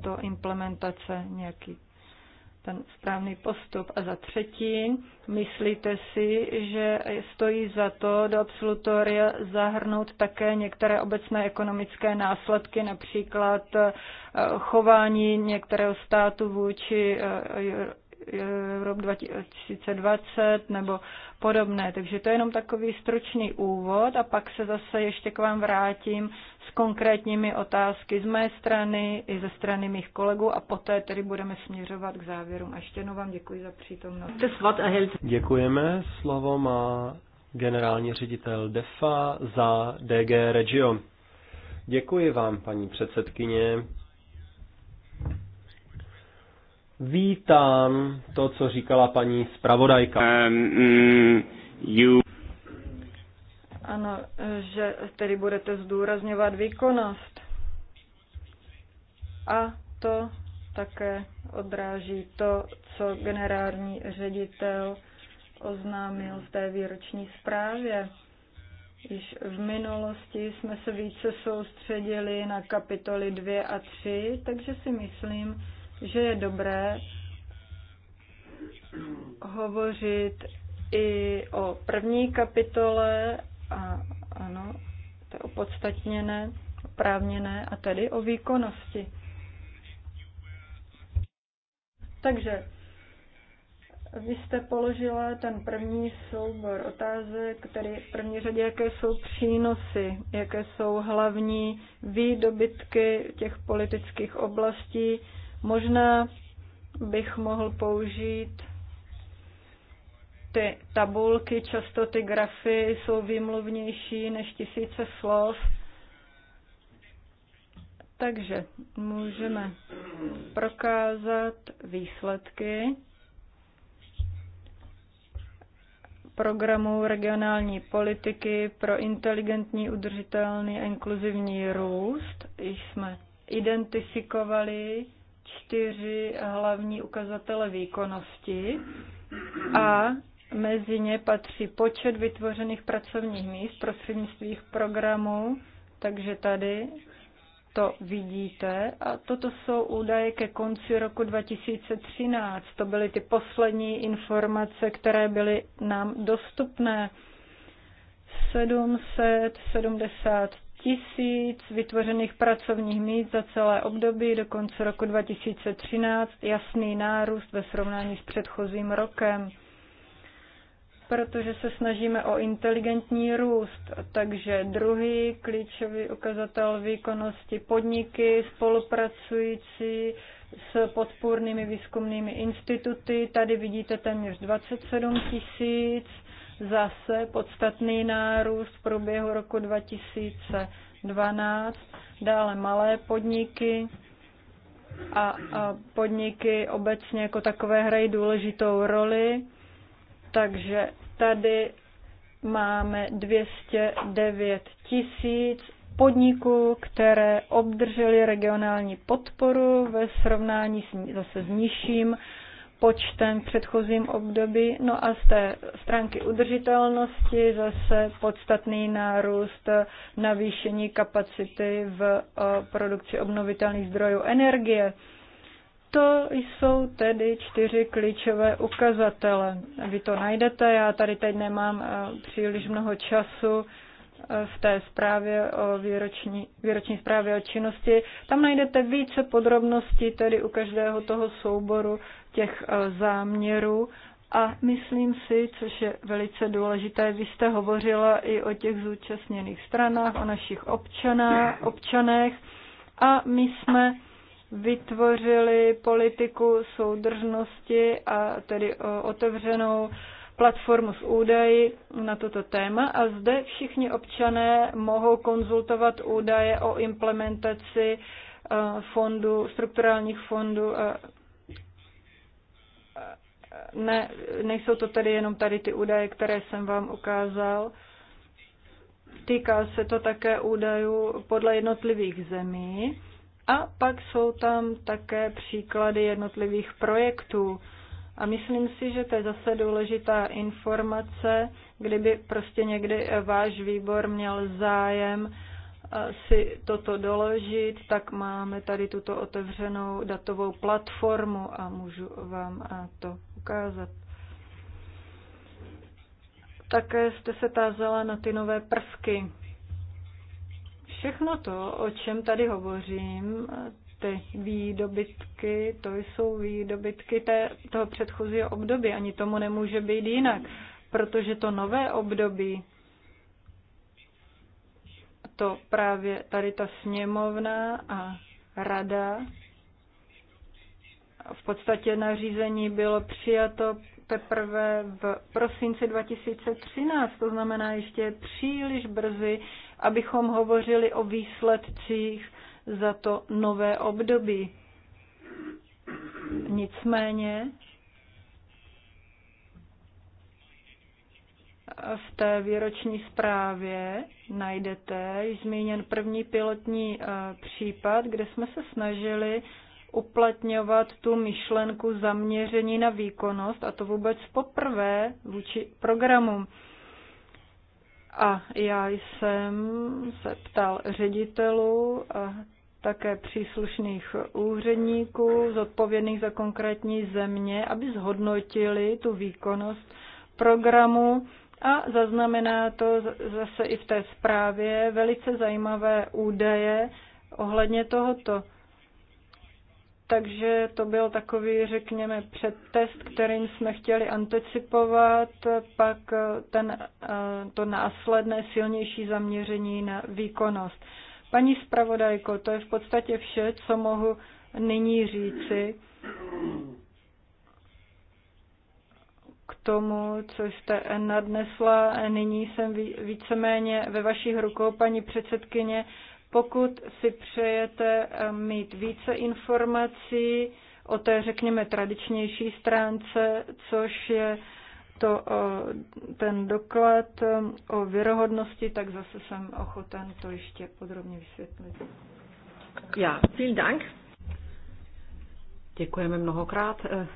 to implementace nějaký ten správný postup. A za třetí, myslíte si, že stojí za to do absolutoria zahrnout také některé obecné ekonomické následky, například eh, chování některého státu vůči eh, Evrop 2020 nebo podobné. Takže to je jenom takový stručný úvod a pak se zase ještě k vám vrátím s konkrétními otázky z mé strany i ze strany mých kolegů a poté tedy budeme směřovat k závěrům. A ještě jednou vám děkuji za přítomnost. Děkujeme. Slovo má generální ředitel DEFA za DG Regio. Děkuji vám, paní předsedkyně. Vítám to, co říkala paní zpravodajka. Um, mm, Ano, že tedy budete zdůrazňovat výkonnost. A to také odráží to, co generální ředitel oznámil v té výroční zprávě. Již v minulosti jsme se více soustředili na kapitoly 2 a 3, takže si myslím, že je dobré hovořit i o první kapitole a ano, to je opodstatněné, oprávněné a tedy o výkonnosti. Takže vy jste položila ten první soubor otázek, který v první řadě, jaké jsou přínosy, jaké jsou hlavní výdobytky těch politických oblastí, Možná bych mohl použít ty tabulky, často ty grafy jsou výmluvnější než tisíce slov. Takže můžeme prokázat výsledky programu regionální politiky pro inteligentní, udržitelný a inkluzivní růst. Jsme identifikovali čtyři hlavní ukazatele výkonnosti a mezi ně patří počet vytvořených pracovních míst prostřednictvím programů, takže tady to vidíte. A toto jsou údaje ke konci roku 2013. To byly ty poslední informace, které byly nám dostupné. 773 tisíc vytvořených pracovních míst za celé období do konce roku 2013, jasný nárůst ve srovnání s předchozím rokem protože se snažíme o inteligentní růst. Takže druhý klíčový ukazatel výkonnosti podniky spolupracující s podpůrnými výzkumnými instituty. Tady vidíte téměř 27 tisíc zase podstatný nárůst v průběhu roku 2012, dále malé podniky a, a podniky obecně jako takové hrají důležitou roli, takže tady máme 209 tisíc podniků, které obdržely regionální podporu ve srovnání s, zase s nižším počtem v předchozím období. No a z té stránky udržitelnosti zase podstatný nárůst navýšení kapacity v eh, produkci obnovitelných zdrojů energie. To jsou tedy čtyři klíčové ukazatele. Vy to najdete, já tady teď nemám eh, příliš mnoho času v té zprávě o výroční, výroční zprávě o činnosti. Tam najdete více podrobností tedy u každého toho souboru těch eh, záměrů. A myslím si, což je velice důležité, vy jste hovořila i o těch zúčastněných stranách, o našich občaná, občanech a my jsme vytvořili politiku soudržnosti a tedy otevřenou platformu s údaji na toto téma a zde všichni občané mohou konzultovat údaje o implementaci eh, fondu, strukturálních fondů. Ne, nejsou to tady jenom tady ty údaje, které jsem vám ukázal. Týká se to také údajů podle jednotlivých zemí a pak jsou tam také příklady jednotlivých projektů a myslím si, že to je zase důležitá informace, kdyby prostě někdy eh, váš výbor měl zájem eh, si toto doložit, tak máme tady tuto otevřenou datovou platformu a můžu vám eh, to ukázat. Také jste se tázala na ty nové prvky. Všechno to, o čem tady hovořím, ty výdobytky, to jsou výdobytky té, toho předchozího období. Ani tomu nemůže být jinak, protože to nové období, to právě tady ta sněmovna a rada, v podstatě nařízení bylo přijato teprve v prosinci 2013, to znamená ještě příliš brzy, abychom hovořili o výsledcích za to nové období. Nicméně v té výroční zprávě najdete již zmíněn první pilotní eh, případ, kde jsme se snažili uplatňovat tu myšlenku zaměření na výkonnost a to vůbec poprvé vůči programu. A já jsem se ptal ředitelů eh, také příslušných úředníků zodpovědných za konkrétní země, aby zhodnotili tu výkonnost programu a zaznamená to zase i v té zprávě velice zajímavé údaje ohledně tohoto. Takže to byl takový, řekněme, předtest, kterým jsme chtěli anticipovat, pak ten, eh, to následné silnější zaměření na výkonnost. Paní zpravodajko, to je v podstatě vše, co mohu nyní říci k tomu, co jste nadnesla. Nyní jsem víceméně ve vašich rukou, paní předsedkyně. Pokud si přejete eh, mít více informací o té, řekněme, tradičnější stránce, což je to, eh, ten doklad eh, o věrohodnosti, tak zase jsem ochoten to ještě podrobně vysvětlit. Já, vielen Dank. Děkujeme mnohokrát. Eh,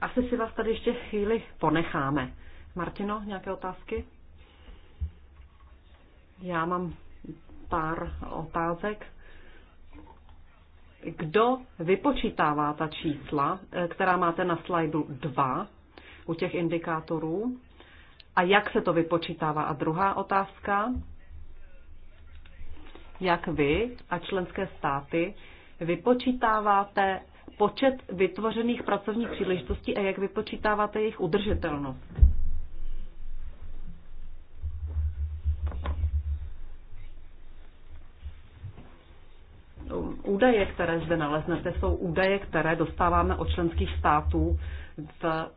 asi si vás tady ještě chvíli ponecháme. Martino, nějaké otázky? Já mám pár otázek. Kdo vypočítává ta čísla, která máte na slajdu 2 u těch indikátorů a jak se to vypočítává. A druhá otázka, jak vy a členské státy vypočítáváte počet vytvořených pracovních příležitostí a jak vypočítáváte jejich udržitelnost. Údaje, které zde naleznete, jsou údaje, které dostáváme od členských států v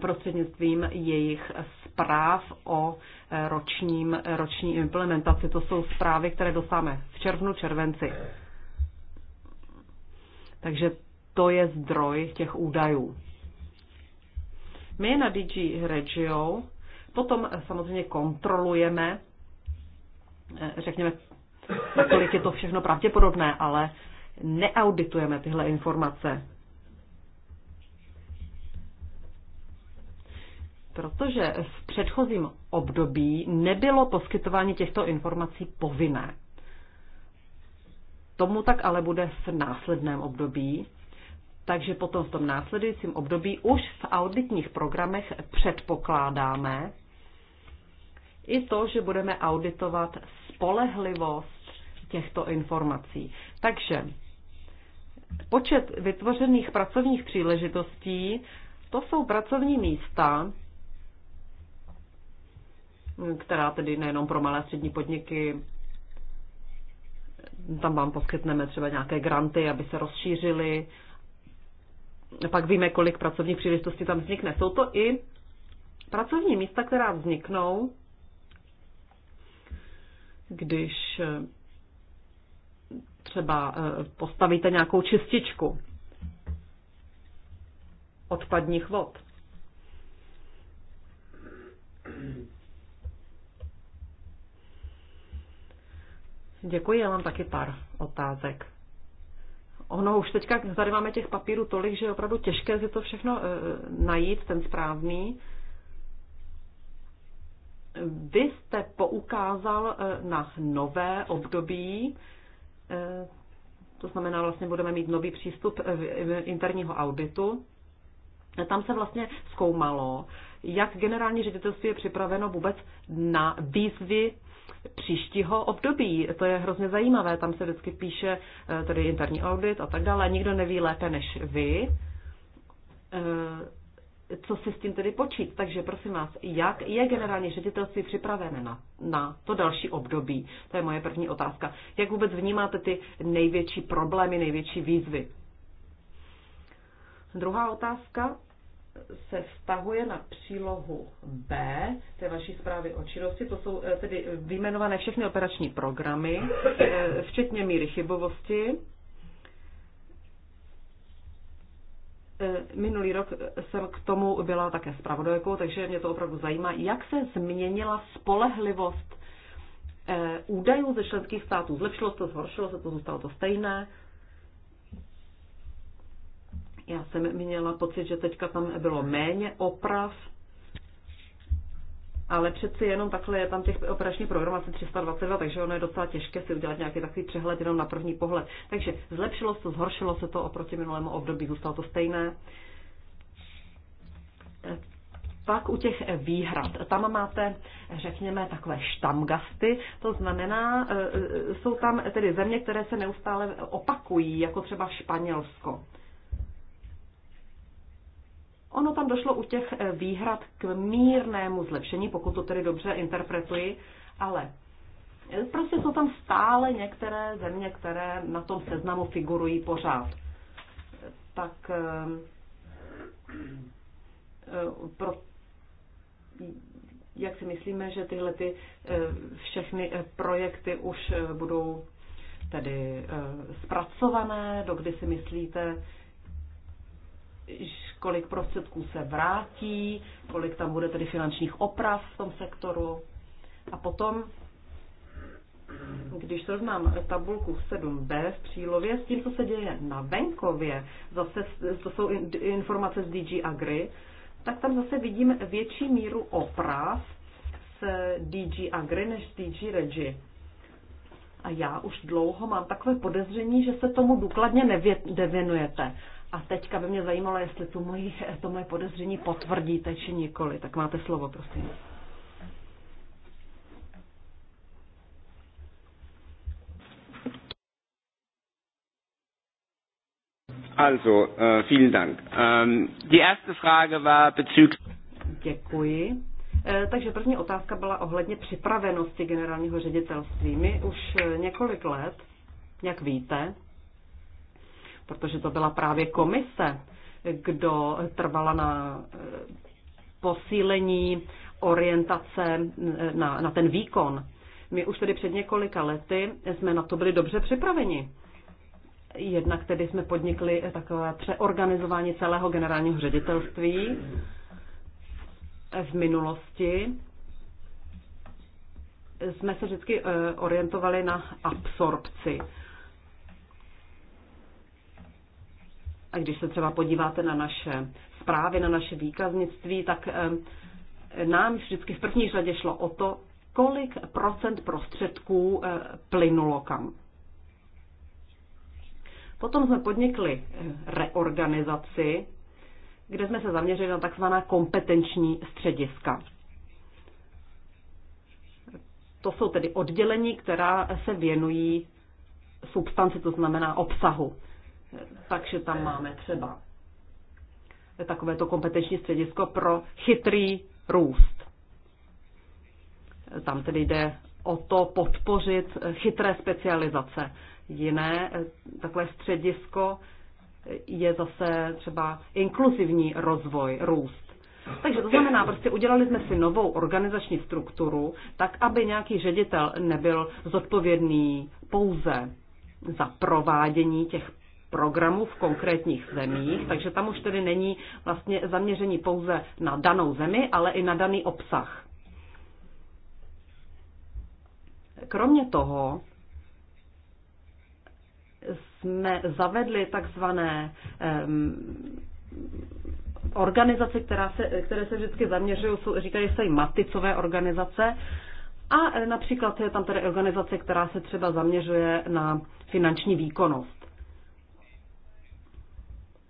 prostřednictvím jejich zpráv o eh, ročním, eh, roční implementaci. To jsou zprávy, které dostáváme v červnu, červenci. Takže to je zdroj těch údajů. My na DG Regio potom eh, samozřejmě kontrolujeme, řekněme, kolik je to všechno pravděpodobné, ale neauditujeme tyhle informace. protože v předchozím období nebylo poskytování těchto informací povinné. Tomu tak ale bude v následném období, takže potom v tom následujícím období už v auditních programech předpokládáme i to, že budeme auditovat spolehlivost těchto informací. Takže počet vytvořených pracovních příležitostí, to jsou pracovní místa, která tedy nejenom pro malé a střední podniky, tam vám poskytneme třeba nějaké granty, aby se rozšířily. Pak víme, kolik pracovních příležitostí tam vznikne. Jsou to i pracovní místa, která vzniknou, když eh, třeba eh, postavíte nějakou čističku odpadních vod. Děkuji, já mám taky pár otázek. Ono už teďka tady máme těch papírů tolik, že je opravdu těžké si to všechno e, najít, ten správný. Vy jste poukázal e, na nové období, e, to znamená vlastně budeme mít nový přístup e, interního auditu. Tam se vlastně zkoumalo, jak generální ředitelství je připraveno vůbec na výzvy příštího období. To je hrozně zajímavé, tam se vždycky píše eh, tedy interní audit a tak dále. Nikdo neví lépe než vy, eh, co si s tím tedy počít. Takže prosím vás, jak je generální ředitelství připravené na, na to další období? To je moje první otázka. Jak vůbec vnímáte ty největší problémy, největší výzvy? Druhá otázka se vztahuje na přílohu B té vaší zprávy o činnosti. To jsou eh, tedy vyjmenované všechny operační programy, eh, včetně míry chybovosti. Eh, minulý rok jsem k tomu byla také zpravodajkou, takže mě to opravdu zajímá, jak se změnila spolehlivost údajů ze členských států. Zlepšilo se to, zhoršilo se to, zůstalo to stejné. Já jsem měla pocit, že teďka tam bylo méně oprav, ale přeci jenom takhle je tam těch operačních programů asi 322, takže ono je docela těžké si udělat nějaký takový přehled jenom na první pohled. Takže zlepšilo se to, zhoršilo se to oproti minulému období, zůstalo to stejné. Pak u těch výhrad. Tam máte, řekněme, takové štamgasty, to znamená, e, e, jsou tam tedy země, které se neustále opakují, jako třeba Španělsko. Ono tam došlo u těch eh, výhrad k mírnému zlepšení, pokud to tedy dobře interpretuji, ale eh, prostě jsou tam stále některé země, které na tom seznamu figurují pořád. Tak ehm, eh, pro, jak si myslíme, že tyhle ty všechny projekty už budou tedy zpracované, dokdy si myslíte, kolik prostředků se vrátí, kolik tam bude tedy finančních oprav v tom sektoru. A potom, když srovnám tabulku 7b v přílově s tím, co se děje na venkově, zase to jsou informace z DG Agri, tak tam zase vidím větší míru oprav s DG Agri než s DG Regi. A já už dlouho mám takové podezření, že se tomu důkladně nevěnujete. A teďka by mě zajímalo, jestli tu moji, to moje podezření potvrdíte či nikoli. Tak máte slovo, prosím. Also, uh, vielen Dank. Um, die erste Frage war bezüglich. Děkuji. Äh, takže první otázka byla ohledně připravenosti generálního ředitelství. My už äh, několik let, jak víte, protože to byla právě komise, kdo trvala na eh, posílení orientace eh, na, na ten výkon. My už tedy před několika lety jsme na to byli dobře připraveni. Jednak tedy jsme podnikli takové přeorganizování celého generálního ředitelství v minulosti. Jsme se vždycky eh, orientovali na absorpci A když se třeba podíváte na naše zprávy, na naše výkaznictví, tak eh, nám vždycky v první řadě šlo o to, kolik procent prostředků eh, plynulo kam. Potom jsme podnikli eh, reorganizaci, kde jsme se zaměřili na takzvaná kompetenční střediska. To jsou tedy oddělení, která se věnují substanci, to znamená obsahu. Takže tam máme třeba takovéto kompetenční středisko pro chytrý růst. Tam tedy jde o to podpořit chytré specializace. Jiné eh, takové středisko je zase třeba inkluzivní rozvoj, růst. Takže to znamená, prostě udělali jsme si novou organizační strukturu, tak aby nějaký ředitel nebyl zodpovědný pouze za provádění těch programů v konkrétních zemích, takže tam už tedy není vlastně zaměření pouze na danou zemi, ale i na daný obsah. Kromě toho jsme zavedli takzvané um, organizace, která se, které se vždycky zaměřují, jsou, říkají se i maticové organizace. A e, například je tam tedy organizace, která se třeba zaměřuje na finanční výkonnost.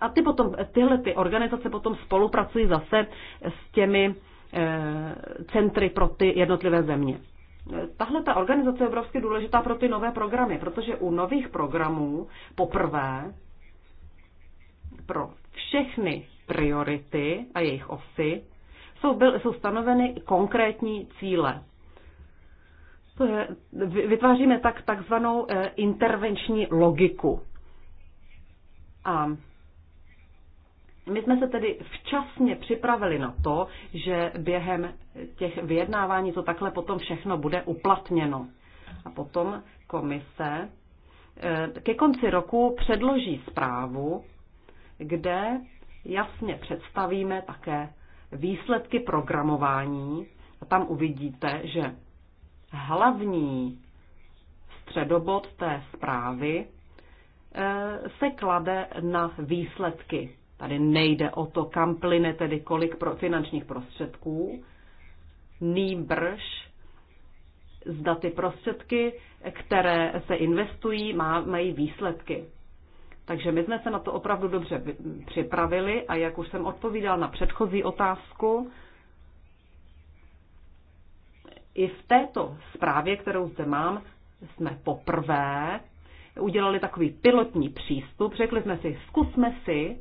A ty potom, tyhle ty organizace potom spolupracují zase s těmi eh, centry pro ty jednotlivé země. Tahle ta organizace je obrovsky důležitá pro ty nové programy, protože u nových programů poprvé pro všechny priority a jejich osy jsou, byl, jsou stanoveny konkrétní cíle. To je, vytváříme tak takzvanou eh, intervenční logiku. A my jsme se tedy včasně připravili na to, že během těch vyjednávání to takhle potom všechno bude uplatněno. A potom komise eh, ke konci roku předloží zprávu, kde jasně představíme také výsledky programování. A tam uvidíte, že hlavní středobod té zprávy eh, se klade na výsledky Tady nejde o to, kam plyne tedy kolik pro finančních prostředků, nýbrž zda ty prostředky, které se investují, má, mají výsledky. Takže my jsme se na to opravdu dobře připravili a jak už jsem odpovídal na předchozí otázku, i v této zprávě, kterou zde mám, jsme poprvé udělali takový pilotní přístup. Řekli jsme si, zkusme si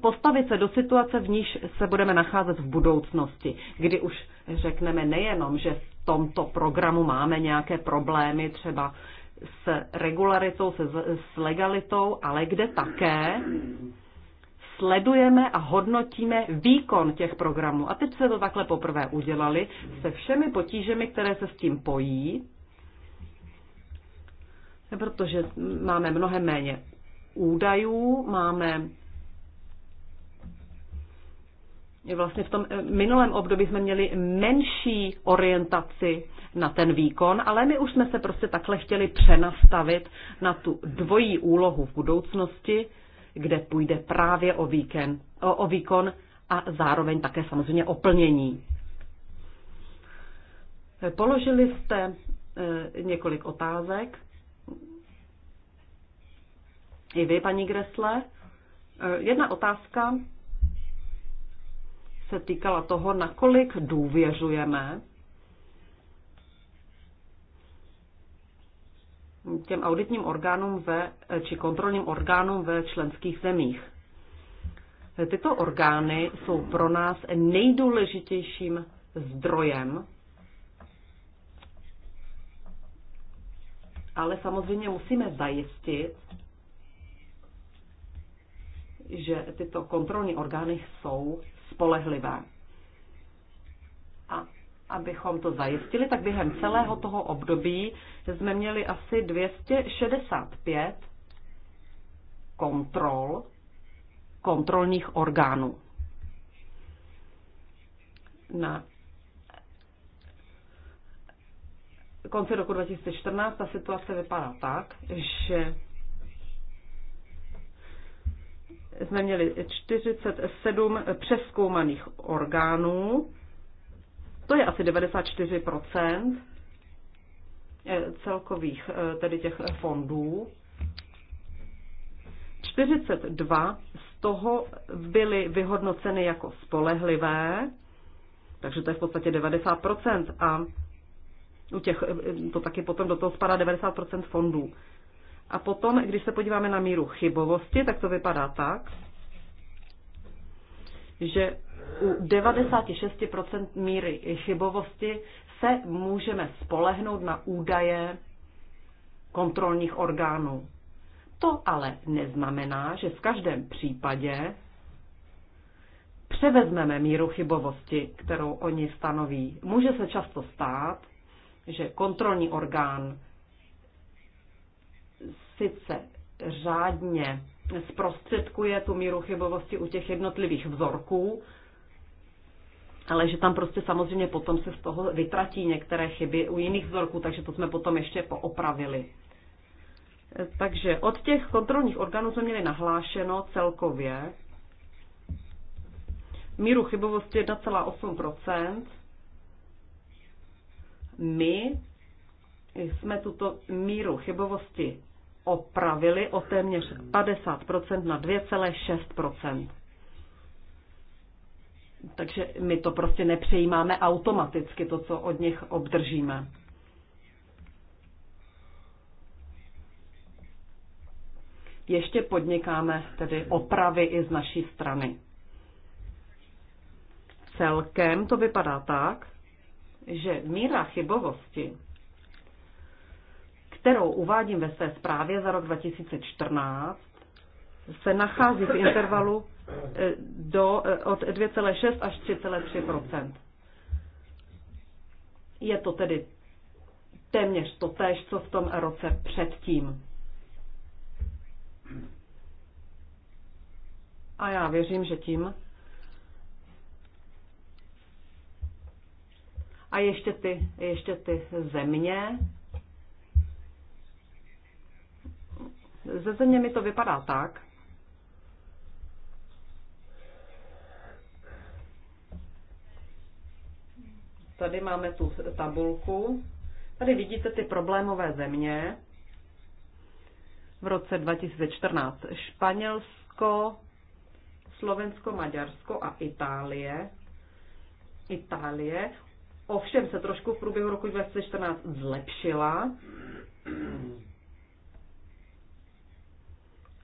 postavit se do situace, v níž se budeme nacházet v budoucnosti, kdy už řekneme nejenom, že v tomto programu máme nějaké problémy třeba s regularitou, se, s legalitou, ale kde také sledujeme a hodnotíme výkon těch programů. A teď se to takhle poprvé udělali se všemi potížemi, které se s tím pojí, protože máme mnohem méně údajů, máme vlastně v tom eh, minulém období jsme měli menší orientaci na ten výkon, ale my už jsme se prostě takhle chtěli přenastavit na tu dvojí úlohu v budoucnosti, kde půjde právě o, víkend, o, o výkon a zároveň také samozřejmě o plnění. Eh, položili jste eh, několik otázek. I vy, paní Gresle. Jedna otázka se týkala toho, nakolik důvěřujeme těm auditním orgánům ve, či kontrolním orgánům ve členských zemích. Tyto orgány jsou pro nás nejdůležitějším zdrojem, ale samozřejmě musíme zajistit, že tyto kontrolní orgány jsou spolehlivé. A abychom to zajistili, tak během celého toho období jsme měli asi 265 kontrol kontrolních orgánů. Na konci roku 2014 ta situace vypadá tak, že jsme měli 47 přeskoumaných orgánů, to je asi 94% eh, celkových eh, tedy těch fondů. 42 z toho byly vyhodnoceny jako spolehlivé, takže to je v podstatě 90% a u těch, eh, to taky potom do toho spadá 90% fondů. A potom, když se podíváme na míru chybovosti, tak to vypadá tak, že u 96% míry chybovosti se můžeme spolehnout na údaje kontrolních orgánů. To ale neznamená, že v každém případě převezmeme míru chybovosti, kterou oni stanoví. Může se často stát, že kontrolní orgán sice řádně zprostředkuje tu míru chybovosti u těch jednotlivých vzorků, ale že tam prostě samozřejmě potom se z toho vytratí některé chyby u jiných vzorků, takže to jsme potom ještě poopravili. Takže od těch kontrolních orgánů jsme měli nahlášeno celkově míru chybovosti 1,8%. My jsme tuto míru chybovosti opravili o téměř 50% na 2,6%. Takže my to prostě nepřejímáme automaticky, to, co od nich obdržíme. Ještě podnikáme tedy opravy i z naší strany. Celkem to vypadá tak, že míra chybovosti kterou uvádím ve své zprávě za rok 2014, se nachází v intervalu eh, do, eh, od 2,6 až 3,3 Je to tedy téměř to též, co v tom roce předtím. A já věřím, že tím. A ještě ty, ještě ty země, ze země mi to vypadá tak, Tady máme tu tabulku. Tady vidíte ty problémové země. V roce 2014 Španělsko, Slovensko, Maďarsko a Itálie. Itálie ovšem se trošku v průběhu roku 2014 zlepšila.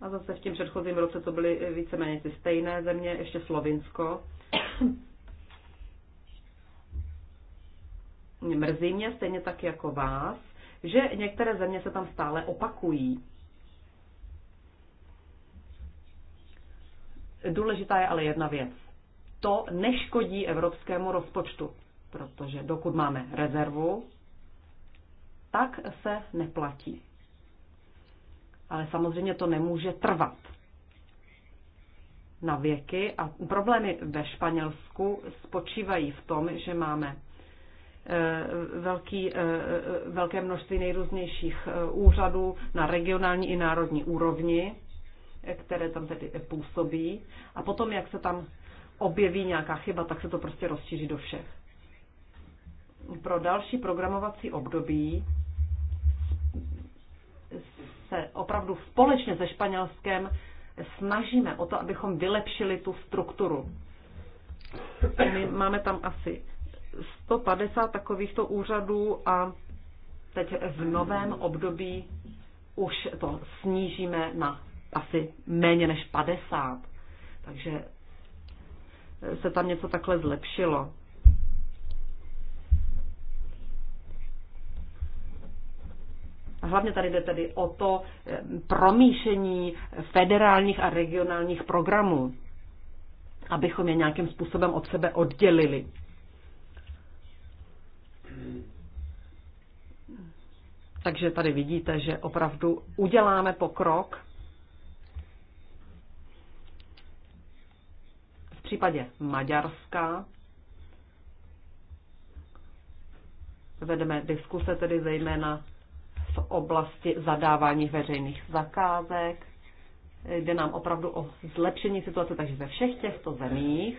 A zase v tím předchozím roce to byly víceméně ty stejné země, ještě Slovinsko. Mrzí mě stejně tak jako vás, že některé země se tam stále opakují. Důležitá je ale jedna věc. To neškodí evropskému rozpočtu, protože dokud máme rezervu, tak se neplatí ale samozřejmě to nemůže trvat na věky a problémy ve Španělsku spočívají v tom, že máme e, velký, e, e, velké množství nejrůznějších úřadů na regionální i národní úrovni, které tam tedy působí. A potom, jak se tam objeví nějaká chyba, tak se to prostě rozšíří do všech. Pro další programovací období se opravdu společně se Španělskem snažíme o to, abychom vylepšili tu strukturu. My máme tam asi 150 takovýchto úřadů a teď v novém období už to snížíme na asi méně než 50. Takže se tam něco takhle zlepšilo. A hlavně tady jde tedy o to eh, promíšení federálních a regionálních programů, abychom je nějakým způsobem od sebe oddělili. Takže tady vidíte, že opravdu uděláme pokrok v případě Maďarska. Vedeme diskuse tedy zejména oblasti zadávání veřejných zakázek. Jde nám opravdu o zlepšení situace, takže ve všech těchto zemích.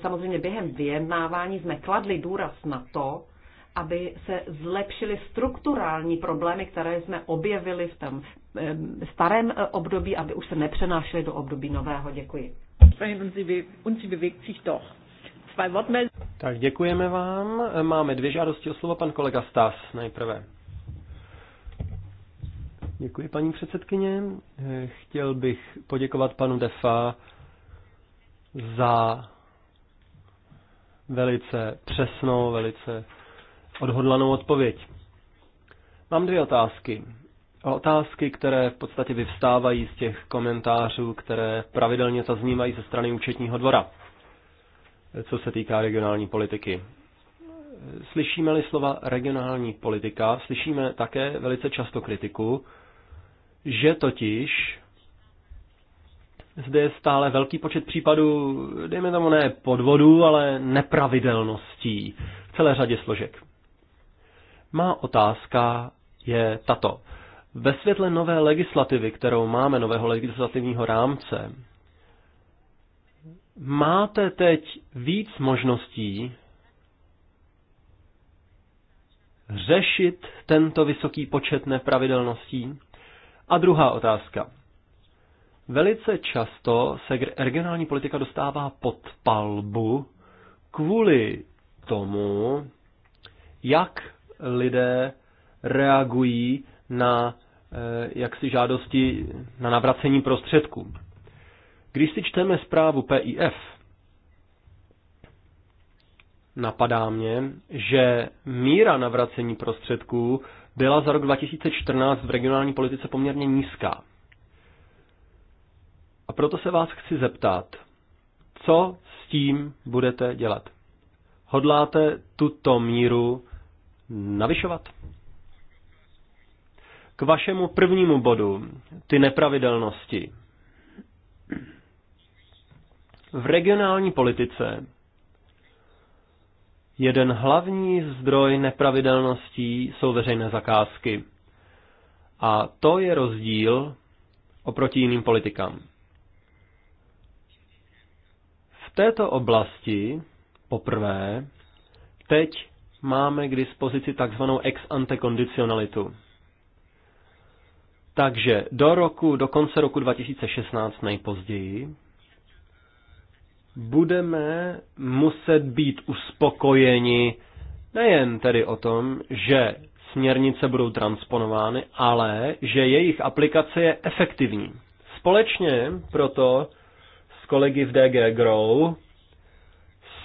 Samozřejmě během vyjednávání jsme kladli důraz na to, aby se zlepšily strukturální problémy, které jsme objevili v tom eh, starém eh, období, aby už se nepřenášely do období nového. Děkuji. Und sie bewegt sich doch. Tak děkujeme vám. Máme dvě žádosti o slovo. Pan kolega Stas nejprve. Děkuji, paní předsedkyně. Chtěl bych poděkovat panu Defa za velice přesnou, velice odhodlanou odpověď. Mám dvě otázky. Otázky, které v podstatě vyvstávají z těch komentářů, které pravidelně zaznívají ze strany účetního dvora co se týká regionální politiky. Slyšíme-li slova regionální politika, slyšíme také velice často kritiku, že totiž zde je stále velký počet případů, dejme tomu ne podvodů, ale nepravidelností v celé řadě složek. Má otázka je tato. Ve světle nové legislativy, kterou máme, nového legislativního rámce, máte teď víc možností řešit tento vysoký počet nepravidelností? A druhá otázka. Velice často se regionální politika dostává pod palbu kvůli tomu, jak lidé reagují na eh, jaksi žádosti na navracení prostředků. Když si čteme zprávu PIF, napadá mě, že míra navracení prostředků byla za rok 2014 v regionální politice poměrně nízká. A proto se vás chci zeptat, co s tím budete dělat? Hodláte tuto míru navyšovat? K vašemu prvnímu bodu, ty nepravidelnosti. V regionální politice jeden hlavní zdroj nepravidelností jsou veřejné zakázky. A to je rozdíl oproti jiným politikám. V této oblasti poprvé teď máme k dispozici takzvanou ex ante kondicionalitu. Takže do roku, do konce roku 2016 nejpozději, budeme muset být uspokojeni nejen tedy o tom, že směrnice budou transponovány, ale že jejich aplikace je efektivní. Společně proto s kolegy v DG Grow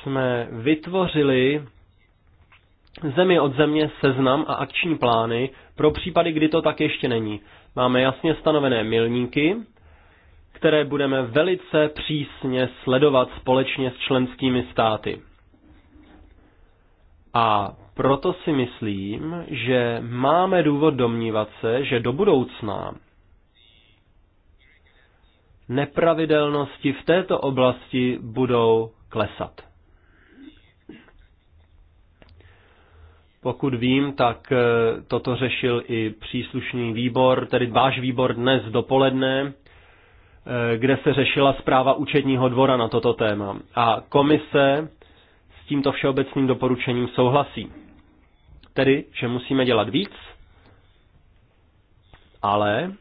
jsme vytvořili zemi od země seznam a akční plány pro případy, kdy to tak ještě není. Máme jasně stanovené milníky, které budeme velice přísně sledovat společně s členskými státy. A proto si myslím, že máme důvod domnívat se, že do budoucna nepravidelnosti v této oblasti budou klesat. Pokud vím, tak eh, toto řešil i příslušný výbor, tedy váš výbor dnes dopoledne Eh, kde se řešila zpráva účetního dvora na toto téma. A komise s tímto všeobecným doporučením souhlasí. Tedy, že musíme dělat víc, ale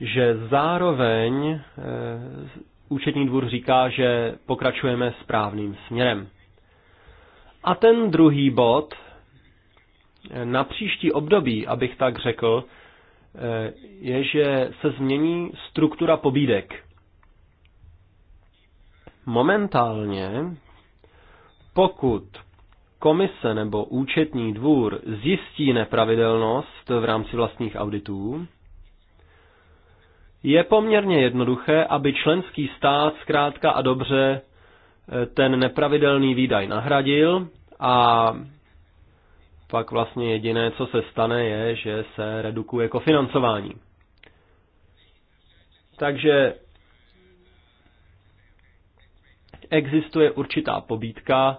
že zároveň e, účetní dvůr říká, že pokračujeme správným směrem. A ten druhý bod, eh, na příští období, abych tak řekl, Eh, je, že se změní struktura pobídek. Momentálně, pokud komise nebo účetní dvůr zjistí nepravidelnost v rámci vlastních auditů, je poměrně jednoduché, aby členský stát zkrátka a dobře eh, ten nepravidelný výdaj nahradil a pak vlastně jediné, co se stane, je, že se redukuje kofinancování. Jako Takže existuje určitá pobídka,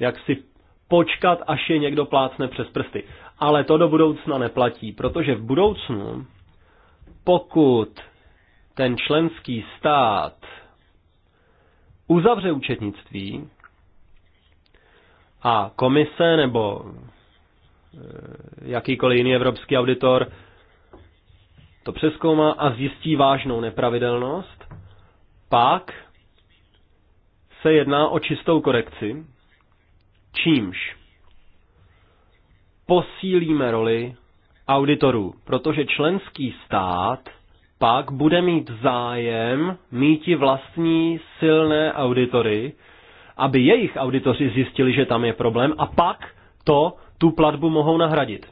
jak si počkat, až je někdo plácne přes prsty. Ale to do budoucna neplatí, protože v budoucnu, pokud ten členský stát uzavře účetnictví, a komise nebo e, jakýkoliv jiný evropský auditor to přeskoumá a zjistí vážnou nepravidelnost, pak se jedná o čistou korekci, čímž posílíme roli auditorů, protože členský stát pak bude mít zájem míti vlastní silné auditory, aby jejich auditoři zjistili, že tam je problém a pak to, tu platbu mohou nahradit.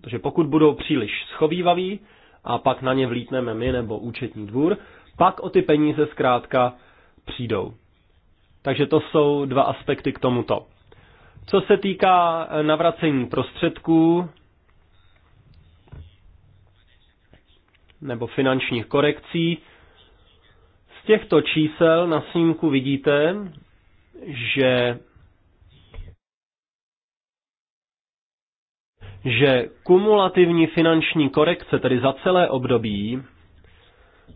Protože pokud budou příliš schovývaví a pak na ně vlítneme my nebo účetní dvůr, pak o ty peníze zkrátka přijdou. Takže to jsou dva aspekty k tomuto. Co se týká eh, navracení prostředků nebo finančních korekcí, z těchto čísel na snímku vidíte, že že kumulativní finanční korekce, tedy za celé období,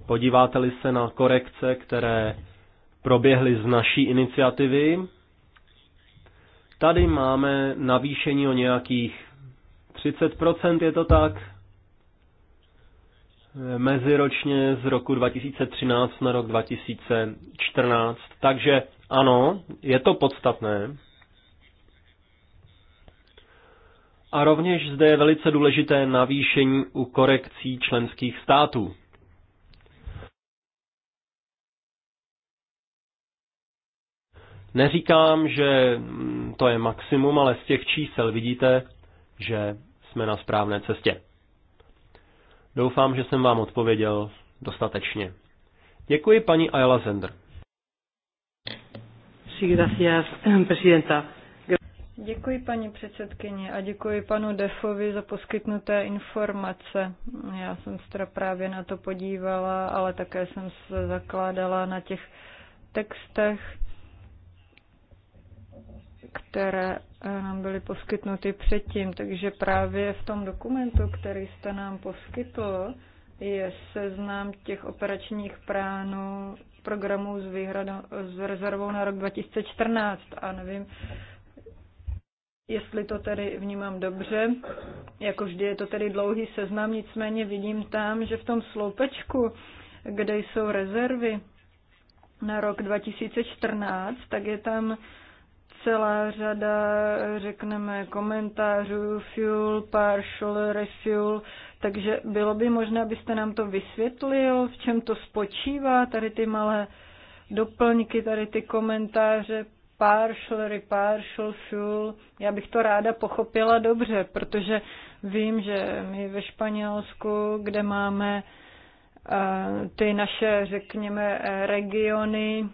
podíváte-li se na korekce, které proběhly z naší iniciativy, tady máme navýšení o nějakých 30%, je to tak, meziročně z roku 2013 na rok 2014. Takže ano, je to podstatné. A rovněž zde je velice důležité navýšení u korekcí členských států. Neříkám, že to je maximum, ale z těch čísel vidíte, že jsme na správné cestě. Doufám, že jsem vám odpověděl dostatečně. Děkuji paní Ayala Zender. Děkuji paní předsedkyni a děkuji panu Defovi za poskytnuté informace. Já jsem se právě na to podívala, ale také jsem se zakládala na těch textech které eh, nám byly poskytnuty předtím. Takže právě v tom dokumentu, který jste nám poskytl, je seznam těch operačních plánů programů s, výhradou, s rezervou na rok 2014 a nevím, jestli to tedy vnímám dobře, jako vždy je to tedy dlouhý seznam, nicméně vidím tam, že v tom sloupečku, kde jsou rezervy na rok 2014, tak je tam celá řada, řekneme, komentářů, fuel, partial, refuel, takže bylo by možné, abyste nám to vysvětlil, v čem to spočívá, tady ty malé doplňky, tady ty komentáře, partial, repartial, fuel. Já bych to ráda pochopila dobře, protože vím, že my ve Španělsku, kde máme eh, ty naše, řekněme, eh, regiony,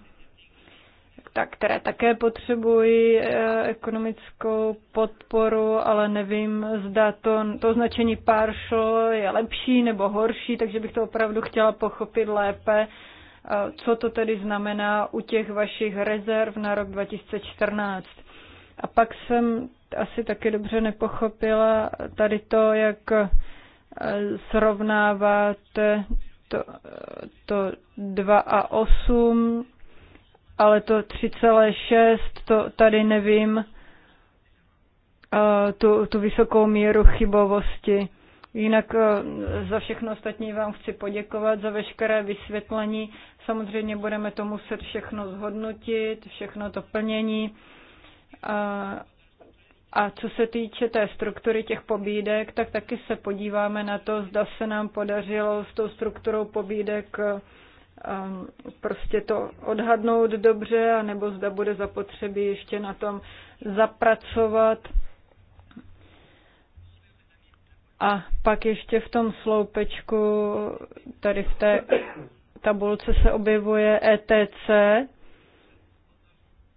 tak, které také potřebují eh, ekonomickou podporu, ale nevím, zda to, to značení partial je lepší nebo horší, takže bych to opravdu chtěla pochopit lépe, eh, co to tedy znamená u těch vašich rezerv na rok 2014. A pak jsem asi taky dobře nepochopila tady to, jak eh, srovnáváte to, to 2 a 8 ale to 3,6, to tady nevím, tu, tu vysokou míru chybovosti. Jinak e, za všechno ostatní vám chci poděkovat za veškeré vysvětlení. Samozřejmě budeme to muset všechno zhodnotit, všechno to plnění. A, a co se týče té struktury těch pobídek, tak taky se podíváme na to, zda se nám podařilo s tou strukturou pobídek e, Um, prostě to odhadnout dobře, anebo zda bude zapotřebí ještě na tom zapracovat. A pak ještě v tom sloupečku, tady v té tabulce se objevuje ETC,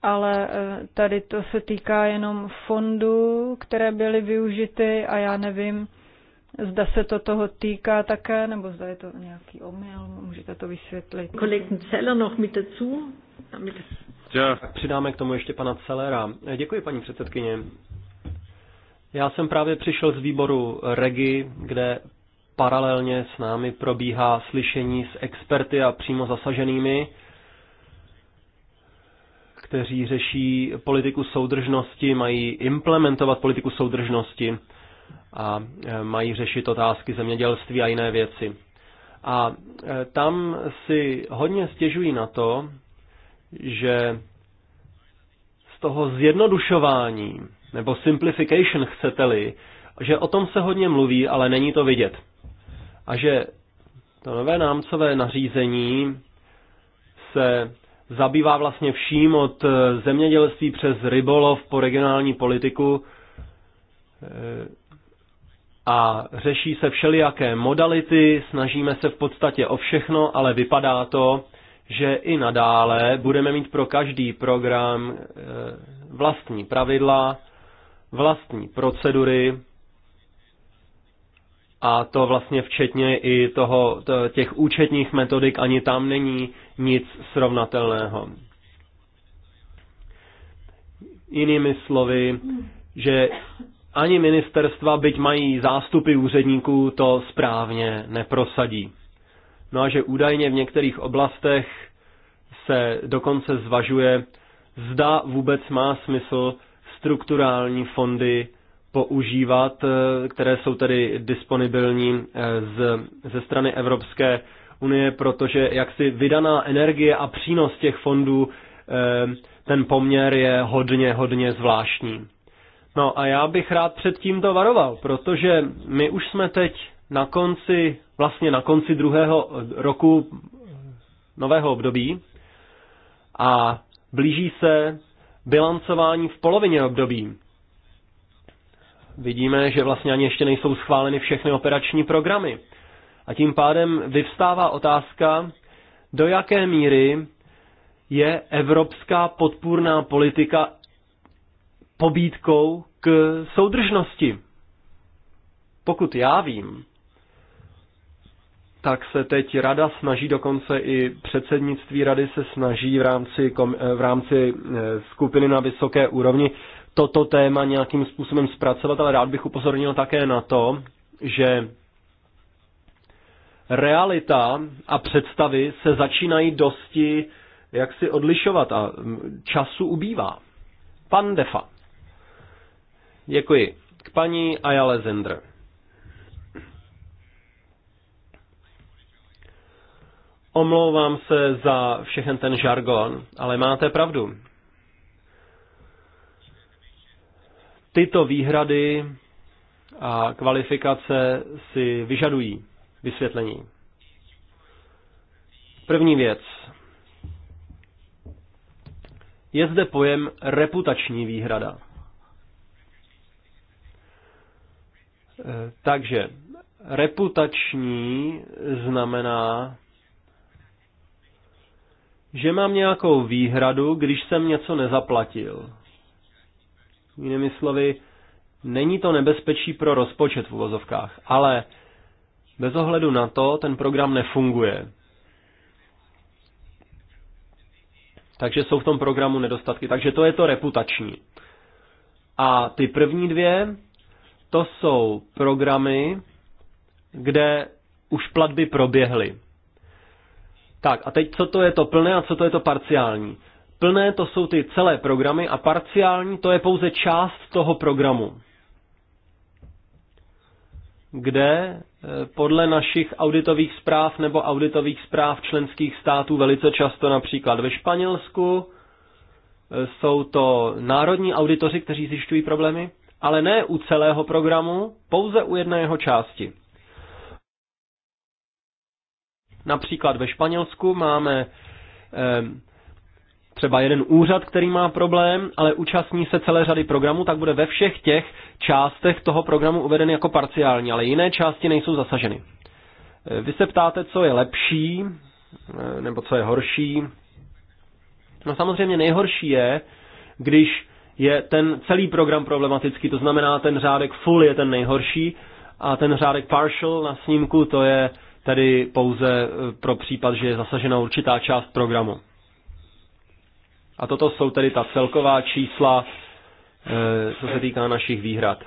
ale eh, tady to se týká jenom fondů, které byly využity a já nevím, Zda se to toho týká také, nebo zda je to nějaký omyl, můžete to vysvětlit. Kolik Celler noch mit dazu. Přidáme k tomu ještě pana Celera. Děkuji, paní předsedkyně. Já jsem právě přišel z výboru REGI, kde paralelně s námi probíhá slyšení s experty a přímo zasaženými, kteří řeší politiku soudržnosti, mají implementovat politiku soudržnosti a e, mají řešit otázky zemědělství a jiné věci. A e, tam si hodně stěžují na to, že z toho zjednodušování, nebo simplification chcete-li, že o tom se hodně mluví, ale není to vidět. A že to nové námcové nařízení se zabývá vlastně vším od e, zemědělství přes rybolov po regionální politiku, a řeší se všelijaké modality, snažíme se v podstatě o všechno, ale vypadá to, že i nadále budeme mít pro každý program e, vlastní pravidla, vlastní procedury a to vlastně včetně i toho, těch účetních metodik, ani tam není nic srovnatelného. Jinými slovy, že ani ministerstva, byť mají zástupy úředníků, to správně neprosadí. No a že údajně v některých oblastech se dokonce zvažuje, zda vůbec má smysl strukturální fondy používat, eh, které jsou tedy disponibilní eh, z, ze strany Evropské unie, protože jaksi vydaná energie a přínos těch fondů, eh, ten poměr je hodně, hodně zvláštní. No a já bych rád před tímto varoval, protože my už jsme teď na konci, vlastně na konci druhého roku nového období a blíží se bilancování v polovině období. Vidíme, že vlastně ani ještě nejsou schváleny všechny operační programy. A tím pádem vyvstává otázka, do jaké míry je evropská podpůrná politika pobídkou k soudržnosti. Pokud já vím, tak se teď rada snaží, dokonce i předsednictví rady se snaží v rámci, v rámci eh, skupiny na vysoké úrovni toto téma nějakým způsobem zpracovat, ale rád bych upozornil také na to, že realita a představy se začínají dosti jaksi odlišovat a času ubývá. Pan Defa. Děkuji. K paní Ayale Zender. Omlouvám se za všechen ten žargon, ale máte pravdu. Tyto výhrady a kvalifikace si vyžadují vysvětlení. První věc. Je zde pojem reputační výhrada. Takže reputační znamená, že mám nějakou výhradu, když jsem něco nezaplatil. Jinými slovy, není to nebezpečí pro rozpočet v uvozovkách, ale bez ohledu na to ten program nefunguje. Takže jsou v tom programu nedostatky. Takže to je to reputační. A ty první dvě, to jsou programy, kde už platby proběhly. Tak a teď co to je to plné a co to je to parciální? Plné to jsou ty celé programy a parciální to je pouze část toho programu, kde e, podle našich auditových zpráv nebo auditových zpráv členských států velice často například ve Španělsku e, jsou to národní auditoři, kteří zjišťují problémy, ale ne u celého programu, pouze u jedné jeho části. Například ve Španělsku máme ehm, třeba jeden úřad, který má problém, ale účastní se celé řady programů, tak bude ve všech těch částech toho programu uveden jako parciální, ale jiné části nejsou zasaženy. Eh, vy se ptáte, co je lepší, eh, nebo co je horší. No samozřejmě nejhorší je, když je ten celý program problematický, to znamená ten řádek full je ten nejhorší a ten řádek partial na snímku to je tedy pouze e, pro případ, že je zasažena určitá část programu. A toto jsou tedy ta celková čísla, e, co se týká našich výhrad.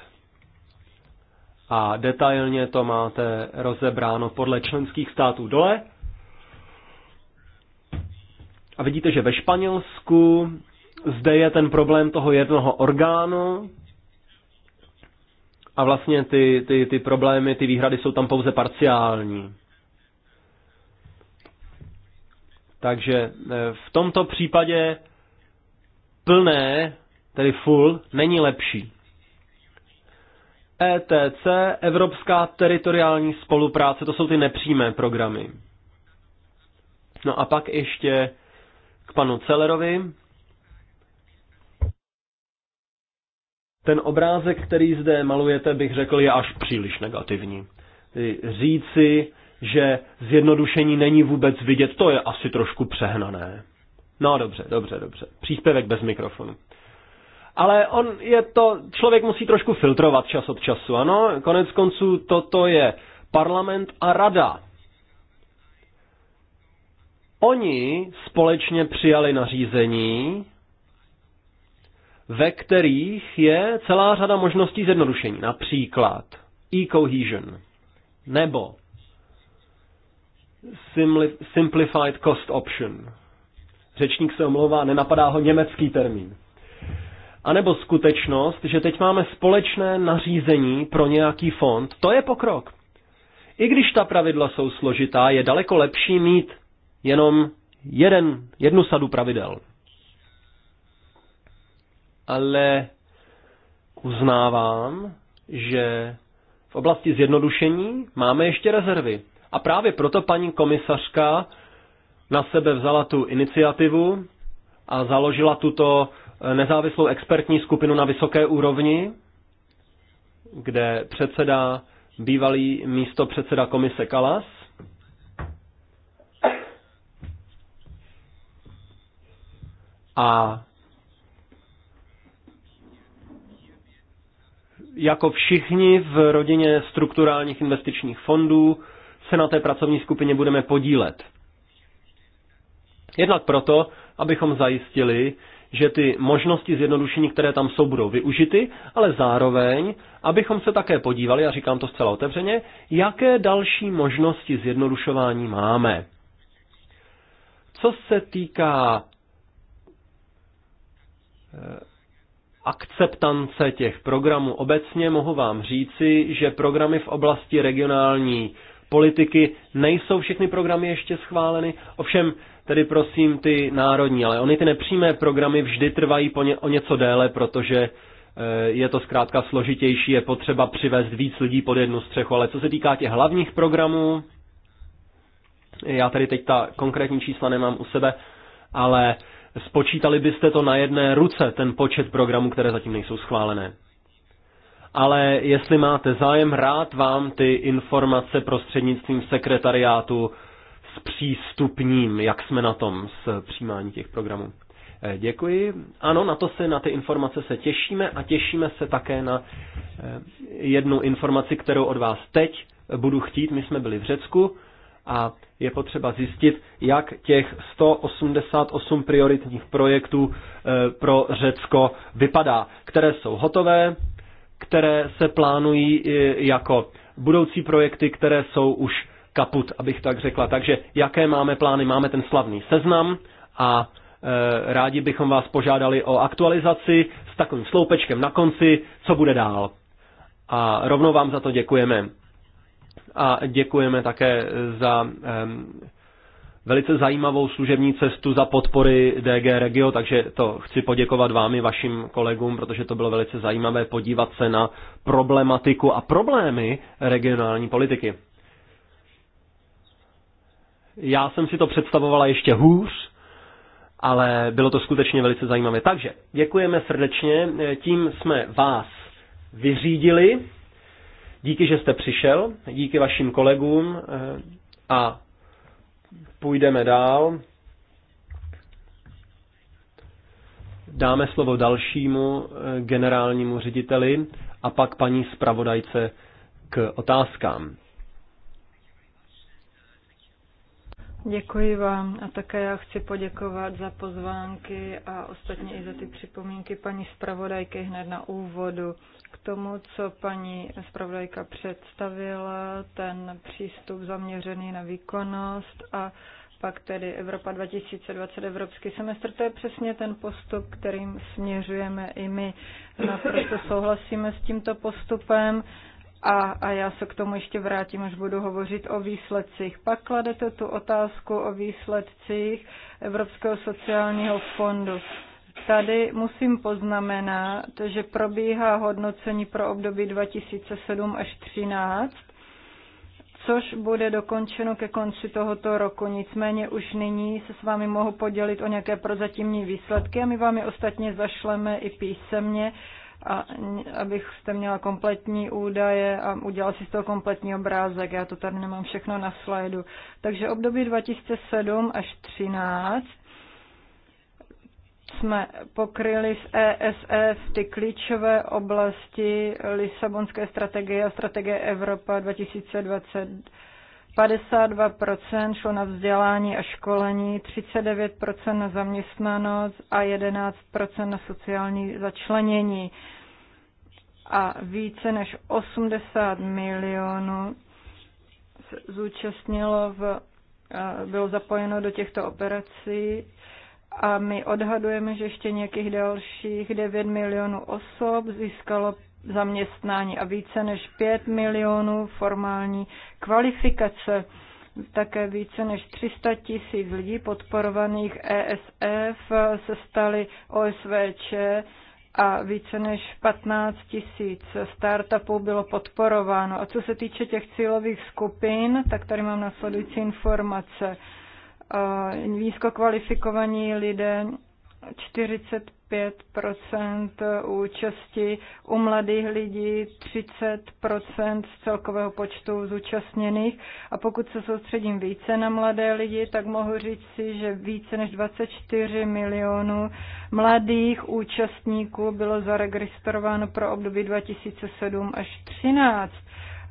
A detailně to máte rozebráno podle členských států dole. A vidíte, že ve Španělsku zde je ten problém toho jednoho orgánu a vlastně ty, ty, ty problémy, ty výhrady jsou tam pouze parciální. Takže eh, v tomto případě plné, tedy full, není lepší. ETC, Evropská teritoriální spolupráce, to jsou ty nepřímé programy. No a pak ještě k panu Celerovi. Ten obrázek, který zde malujete, bych řekl, je až příliš negativní. Říci, že zjednodušení není vůbec vidět, to je asi trošku přehnané. No dobře, dobře, dobře. Příspěvek bez mikrofonu. Ale on je to, člověk musí trošku filtrovat čas od času, ano? Konec konců toto je parlament a rada. Oni společně přijali nařízení, ve kterých je celá řada možností zjednodušení, například e-cohesion nebo simplified cost option. Řečník se omlouvá, nenapadá ho německý termín. A nebo skutečnost, že teď máme společné nařízení pro nějaký fond, to je pokrok. I když ta pravidla jsou složitá, je daleko lepší mít jenom jeden, jednu sadu pravidel ale uznávám, že v oblasti zjednodušení máme ještě rezervy. A právě proto paní komisařka na sebe vzala tu iniciativu a založila tuto eh, nezávislou expertní skupinu na vysoké úrovni, kde předseda bývalý místo předseda komise Kalas. A jako všichni v rodině strukturálních investičních fondů se na té pracovní skupině budeme podílet. Jednak proto, abychom zajistili, že ty možnosti zjednodušení, které tam jsou, budou využity, ale zároveň, abychom se také podívali, a říkám to zcela otevřeně, jaké další možnosti zjednodušování máme. Co se týká eh, akceptance těch programů obecně mohu vám říci, že programy v oblasti regionální politiky nejsou všechny programy ještě schváleny, ovšem tedy prosím ty národní, ale oni ty nepřímé programy vždy trvají po ně, o něco déle, protože eh, je to zkrátka složitější, je potřeba přivést víc lidí pod jednu střechu, ale co se týká těch hlavních programů, já tady teď ta konkrétní čísla nemám u sebe, ale Spočítali byste to na jedné ruce, ten počet programů, které zatím nejsou schválené. Ale jestli máte zájem, rád vám ty informace prostřednictvím sekretariátu zpřístupním, jak jsme na tom s přijímání těch programů. Eh, děkuji. Ano, na to se, na ty informace se těšíme a těšíme se také na eh, jednu informaci, kterou od vás teď budu chtít. My jsme byli v Řecku a je potřeba zjistit, jak těch 188 prioritních projektů eh, pro Řecko vypadá, které jsou hotové, které se plánují eh, jako budoucí projekty, které jsou už kaput, abych tak řekla. Takže jaké máme plány? Máme ten slavný seznam a eh, rádi bychom vás požádali o aktualizaci s takovým sloupečkem na konci, co bude dál. A rovnou vám za to děkujeme a děkujeme také za velice zajímavou služební cestu za podpory DG Regio, takže to chci poděkovat vámi, vašim kolegům, protože to bylo velice zajímavé podívat se na problematiku a problémy regionální politiky. Já jsem si to představovala ještě hůř, ale bylo to skutečně velice zajímavé. Takže děkujeme srdečně, tím jsme vás vyřídili. Díky, že jste přišel, díky vašim kolegům eh, a půjdeme dál. Dáme slovo dalšímu eh, generálnímu řediteli a pak paní zpravodajce k otázkám. Děkuji vám a také já chci poděkovat za pozvánky a ostatně i za ty připomínky paní zpravodajky hned na úvodu. K tomu, co paní zpravodajka představila, ten přístup zaměřený na výkonnost a pak tedy Evropa 2020, Evropský semestr, to je přesně ten postup, kterým směřujeme i my. Naprosto souhlasíme s tímto postupem a, a já se k tomu ještě vrátím, až budu hovořit o výsledcích. Pak kladete tu otázku o výsledcích Evropského sociálního fondu. Tady musím poznamenat, že probíhá hodnocení pro období 2007 až 2013, což bude dokončeno ke konci tohoto roku. Nicméně už nyní se s vámi mohu podělit o nějaké prozatímní výsledky a my vám je ostatně zašleme i písemně, a, jste měla kompletní údaje a udělal si z toho kompletní obrázek. Já to tady nemám všechno na slajdu. Takže období 2007 až 2013 jsme pokryli z ESF ty klíčové oblasti Lisabonské strategie a strategie Evropa 2020. 52% šlo na vzdělání a školení, 39% na zaměstnanost a 11% na sociální začlenění. A více než 80 milionů zúčastnilo v, bylo zapojeno do těchto operací a my odhadujeme, že ještě nějakých dalších 9 milionů osob získalo zaměstnání a více než 5 milionů formální kvalifikace. Také více než 300 tisíc lidí podporovaných ESF se staly OSVČ a více než 15 tisíc startupů bylo podporováno. A co se týče těch cílových skupin, tak tady mám následující informace nízko kvalifikovaní lidé 45 účasti u mladých lidí, 30 z celkového počtu zúčastněných. A pokud se soustředím více na mladé lidi, tak mohu říct si, že více než 24 milionů mladých účastníků bylo zaregistrováno pro období 2007 až 2013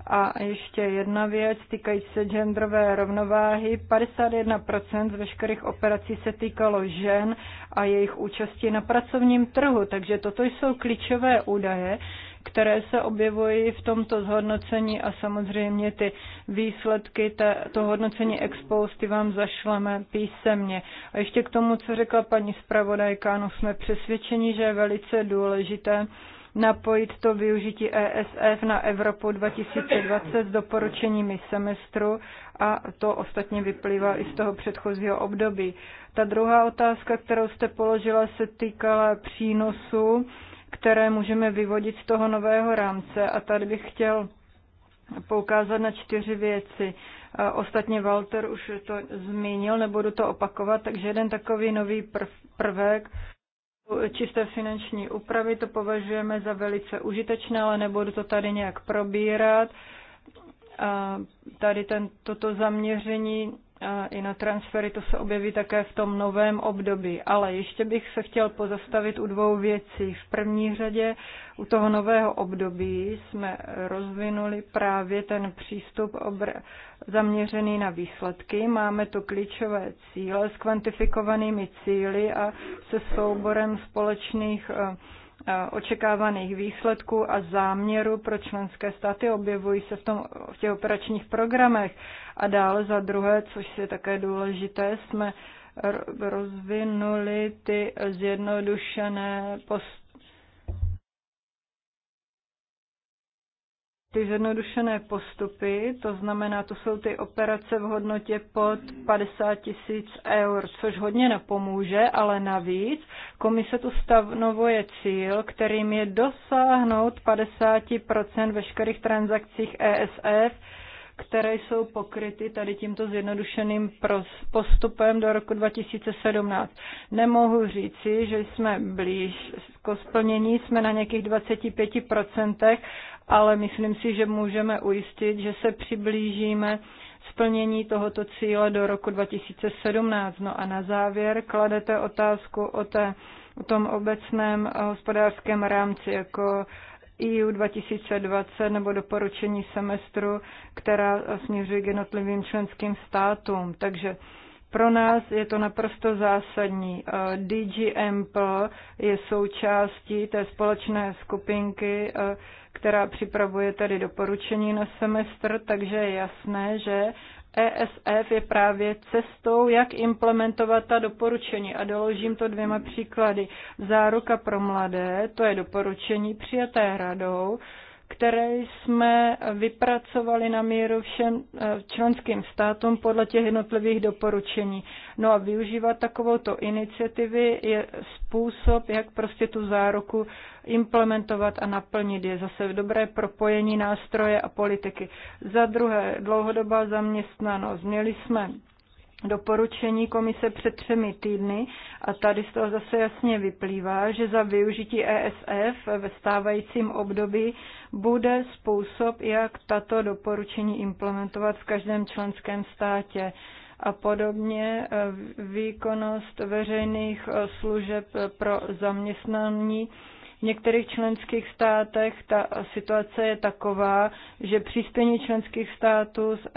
a ještě jedna věc týkající se genderové rovnováhy. 51% z veškerých operací se týkalo žen a jejich účasti na pracovním trhu. Takže toto jsou klíčové údaje, které se objevují v tomto zhodnocení a samozřejmě ty výsledky té, to hodnocení exposty vám zašleme písemně. A ještě k tomu, co řekla paní zpravodajka, no jsme přesvědčeni, že je velice důležité, napojit to využití ESF na Evropu 2020 s doporučeními semestru a to ostatně vyplývá i z toho předchozího období. Ta druhá otázka, kterou jste položila, se týkala přínosu, které můžeme vyvodit z toho nového rámce a tady bych chtěl poukázat na čtyři věci. Ostatně Walter už to zmínil, nebudu to opakovat, takže jeden takový nový prvek čisté finanční úpravy, to považujeme za velice užitečné, ale nebudu to tady nějak probírat. A tady ten, toto zaměření i na transfery, to se objeví také v tom novém období. Ale ještě bych se chtěl pozastavit u dvou věcí. V první řadě u toho nového období jsme rozvinuli právě ten přístup obr- zaměřený na výsledky. Máme tu klíčové cíle s kvantifikovanými cíly a se souborem společných uh, očekávaných výsledků a záměru pro členské státy objevují se v, tom, v těch operačních programech. A dále za druhé, což je také důležité, jsme rozvinuli ty zjednodušené postupy ty zjednodušené postupy, to znamená, to jsou ty operace v hodnotě pod 50 tisíc eur, což hodně nepomůže, ale navíc komise tu stanovuje cíl, kterým je dosáhnout 50% veškerých transakcích ESF, které jsou pokryty tady tímto zjednodušeným postupem do roku 2017. Nemohu říci, že jsme blíž k jako splnění, jsme na nějakých 25%, ale myslím si, že můžeme ujistit, že se přiblížíme splnění tohoto cíle do roku 2017. No a na závěr kladete otázku o, té, o tom obecném hospodářském rámci jako EU 2020 nebo doporučení semestru, která směřuje k jednotlivým členským státům. Takže pro nás je to naprosto zásadní. DG Ample je součástí té společné skupinky eh, která připravuje tady doporučení na semestr, takže je jasné, že ESF je právě cestou, jak implementovat ta doporučení. A doložím to dvěma příklady. Záruka pro mladé, to je doporučení přijaté radou, které jsme vypracovali na míru všem eh, členským státům podle těch jednotlivých doporučení. No a využívat takovouto iniciativy je způsob, jak prostě tu záruku implementovat a naplnit. Je zase dobré propojení nástroje a politiky. Za druhé, dlouhodobá zaměstnanost. Měli jsme doporučení komise před třemi týdny a tady z toho zase jasně vyplývá, že za využití ESF ve stávajícím období bude způsob, jak tato doporučení implementovat v každém členském státě. A podobně e, výkonnost veřejných e, služeb e, pro zaměstnání některých členských státech ta situace je taková, že přispění členských států z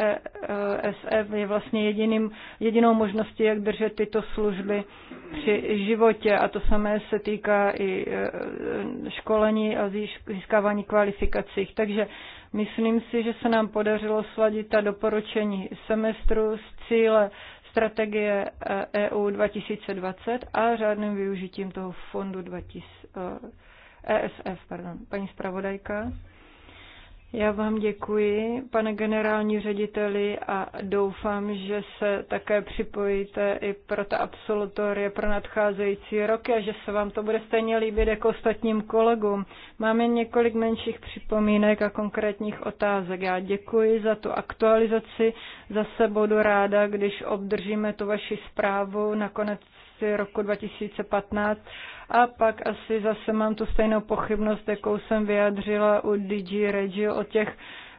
ESF e, je vlastně jediným, jedinou možností, jak držet tyto služby při životě. A to samé se týká i e, školení a získávání kvalifikacích. Takže myslím si, že se nám podařilo sladit ta doporučení semestru s cíle strategie EU e 2020 a řádným využitím toho fondu 2000, ESF, pardon, paní zpravodajka. Já vám děkuji, pane generální řediteli, a doufám, že se také připojíte i pro ta absolutorie pro nadcházející roky a že se vám to bude stejně líbit jako ostatním kolegům. Máme několik menších připomínek a konkrétních otázek. Já děkuji za tu aktualizaci. Zase budu ráda, když obdržíme tu vaši zprávu na konec asi roku 2015 a pak asi zase mám tu stejnou pochybnost, jakou jsem vyjádřila u DG Regio o těch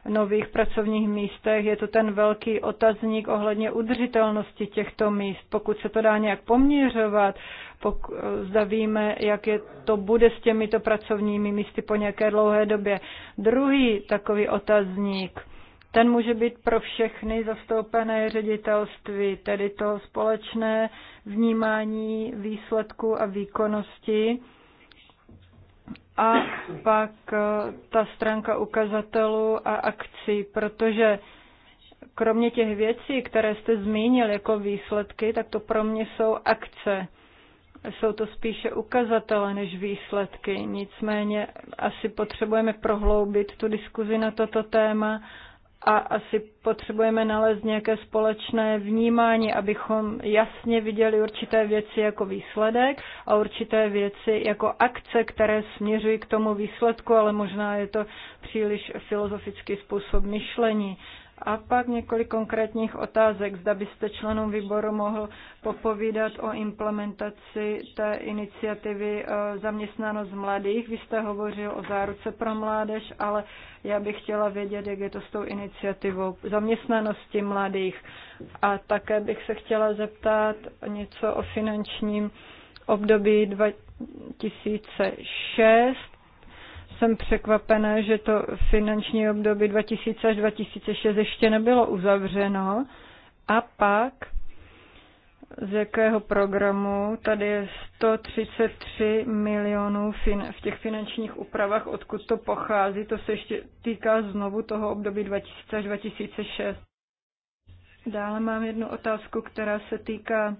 nových pracovních místech. Je to ten velký otazník ohledně udržitelnosti těchto míst. Pokud se to dá nějak poměřovat, pok- zda víme, jak je to bude s těmito pracovními místy po nějaké dlouhé době. Druhý takový otazník – ten může být pro všechny zastoupené ředitelství, tedy to společné vnímání výsledku a výkonnosti. A pak eh, ta stránka ukazatelů a akcí, protože kromě těch věcí, které jste zmínil jako výsledky, tak to pro mě jsou akce. Jsou to spíše ukazatele než výsledky. Nicméně asi potřebujeme prohloubit tu diskuzi na toto téma a asi potřebujeme nalézt nějaké společné vnímání, abychom jasně viděli určité věci jako výsledek a určité věci jako akce, které směřují k tomu výsledku, ale možná je to příliš filozofický způsob myšlení. A pak několik konkrétních otázek. Zda byste členům výboru mohl popovídat o implementaci té iniciativy eh, zaměstnanost mladých. Vy jste hovořil o záruce pro mládež, ale já bych chtěla vědět, jak je to s tou iniciativou zaměstnanosti mladých. A také bych se chtěla zeptat něco o finančním období 2006 jsem překvapená, že to finanční období 2000 až 2006 ještě nebylo uzavřeno. A pak z jakého programu. Tady je 133 milionů fin- v těch finančních úpravách, odkud to pochází. To se ještě týká znovu toho období 2000 až 2006. Dále mám jednu otázku, která se týká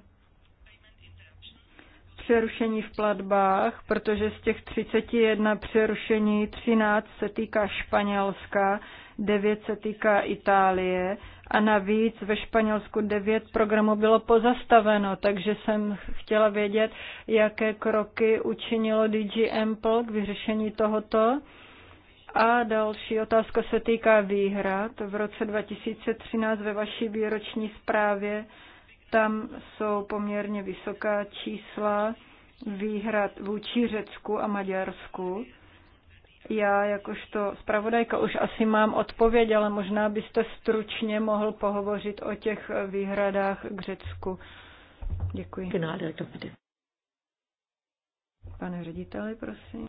přerušení v platbách, protože z těch 31 přerušení 13 se týká Španělska, 9 se týká Itálie a navíc ve Španělsku 9 programů bylo pozastaveno, takže jsem chtěla vědět, jaké kroky učinilo DG Ample k vyřešení tohoto. A další otázka se týká výhrad. V roce 2013 ve vaší výroční zprávě tam jsou poměrně vysoká čísla výhrad vůči Řecku a Maďarsku. Já jakožto zpravodajka už asi mám odpověď, ale možná byste stručně mohl pohovořit o těch výhradách k Řecku. Děkuji. Pane řediteli, prosím.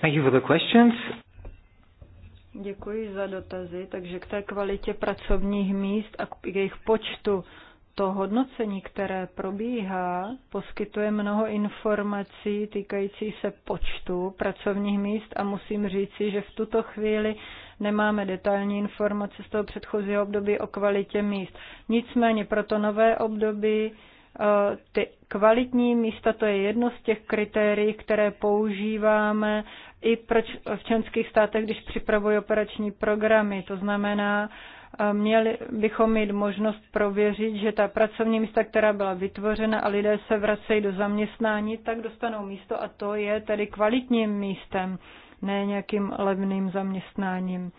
Thank you for the questions. Děkuji za dotazy. Takže k té kvalitě pracovních míst a k jejich počtu. To hodnocení, které probíhá, poskytuje mnoho informací týkající se počtu pracovních míst a musím říci, že v tuto chvíli nemáme detailní informace z toho předchozího období o kvalitě míst. Nicméně pro to nové období eh, ty kvalitní místa, to je jedno z těch kritérií, které používáme i proč v členských státech, když připravují operační programy. To znamená, eh, měli bychom mít možnost prověřit, že ta pracovní místa, která byla vytvořena a lidé se vracejí do zaměstnání, tak dostanou místo a to je tedy kvalitním místem, ne nějakým levným zaměstnáním.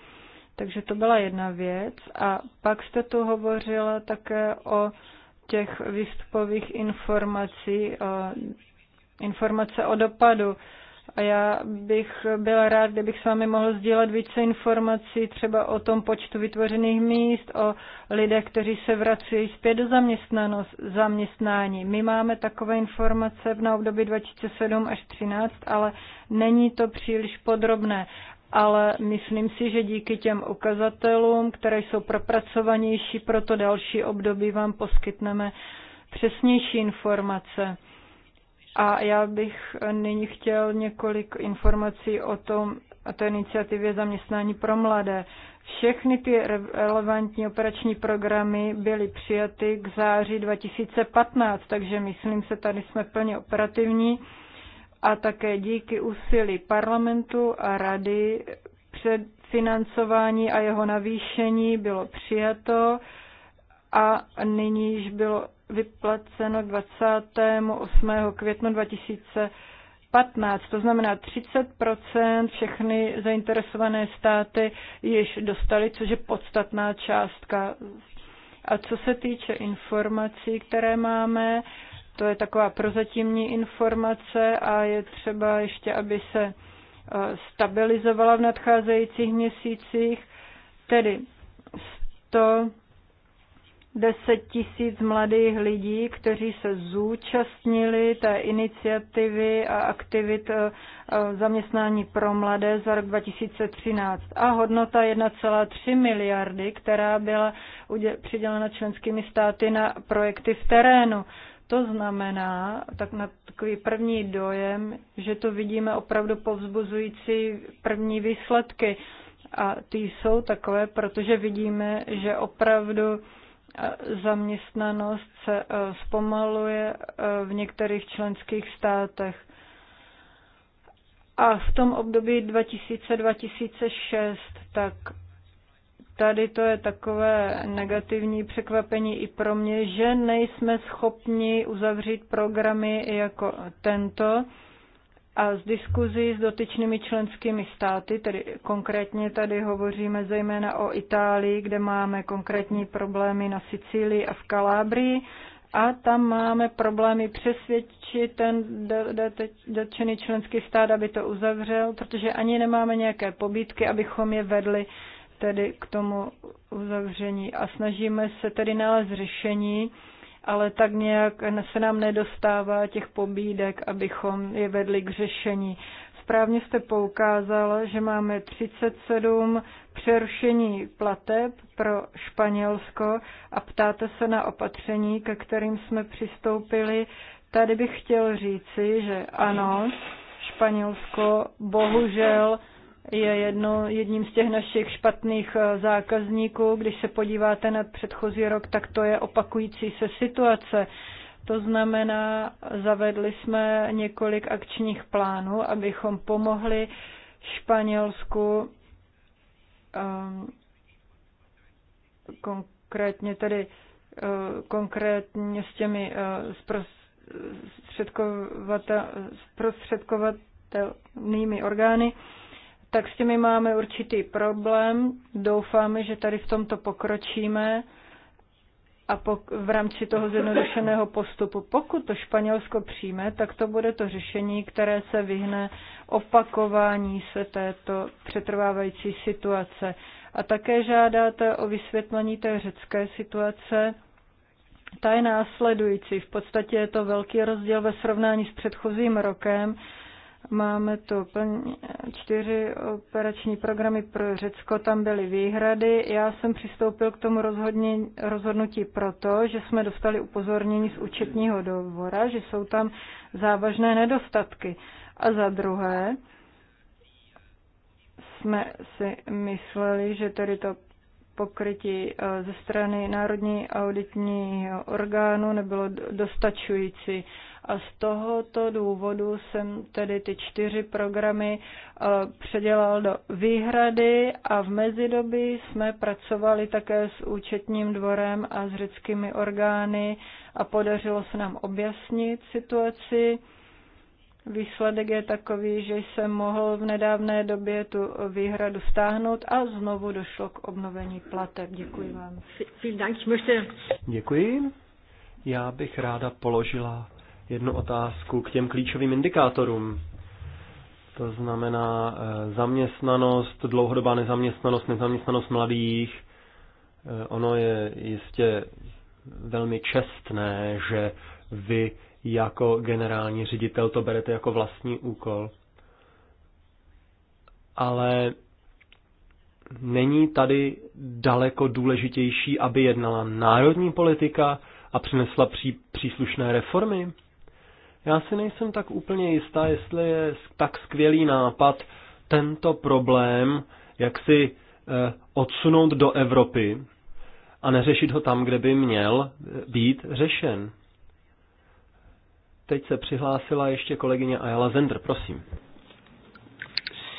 Takže to byla jedna věc. A pak jste tu hovořila také o těch výstupových informací, eh, informace o dopadu. A já bych byl rád, kdybych s vámi mohl sdílet více informací třeba o tom počtu vytvořených míst, o lidech, kteří se vrací zpět do zaměstnání. My máme takové informace na období 2007 až 2013, ale není to příliš podrobné ale myslím si, že díky těm ukazatelům, které jsou propracovanější pro to další období, vám poskytneme přesnější informace. A já bych nyní chtěl několik informací o tom, o té iniciativě zaměstnání pro mladé. Všechny ty relevantní operační programy byly přijaty k září 2015, takže myslím se, tady jsme plně operativní a také díky úsilí parlamentu a rady předfinancování a jeho navýšení bylo přijato a nyní již bylo vyplaceno 28. května 2015. To znamená 30 všechny zainteresované státy již dostali, což je podstatná částka. A co se týče informací, které máme, to je taková prozatímní informace a je třeba ještě, aby se e, stabilizovala v nadcházejících měsících. Tedy 100 10 tisíc mladých lidí, kteří se zúčastnili té iniciativy a aktivit eh, eh, zaměstnání pro mladé za rok 2013 a hodnota 1,3 miliardy, která byla přidělena členskými státy na projekty v terénu. To znamená, tak na takový první dojem, že to vidíme opravdu povzbuzující první výsledky. A ty jsou takové, protože vidíme, že opravdu zaměstnanost se eh, zpomaluje eh, v některých členských státech. A v tom období 2000-2006, tak tady to je takové negativní překvapení i pro mě, že nejsme schopni uzavřít programy jako tento, a z diskuzí s dotyčnými členskými státy, tedy konkrétně tady hovoříme zejména o Itálii, kde máme konkrétní problémy na Sicílii a v Kalábrii, a tam máme problémy přesvědčit ten dotčený členský stát, aby to uzavřel, protože ani nemáme nějaké pobídky, abychom je vedli tedy k tomu uzavření. A snažíme se tedy nalézt řešení, ale tak nějak se nám nedostává těch pobídek, abychom je vedli k řešení. Správně jste poukázal, že máme 37 přerušení plateb pro Španělsko a ptáte se na opatření, ke kterým jsme přistoupili. Tady bych chtěl říci, že ano, Španělsko bohužel je jedno, jedním z těch našich špatných eh, zákazníků. Když se podíváte na předchozí rok, tak to je opakující se situace. To znamená, zavedli jsme několik akčních plánů, abychom pomohli Španělsku eh, konkrétně tedy eh, konkrétně s těmi zprostředkovatelnými orgány tak s těmi máme určitý problém. Doufáme, že tady v tomto pokročíme a pok- v rámci toho zjednodušeného postupu. Pokud to Španělsko přijme, tak to bude to řešení, které se vyhne opakování se této přetrvávající situace. A také žádáte o vysvětlení té řecké situace. Ta je následující. V podstatě je to velký rozdíl ve srovnání s předchozím rokem. Máme tu čtyři operační programy pro Řecko, tam byly výhrady. Já jsem přistoupil k tomu rozhodně, rozhodnutí proto, že jsme dostali upozornění z účetního dovora, že jsou tam závažné nedostatky. A za druhé jsme si mysleli, že tedy to pokrytí eh, ze strany Národní auditního orgánu nebylo dostačující. A z tohoto důvodu jsem tedy ty čtyři programy eh, předělal do výhrady a v mezidobí jsme pracovali také s účetním dvorem a s řeckými orgány a podařilo se nám objasnit situaci. Výsledek je takový, že jsem mohl v nedávné době tu výhradu stáhnout a znovu došlo k obnovení plateb. Děkuji vám. Děkuji. Já bych ráda položila jednu otázku k těm klíčovým indikátorům. To znamená eh, zaměstnanost, dlouhodobá nezaměstnanost, nezaměstnanost mladých. Eh, ono je jistě velmi čestné, že vy jako generální ředitel to berete jako vlastní úkol. Ale není tady daleko důležitější, aby jednala národní politika a přinesla pří, příslušné reformy? Já si nejsem tak úplně jistá, jestli je tak skvělý nápad tento problém, jak si eh, odsunout do Evropy a neřešit ho tam, kde by měl eh, být řešen. Teď se přihlásila ještě kolegyně Ayala Zender, prosím.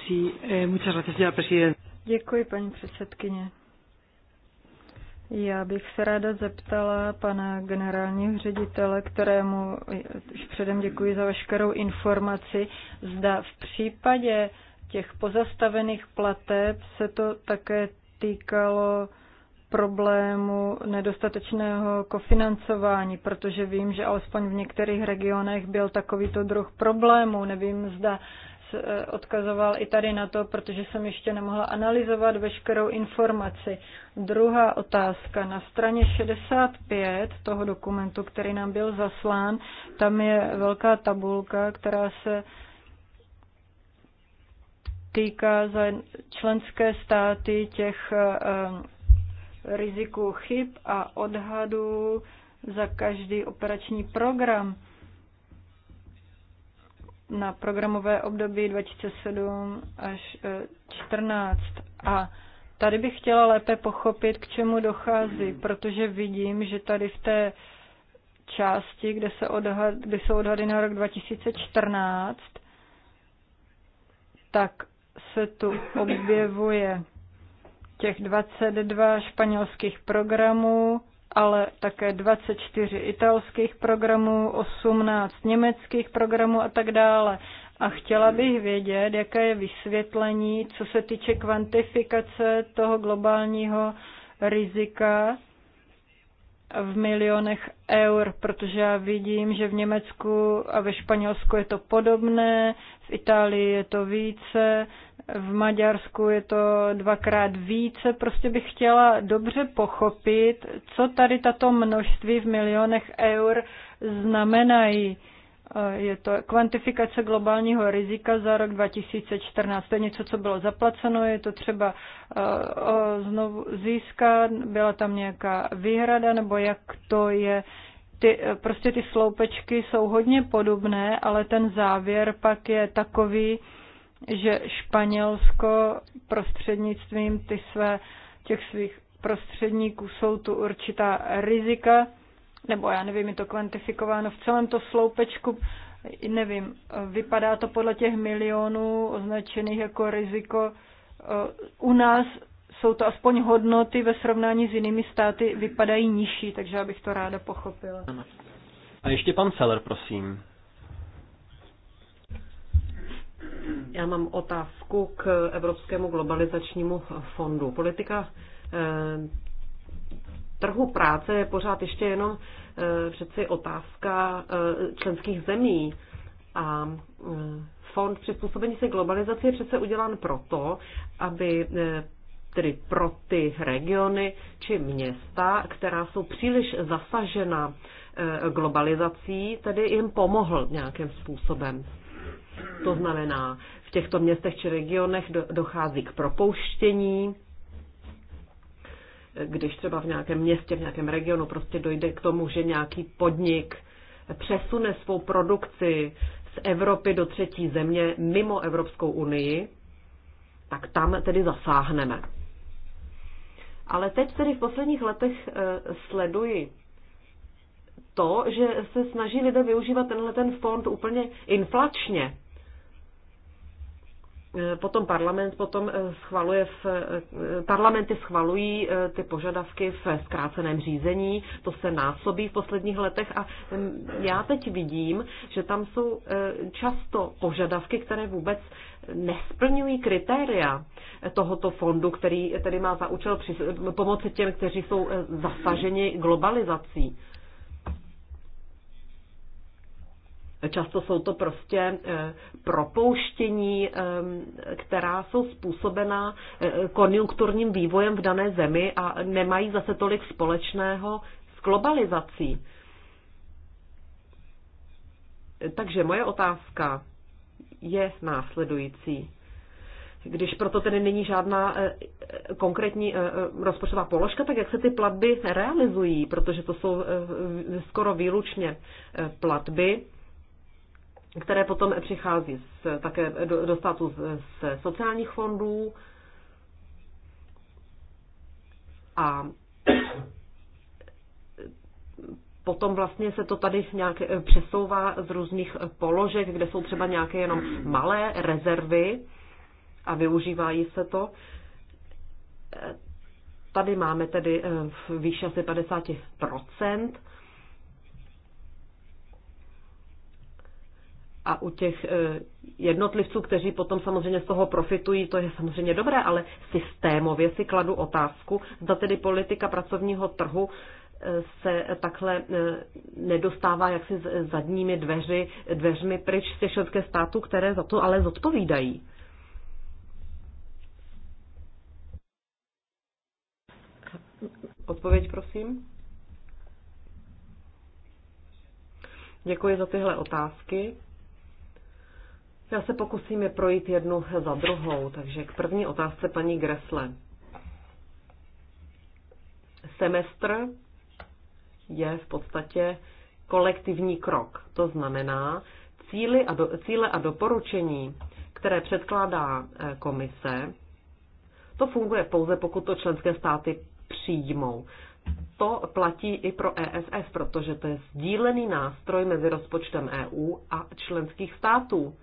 Sí, eh, muchas gracias, Děkuji, paní předsedkyně. Já bych se ráda zeptala pana generálního ředitele, kterému už předem děkuji za veškerou informaci, zda v případě těch pozastavených plateb se to také týkalo problému nedostatečného kofinancování, protože vím, že alespoň v některých regionech byl takovýto druh problému. Nevím, zda Eh, odkazoval i tady na to, protože jsem ještě nemohla analyzovat veškerou informaci. Druhá otázka. Na straně 65 toho dokumentu, který nám byl zaslán, tam je velká tabulka, která se týká za členské státy těch eh, riziků chyb a odhadů za každý operační program na programové období 2007 až 2014. E, A tady bych chtěla lépe pochopit, k čemu dochází, protože vidím, že tady v té části, kde, se odhad, kde jsou odhady na rok 2014, tak se tu objevuje těch 22 španělských programů, ale také 24 italských programů, 18 německých programů a tak dále. A chtěla bych vědět, jaké je vysvětlení, co se týče kvantifikace toho globálního rizika v milionech eur, protože já vidím, že v Německu a ve Španělsku je to podobné, v Itálii je to více, v Maďarsku je to dvakrát více. Prostě bych chtěla dobře pochopit, co tady tato množství v milionech eur znamenají. Je to kvantifikace globálního rizika za rok 2014. To je něco, co bylo zaplaceno, je to třeba eh, znovu získat, byla tam nějaká výhrada, nebo jak to je. Ty, eh, prostě ty sloupečky jsou hodně podobné, ale ten závěr pak je takový, že Španělsko prostřednictvím ty své, těch svých prostředníků jsou tu určitá rizika, nebo já nevím, je to kvantifikováno v celém to sloupečku, nevím, vypadá to podle těch milionů označených jako riziko. U nás jsou to aspoň hodnoty ve srovnání s jinými státy, vypadají nižší, takže abych to ráda pochopila. A ještě pan Seller, prosím. Já mám otázku k Evropskému globalizačnímu fondu. Politika eh, trhu práce je pořád ještě jenom eh, přeci otázka eh, členských zemí. A fond přizpůsobení se globalizaci je přece udělán proto, aby tedy pro ty regiony či města, která jsou příliš zasažena globalizací, tedy jim pomohl nějakým způsobem. To znamená, v těchto městech či regionech dochází k propouštění, když třeba v nějakém městě, v nějakém regionu prostě dojde k tomu, že nějaký podnik přesune svou produkci z Evropy do třetí země mimo Evropskou unii, tak tam tedy zasáhneme. Ale teď tedy v posledních letech eh, sleduji to, že se snaží lidé využívat tenhle ten fond úplně inflačně. Eh, potom parlament potom eh, schvaluje v, eh, parlamenty schvalují ty požadavky ve zkráceném řízení, to se násobí v posledních letech a já teď vidím, že tam jsou často požadavky, které vůbec nesplňují kritéria tohoto fondu, který tedy má za účel při, pomoci těm, kteří jsou zasaženi globalizací. Často jsou to prostě eh, propouštění, eh, která jsou způsobená eh, konjunkturním vývojem v dané zemi a nemají zase tolik společného s globalizací. Takže moje otázka je následující. Když proto tedy není žádná konkrétní rozpočtová položka, tak jak se ty platby realizují, protože to jsou skoro výlučně platby které potom přichází z, také do, do státu z, z sociálních fondů. A potom vlastně se to tady nějak eh, přesouvá z různých položek, kde jsou třeba nějaké jenom malé rezervy a využívají se to. Eh, tady máme tedy eh, výše asi 50 a u těch e, jednotlivců, kteří potom samozřejmě z toho profitují, to je samozřejmě dobré, ale systémově si kladu otázku, zda tedy politika pracovního trhu e, se takhle e, nedostává jaksi zadními dveři, dveřmi pryč z těch států, které za to ale zodpovídají. Odpověď, prosím. Děkuji za tyhle otázky. Já se pokusím je projít jednu za druhou, takže k první otázce paní Gresle. Semestr je v podstatě kolektivní krok. To znamená, cíly a do, cíle a doporučení, které předkládá eh, komise, to funguje pouze, pokud to členské státy přijmou. To platí i pro ESF, protože to je sdílený nástroj mezi rozpočtem EU a členských států.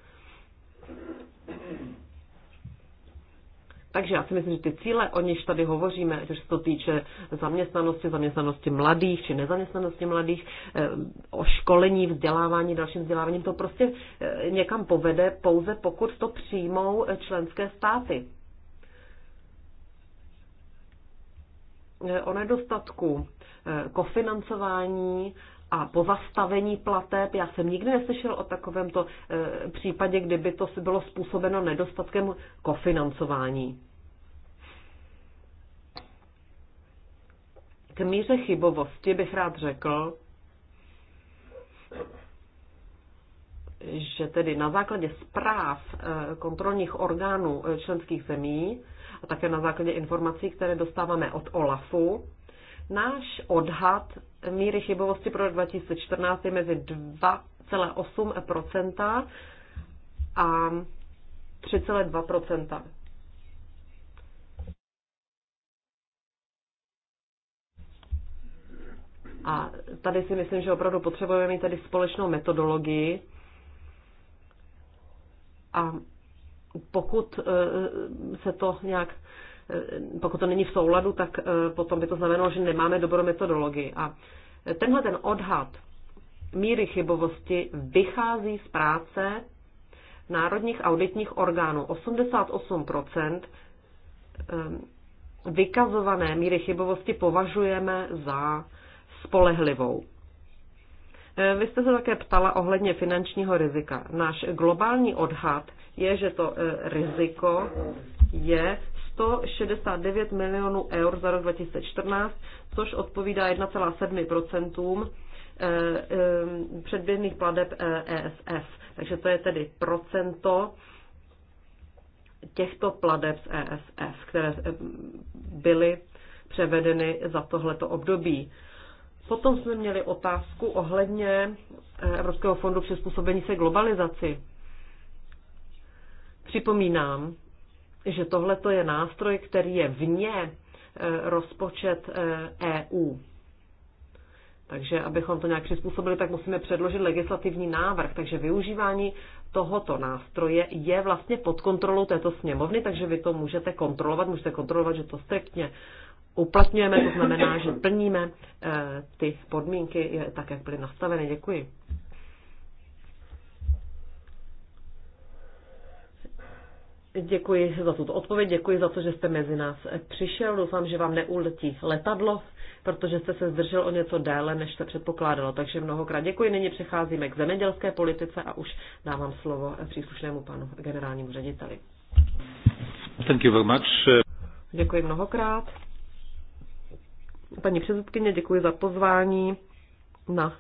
Takže já si myslím, že ty cíle, o nich tady hovoříme, že se to týče zaměstnanosti, zaměstnanosti mladých či nezaměstnanosti mladých, eh, o školení, vzdělávání, dalším vzděláváním, to prostě eh, někam povede, pouze pokud to přijmou eh, členské státy. O nedostatku kofinancování a pozastavení plateb. Já jsem nikdy neslyšel o takovémto eh, případě, kdyby to bylo způsobeno nedostatkem kofinancování. K míře chybovosti bych rád řekl, že tedy na základě zpráv eh, kontrolních orgánů eh, členských zemí a také na základě informací, které dostáváme od OLAFu, náš odhad míry chybovosti pro 2014 je mezi 2,8% a 3,2%. A tady si myslím, že opravdu potřebujeme mít tady společnou metodologii. A pokud eh, se to nějak Eh, pokud to není v souladu, tak eh, potom by to znamenalo, že nemáme dobrou metodologii. A eh, tenhle ten odhad míry chybovosti vychází z práce národních auditních orgánů. 88% vykazované míry chybovosti považujeme za spolehlivou. Vy jste se také ptala ohledně finančního rizika. Náš globální odhad je, že to riziko je 169 milionů eur za rok 2014, což odpovídá 1,7 eh, eh, předběžných pladeb ESF. Eh, e Takže to je tedy procento těchto pladeb z ESF, které byly převedeny za tohleto období. Potom jsme měli otázku ohledně Evropského fondu přizpůsobení se globalizaci. Připomínám, že tohle je nástroj, který je vně e, rozpočet EU. E takže abychom to nějak přizpůsobili, tak musíme předložit legislativní návrh. Takže využívání tohoto nástroje je vlastně pod kontrolou této sněmovny, takže vy to můžete kontrolovat, můžete kontrolovat, že to striktně uplatňujeme, to znamená, že plníme e, ty podmínky tak, jak byly nastaveny. Děkuji. Děkuji za tuto odpověď, děkuji za to, že jste mezi nás přišel. Doufám, že vám neuletí letadlo, protože jste se zdržel o něco déle, než se předpokládalo. Takže mnohokrát děkuji. Nyní přecházíme k zemědělské politice a už dávám slovo příslušnému panu generálnímu řediteli. Thank you very much. Děkuji mnohokrát. Paní předsedkyně, děkuji za pozvání na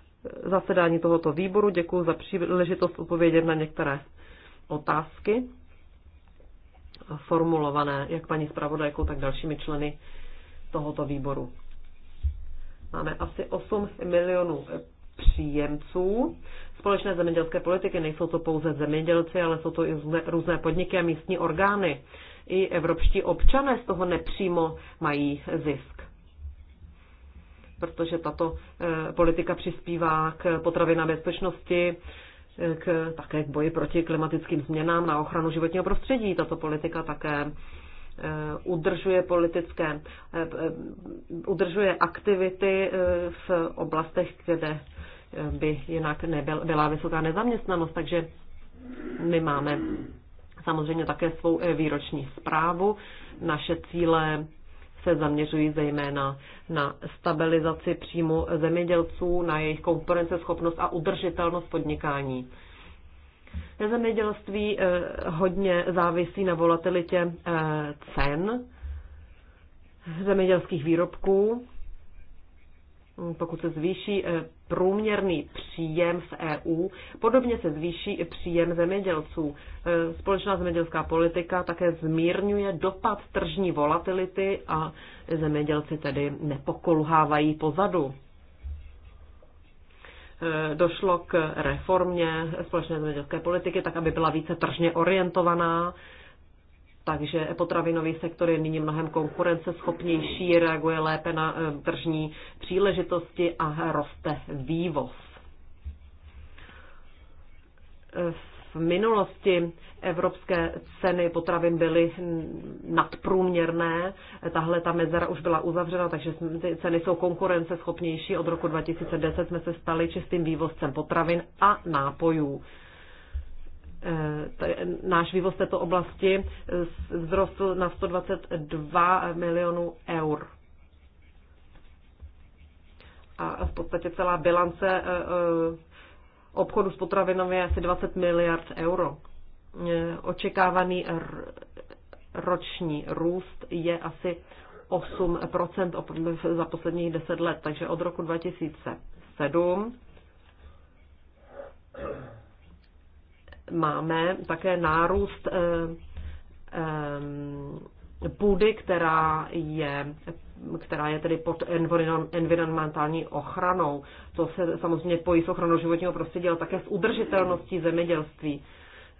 zasedání tohoto výboru. Děkuji za příležitost odpovědět na některé otázky formulované jak paní zpravodajkou, tak dalšími členy tohoto výboru. Máme asi 8 milionů eh, příjemců společné zemědělské politiky. Nejsou to pouze zemědělci, ale jsou to i různé podniky a místní orgány. I evropští občané z toho nepřímo mají zisk protože tato eh, politika přispívá k potravinové bezpečnosti, k, také k boji proti klimatickým změnám na ochranu životního prostředí. Tato politika také eh, udržuje politické, eh, eh, udržuje aktivity v oblastech, kde by jinak nebyla vysoká nezaměstnanost. Takže my máme samozřejmě také svou výroční zprávu. Naše cíle se zaměřují zejména na stabilizaci příjmu zemědělců, na jejich konkurenceschopnost a udržitelnost podnikání. Zemědělství eh, hodně závisí na volatilitě eh, cen zemědělských výrobků pokud se zvýší eh, průměrný příjem v EU, podobně se zvýší i příjem zemědělců. Eh, Společná zemědělská politika také zmírňuje dopad tržní volatility a zemědělci tedy nepokolhávají pozadu. Eh, Došlo k reformě společné zemědělské politiky tak, aby byla více tržně orientovaná, takže potravinový sektor je nyní mnohem konkurenceschopnější, reaguje lépe na eh, tržní příležitosti a roste vývoz. Eh, v minulosti evropské ceny potravin byly nadprůměrné. Tahle ta mezera už byla uzavřena, takže ty ceny jsou konkurenceschopnější. Od roku 2010 jsme se stali čistým vývozcem potravin a nápojů. Eh, náš vývoz této oblasti eh, vzrostl na 122 milionů eur. A v podstatě celá bilance eh, obchodu s potravinami je asi 20 miliard euro. Očekávaný roční růst je asi 8 za posledních 10 let, takže od roku 2007 máme také nárůst eh, eh, půdy, která je, která je tedy pod environmentální ochranou. To se samozřejmě pojí s ochranou životního prostředí, ale také s udržitelností zemědělství.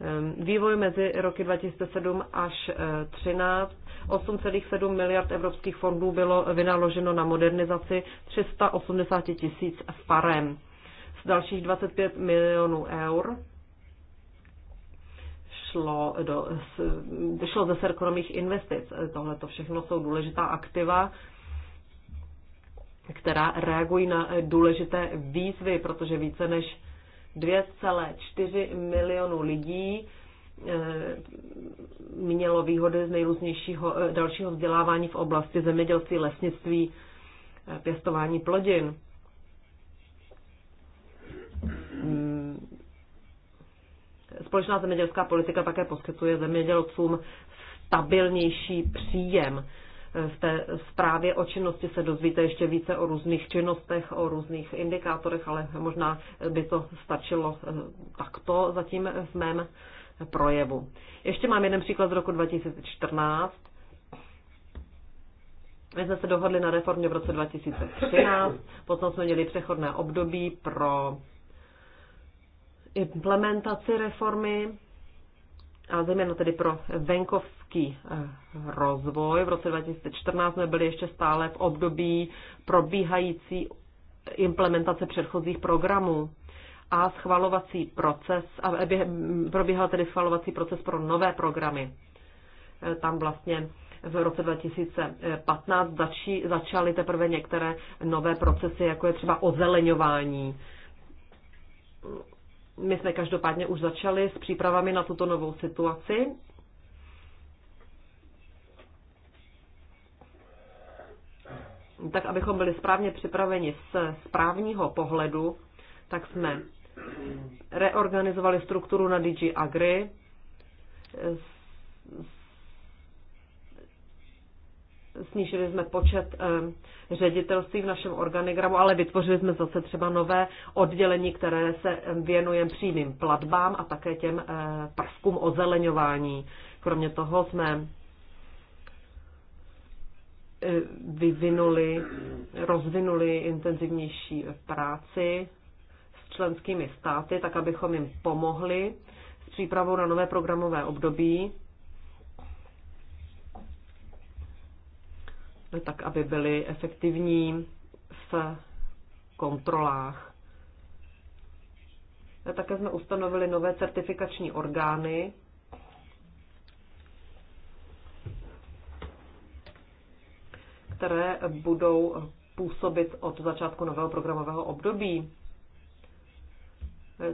Eh, vývoj mezi roky 2007 až 2013 8,7 miliard evropských fondů bylo vynaloženo na modernizaci 380 tisíc farem. Z dalších 25 milionů eur šlo, do, šlo ze soukromých investic. Tohle to všechno jsou důležitá aktiva, která reagují na důležité výzvy, protože více než 2,4 milionu lidí eh, mělo výhody z nejrůznějšího eh, dalšího vzdělávání v oblasti zemědělství, lesnictví, eh, pěstování plodin společná zemědělská politika také poskytuje zemědělcům stabilnější příjem. V té zprávě o činnosti se dozvíte ještě více o různých činnostech, o různých indikátorech, ale možná by to stačilo eh, takto zatím v mém projevu. Ještě mám jeden příklad z roku 2014. My jsme se dohodli na reformě v roce 2013, potom jsme měli přechodné období pro implementaci reformy a zejména tedy pro venkovský eh, rozvoj. V roce 2014 jsme byli ještě stále v období probíhající implementace předchozích programů a schvalovací proces, a probíhal tedy schvalovací proces pro nové programy. Eh, tam vlastně v roce 2015 začí, začaly teprve některé nové procesy, jako je třeba ozeleňování my jsme každopádně už začali s přípravami na tuto novou situaci. Tak, abychom byli správně připraveni z správního pohledu, tak jsme reorganizovali strukturu na DG Agri, snížili jsme počet eh, ředitelství v našem organigramu, ale vytvořili jsme zase třeba nové oddělení, které se eh, věnuje přímým platbám a také těm eh, prvkům ozeleňování. Kromě toho jsme vyvinuli, rozvinuli intenzivnější práci s členskými státy, tak abychom jim pomohli s přípravou na nové programové období tak aby byly efektivní v kontrolách. A také jsme ustanovili nové certifikační orgány, které budou působit od začátku nového programového období.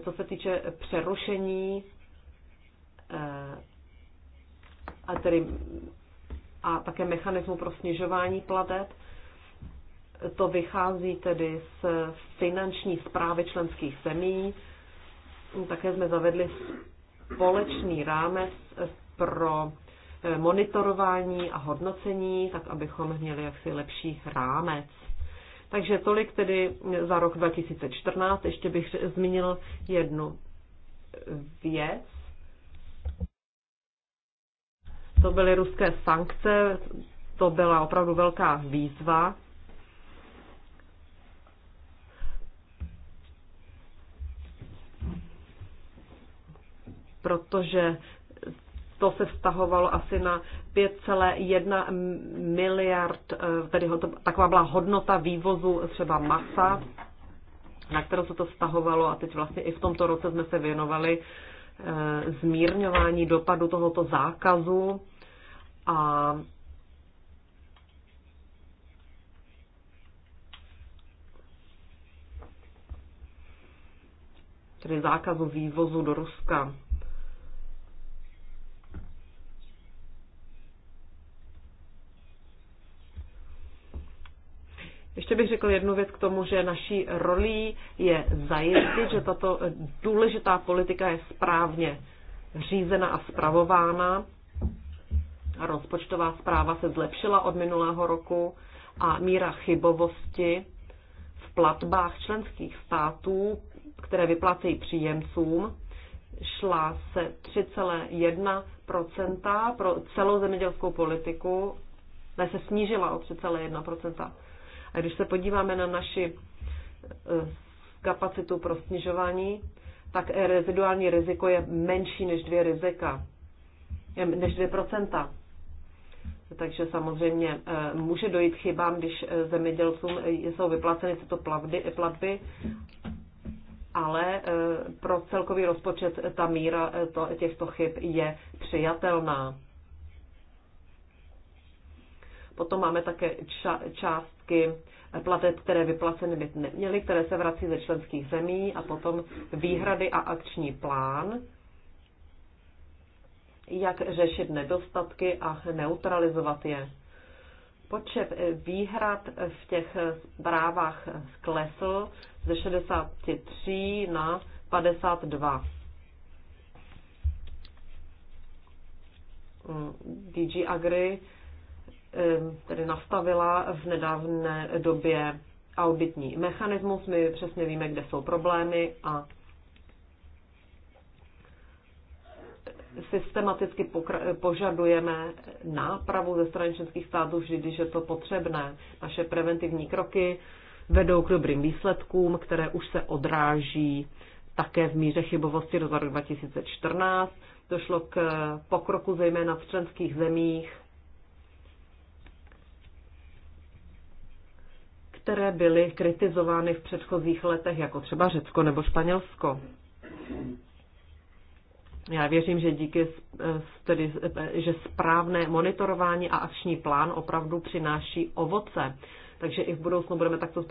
Co se týče přerušení, eh, a tedy a také mechanismu pro snižování plateb. To vychází tedy z finanční zprávy členských zemí. Také jsme zavedli společný rámec pro eh, monitorování a hodnocení, tak abychom měli jaksi lepší rámec. Takže tolik tedy za rok 2014. Ještě bych zmínil jednu věc to byly ruské sankce, to byla opravdu velká výzva. Protože to se vztahovalo asi na 5,1 miliard, eh, tedy taková byla hodnota vývozu třeba masa, na kterou se to vztahovalo a teď vlastně i v tomto roce jsme se věnovali Eh, zmírňování dopadu tohoto zákazu a tedy zákazu vývozu do Ruska. Ještě bych řekl jednu věc k tomu, že naší rolí je zajistit, že tato důležitá politika je správně řízena a spravována. Rozpočtová zpráva se zlepšila od minulého roku a míra chybovosti v platbách členských států, které vyplácejí příjemcům, šla se 3,1% pro celou zemědělskou politiku, ne, se snížila o 3,1%. A když se podíváme na naši eh, kapacitu pro snižování, tak reziduální riziko je menší než dvě rizika, než 2%. Takže samozřejmě eh, může dojít chybám, když eh, zemědělcům jsou vyplaceny tyto platby, ale pro celkový rozpočet ta míra těchto chyb je přijatelná. Potom máme také ča- částky plateb, které vyplaceny být neměly, které se vrací ze členských zemí a potom výhrady a akční plán, jak řešit nedostatky a neutralizovat je. Počet výhrad v těch zprávách sklesl ze 63 na 52. DG mm, Agri tedy nastavila v nedávné době auditní mechanismus. My přesně víme, kde jsou problémy a systematicky požadujeme nápravu ze strany členských států vždy, když je to potřebné. Naše preventivní kroky vedou k dobrým výsledkům, které už se odráží také v míře chybovosti do roku 2014. Došlo k pokroku zejména v členských zemích, které byly kritizovány v předchozích letech, jako třeba Řecko nebo Španělsko. Já věřím, že díky tedy, že správné monitorování a akční plán opravdu přináší ovoce. Takže i v budoucnu budeme takto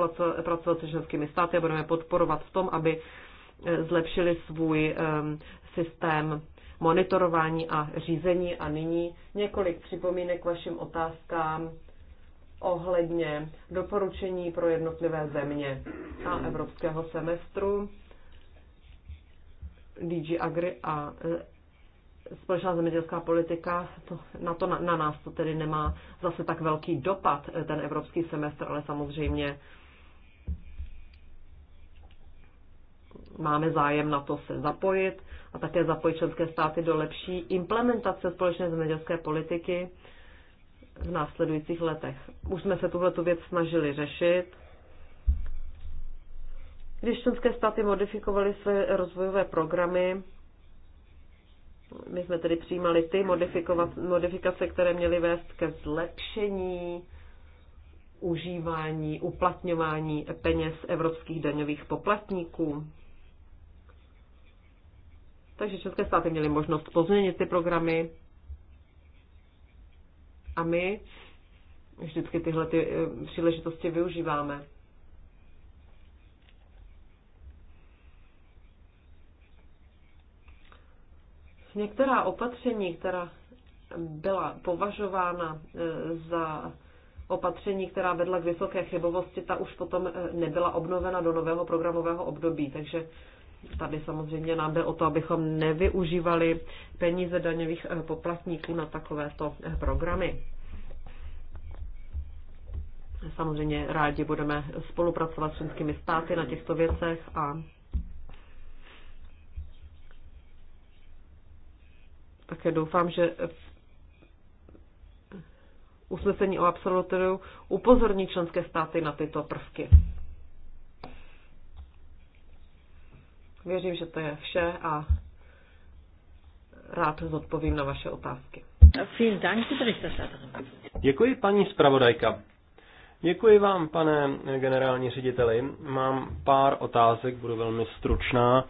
pracovat se ženskými státy a budeme podporovat v tom, aby eh, zlepšili svůj ehm, systém monitorování a řízení. A nyní několik připomínek k vašim otázkám ohledně doporučení pro jednotlivé země a evropského semestru. DG Agri a e, společná zemědělská politika, to, na, to, na, na nás to tedy nemá zase tak velký dopad, e, ten evropský semestr, ale samozřejmě máme zájem na to se zapojit a také zapojit členské státy do lepší implementace společné zemědělské politiky v následujících letech. Už jsme se tuhletu věc snažili řešit. Když členské státy modifikovaly své rozvojové programy, my jsme tedy přijímali ty modifikace, které měly vést ke zlepšení užívání, uplatňování peněz evropských daňových poplatníků. Takže české státy měly možnost pozměnit ty programy a my vždycky tyhle ty eh, příležitosti využíváme. Některá opatření, která byla považována eh, za opatření, která vedla k vysoké chybovosti, ta už potom eh, nebyla obnovena do nového programového období. Takže Tady samozřejmě nám jde o to, abychom nevyužívali peníze daňových eh, poplatníků na takovéto eh, programy. Samozřejmě rádi budeme spolupracovat s členskými státy na těchto věcech a také doufám, že usnesení o absolutoriu upozorní členské státy na tyto prvky. Věřím, že to je vše a rád zodpovím na vaše otázky. Děkuji, paní zpravodajka. Děkuji vám, pane generální řediteli. Mám pár otázek, budu velmi stručná.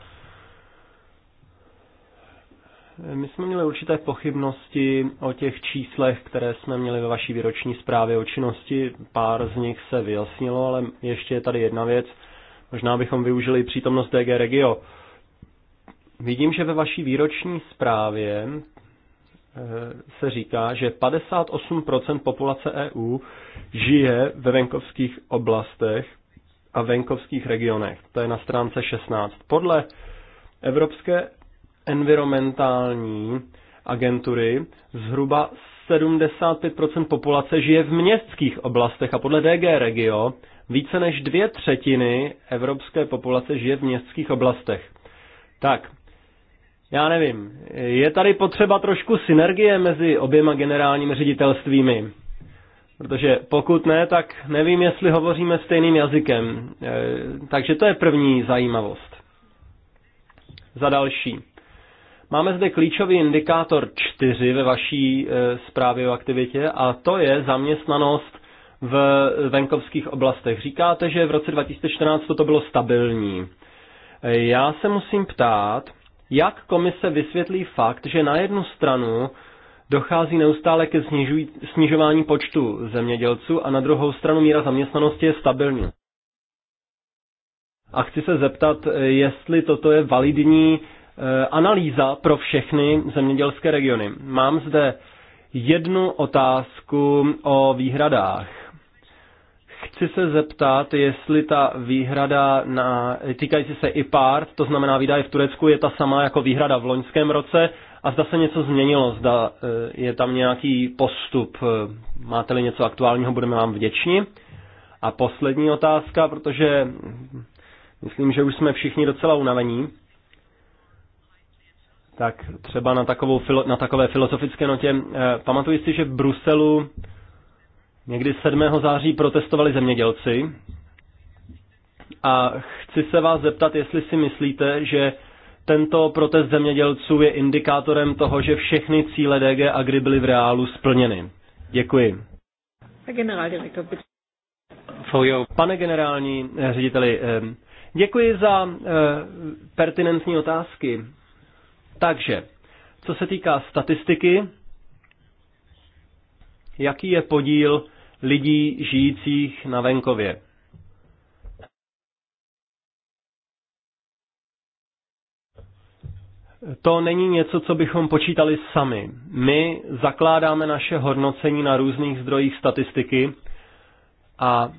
My jsme měli určité pochybnosti o těch číslech, které jsme měli ve vaší výroční zprávě o činnosti. Pár z nich se vyjasnilo, ale ještě je tady jedna věc – Možná bychom využili přítomnost DG Regio. Vidím, že ve vaší výroční zprávě eh, se říká, že 58% populace EU žije ve venkovských oblastech a venkovských regionech. To je na stránce 16. Podle Evropské environmentální agentury zhruba 75% populace žije v městských oblastech a podle DG Regio více než dvě třetiny evropské populace žije v městských oblastech. Tak, já nevím, je tady potřeba trošku synergie mezi oběma generálními ředitelstvími. Protože pokud ne, tak nevím, jestli hovoříme stejným jazykem. E, takže to je první zajímavost. Za další. Máme zde klíčový indikátor 4 ve vaší e, zprávě o aktivitě a to je zaměstnanost v venkovských oblastech. Říkáte, že v roce 2014 toto bylo stabilní. E, já se musím ptát, jak komise vysvětlí fakt, že na jednu stranu dochází neustále ke snižování počtu zemědělců a na druhou stranu míra zaměstnanosti je stabilní. A chci se zeptat, e, jestli toto je validní Eh, analýza pro všechny zemědělské regiony. Mám zde jednu otázku o výhradách. Chci se zeptat, jestli ta výhrada na, týkající se IPART, to znamená výdaje v Turecku, je ta sama jako výhrada v loňském roce a zda se něco změnilo, zda eh, je tam nějaký postup, eh, máte-li něco aktuálního, budeme vám vděční. A poslední otázka, protože hm, myslím, že už jsme všichni docela unavení tak třeba na, takovou, na takové filozofické notě. Eh, pamatuji si, že v Bruselu někdy 7. září protestovali zemědělci a chci se vás zeptat, jestli si myslíte, že tento protest zemědělců je indikátorem toho, že všechny cíle DG Agri byly v reálu splněny. Děkuji. Pane generální eh, řediteli, eh, děkuji za pertinentní otázky. Takže, co se týká statistiky, jaký je podíl lidí žijících na venkově? To není něco, co bychom počítali sami. My zakládáme naše hodnocení na různých zdrojích statistiky a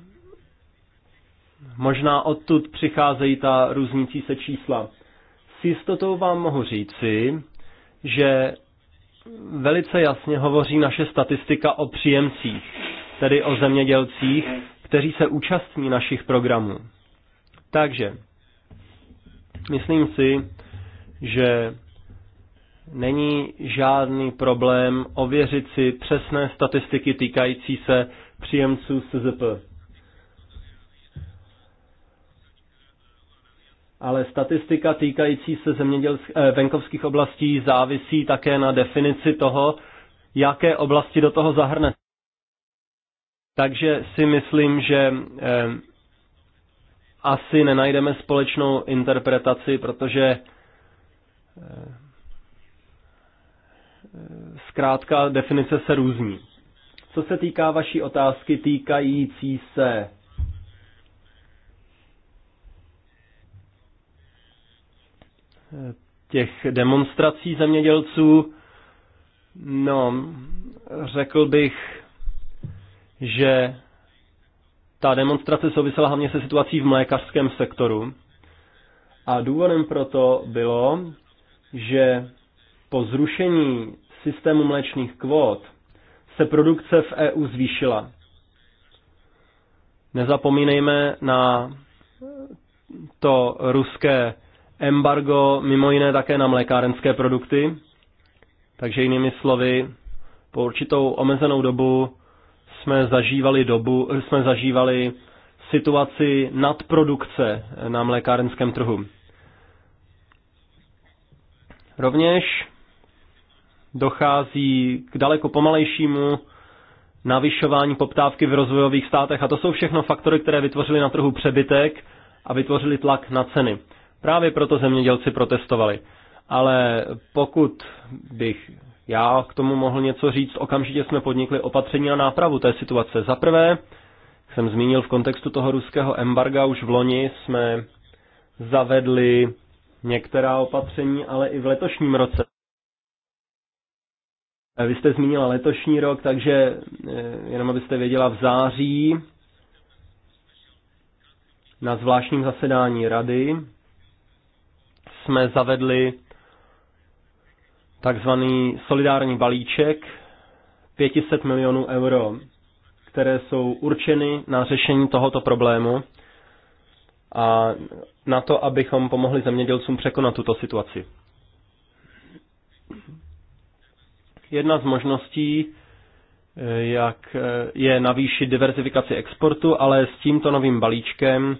možná odtud přicházejí ta různící se čísla. S jistotou vám mohu říci, že velice jasně hovoří naše statistika o příjemcích, tedy o zemědělcích, kteří se účastní našich programů. Takže, myslím si, že není žádný problém ověřit si přesné statistiky týkající se příjemců SZP. ale statistika týkající se eh, venkovských oblastí závisí také na definici toho, jaké oblasti do toho zahrne. Takže si myslím, že eh, asi nenajdeme společnou interpretaci, protože eh, eh zkrátka definice se různí. Co se týká vaší otázky týkající se těch demonstrací zemědělců, no, řekl bych, že ta demonstrace souvisela hlavně se situací v mlékařském sektoru. A důvodem proto bylo, že po zrušení systému mléčných kvót se produkce v EU zvýšila. Nezapomínejme na to ruské embargo mimo jiné také na mlékárenské produkty, takže jinými slovy, po určitou omezenou dobu jsme zažívali dobu, jsme zažívali situaci nadprodukce na mlékárenském trhu. Rovněž dochází k daleko pomalejšímu navyšování poptávky v rozvojových státech a to jsou všechno faktory, které vytvořily na trhu přebytek a vytvořily tlak na ceny. Právě proto zemědělci protestovali. Ale pokud bych já k tomu mohl něco říct, okamžitě jsme podnikli opatření a nápravu té situace. Za prvé, jsem zmínil v kontextu toho ruského embarga, už v loni jsme zavedli některá opatření, ale i v letošním roce. Vy jste zmínila letošní rok, takže eh, jenom abyste věděla, v září na zvláštním zasedání rady jsme zavedli takzvaný solidární balíček 500 milionů euro, které jsou určeny na řešení tohoto problému a na to, abychom pomohli zemědělcům překonat tuto situaci. Jedna z možností, eh, jak eh, je navýšit diverzifikaci exportu, ale s tímto novým balíčkem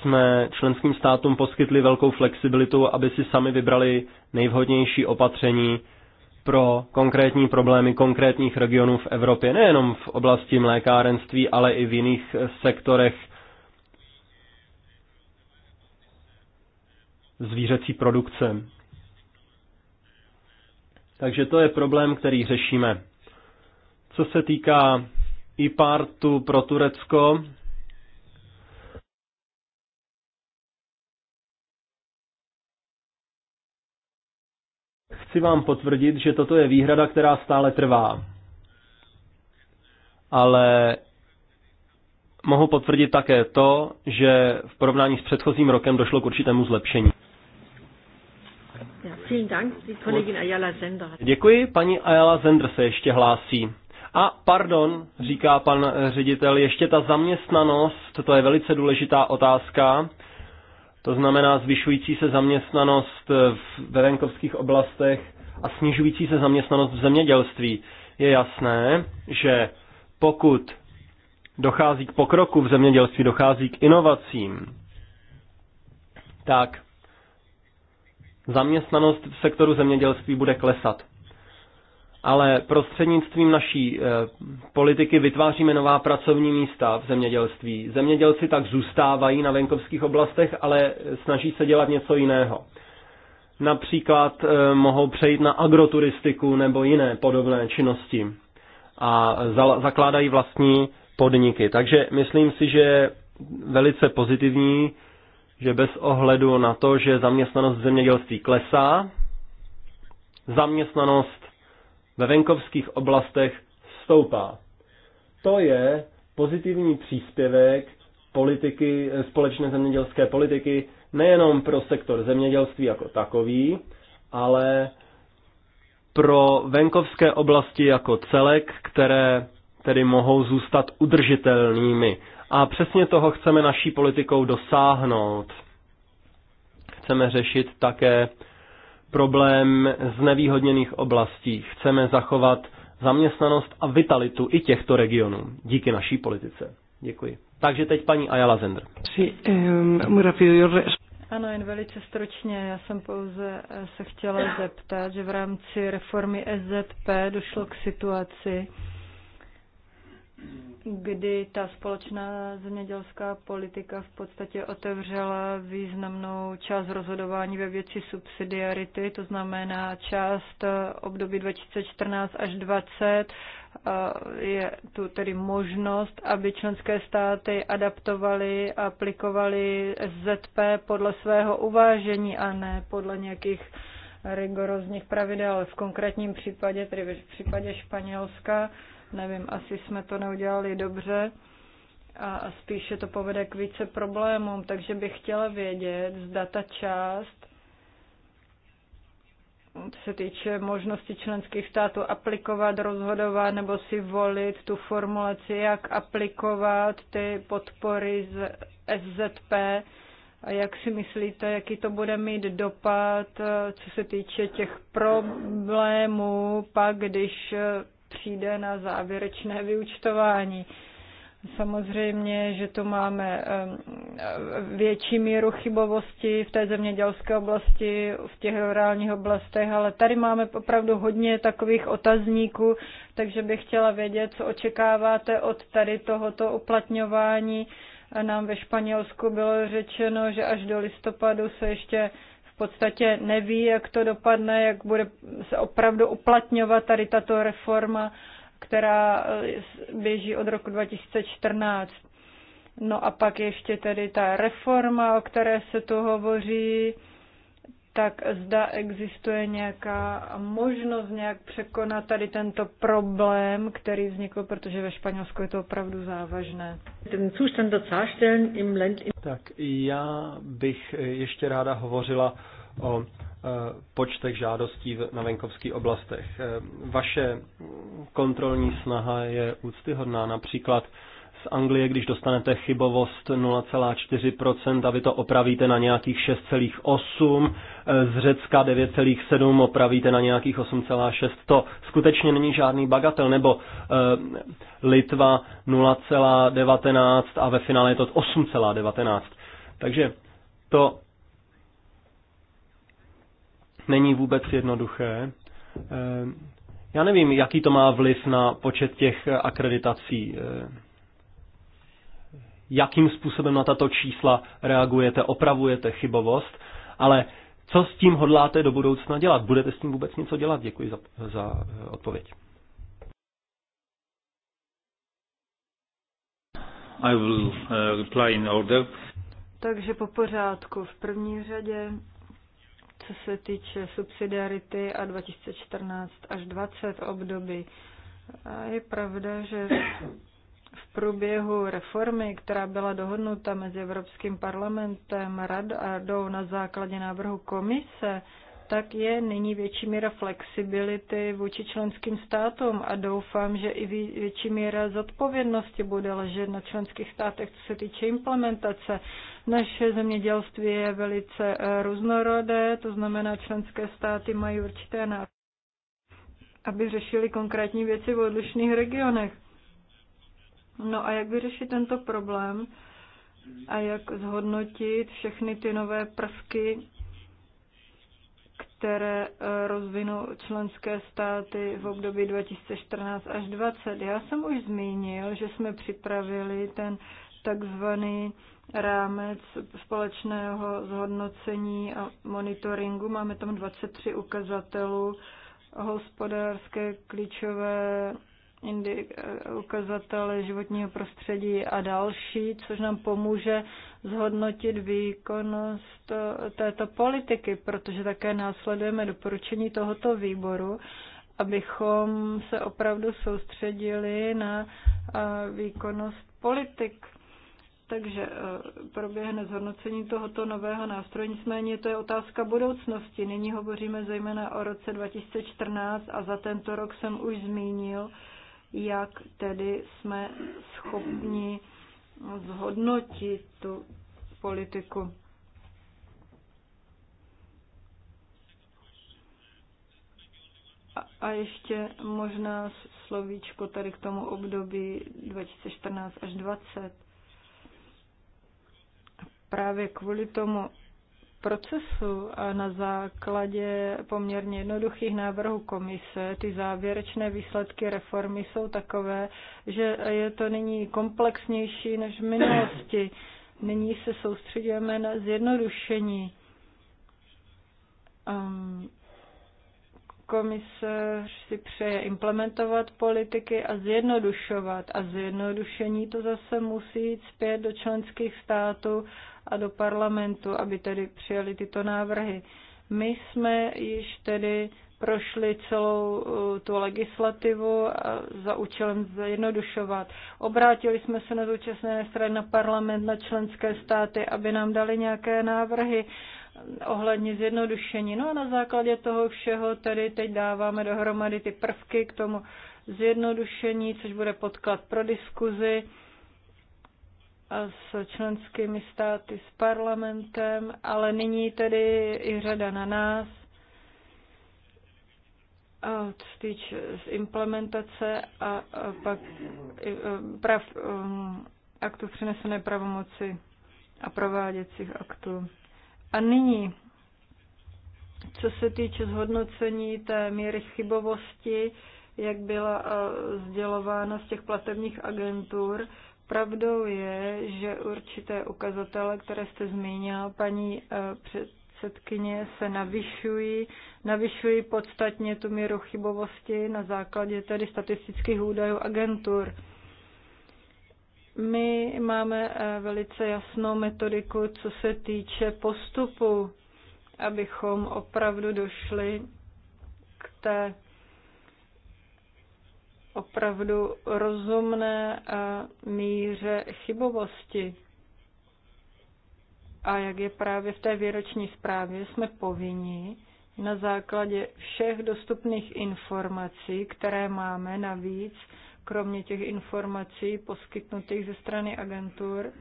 jsme členským státům poskytli velkou flexibilitu, aby si sami vybrali nejvhodnější opatření pro konkrétní problémy konkrétních regionů v Evropě, nejenom v oblasti mlékárenství, ale i v jiných sektorech zvířecí produkce. Takže to je problém, který řešíme. Co se týká IPARTu pro Turecko, chci vám potvrdit, že toto je výhrada, která stále trvá. Ale mohu potvrdit také to, že v porovnání s předchozím rokem došlo k určitému zlepšení. Děkuji, paní Ayala Zender se ještě hlásí. A pardon, říká pan eh, ředitel, ještě ta zaměstnanost, to je velice důležitá otázka to znamená zvyšující se zaměstnanost ve venkovských oblastech a snižující se zaměstnanost v zemědělství. Je jasné, že pokud dochází k pokroku v zemědělství, dochází k inovacím, tak zaměstnanost v sektoru zemědělství bude klesat ale prostřednictvím naší eh, politiky vytváříme nová pracovní místa v zemědělství. Zemědělci tak zůstávají na venkovských oblastech, ale snaží se dělat něco jiného. Například eh, mohou přejít na agroturistiku nebo jiné podobné činnosti a zakládají vlastní podniky. Takže myslím si, že je velice pozitivní, že bez ohledu na to, že zaměstnanost v zemědělství klesá, zaměstnanost ve venkovských oblastech stoupá. To je pozitivní příspěvek politiky, eh, společné zemědělské politiky nejenom pro sektor zemědělství jako takový, ale pro venkovské oblasti jako celek, které tedy mohou zůstat udržitelnými. A přesně toho chceme naší politikou dosáhnout. Chceme řešit také problém z nevýhodněných oblastí. Chceme zachovat zaměstnanost a vitalitu i těchto regionů díky naší politice. Děkuji. Takže teď paní Ayala Zender. Ano, jen velice stročně. Já jsem pouze eh, se chtěla zeptat, že v rámci reformy SZP došlo k situaci, kdy ta společná zemědělská politika v podstatě otevřela významnou část rozhodování ve věci subsidiarity, to znamená část eh, období 2014 až 2020 eh, je tu tedy možnost, aby členské státy adaptovaly a aplikovaly SZP podle svého uvážení a ne podle nějakých rigorózních pravidel. V konkrétním případě, tedy v případě Španělska, Nevím, asi jsme to neudělali dobře a spíše to povede k více problémům, takže bych chtěla vědět, zda ta část, co se týče možnosti členských států aplikovat, rozhodovat nebo si volit tu formulaci, jak aplikovat ty podpory z SZP, a jak si myslíte, jaký to bude mít dopad, eh, co se týče těch problémů, pak když eh, přijde na závěrečné vyučtování. Samozřejmě, že tu máme větší míru chybovosti v té zemědělské oblasti, v těch rurálních oblastech, ale tady máme opravdu hodně takových otazníků, takže bych chtěla vědět, co očekáváte od tady tohoto uplatňování. Nám ve Španělsku bylo řečeno, že až do listopadu se ještě podstatě neví, jak to dopadne, jak bude se opravdu uplatňovat tady tato reforma, která eh, běží od roku 2014. No a pak ještě tedy ta reforma, o které se tu hovoří, tak zda existuje nějaká možnost nějak překonat tady tento problém, který vznikl, protože ve Španělsku je to opravdu závažné. Tak já bych eh, ještě ráda hovořila o eh, počtech žádostí na venkovských oblastech. Eh, vaše kontrolní snaha je úctyhodná. Například z Anglie, když dostanete chybovost 0,4%, a vy to opravíte na nějakých 6,8%, z Řecka 9,7 opravíte na nějakých 8,6. To skutečně není žádný bagatel, nebo e, Litva 0,19 a ve finále je to 8,19. Takže to není vůbec jednoduché. Eh, já nevím, jaký to má vliv na počet těch akreditací. Eh, jakým způsobem na tato čísla reagujete, opravujete chybovost, ale co s tím hodláte do budoucna dělat? Budete s tím vůbec něco dělat? Děkuji za, za eh, odpověď. I will eh, reply in order. Takže po pořádku. V první řadě, co se týče subsidiarity a 2014 až 20 období, a je pravda, že v průběhu reformy, která byla dohodnuta mezi Evropským parlamentem a radou na základě návrhu komise, tak je nyní větší míra flexibility vůči členským státům a doufám, že i větší míra zodpovědnosti bude ležet na členských státech, co se týče implementace. Naše zemědělství je velice eh, různorodé, to znamená, členské státy mají určité nápady, aby řešili konkrétní věci v odlišných regionech. No a jak vyřešit tento problém a jak zhodnotit všechny ty nové prvky, které eh, rozvinou členské státy v období 2014 až 2020. Já jsem už zmínil, že jsme připravili ten takzvaný rámec společného zhodnocení a monitoringu. Máme tam 23 ukazatelů hospodářské klíčové Eh, ukazatele životního prostředí a další, což nám pomůže zhodnotit výkonnost eh, této politiky, protože také následujeme doporučení tohoto výboru, abychom se opravdu soustředili na eh, výkonnost politik. Takže proběhne zhodnocení tohoto nového nástroje, nicméně to je otázka budoucnosti. Nyní hovoříme zejména o roce 2014 a za tento rok jsem už zmínil, jak tedy jsme schopni zhodnotit tu politiku. A ještě možná slovíčko tady k tomu období 2014 až 2020. Právě kvůli tomu procesu a na základě poměrně jednoduchých návrhů komise ty závěrečné výsledky reformy jsou takové, že je to nyní komplexnější než v minulosti. Nyní se soustředujeme na zjednodušení. Um, ehm, komisař si přeje implementovat politiky a zjednodušovat. A zjednodušení to zase musí jít zpět do členských států a do parlamentu, aby tedy přijali tyto návrhy. My jsme již tedy prošli celou eh, tu legislativu eh, za účelem zjednodušovat. Obrátili jsme se na zúčastněné strany, na parlament, na členské státy, aby nám dali nějaké návrhy eh, ohledně zjednodušení. No a na základě toho všeho tedy teď dáváme dohromady ty prvky k tomu zjednodušení, což bude podklad pro diskuzi s členskými státy, s parlamentem, ale nyní tedy i řada na nás, co se týče z implementace a, a pak e, prav, e, aktu přinesené pravomoci a prováděcích aktů. A nyní, co se týče zhodnocení té míry chybovosti, jak byla e, sdělována z těch platebních agentur, Pravdou je, že určité ukazatele, které jste zmínila, paní eh, předsedkyně, se navyšují, navyšují podstatně tu míru chybovosti na základě tedy statistických údajů agentur. My máme eh, velice jasnou metodiku, co se týče postupu, abychom opravdu došli k té opravdu rozumné míře chybovosti. A jak je právě v té výroční zprávě, jsme povinni na základě všech dostupných informací, které máme navíc, kromě těch informací poskytnutých ze strany agentur,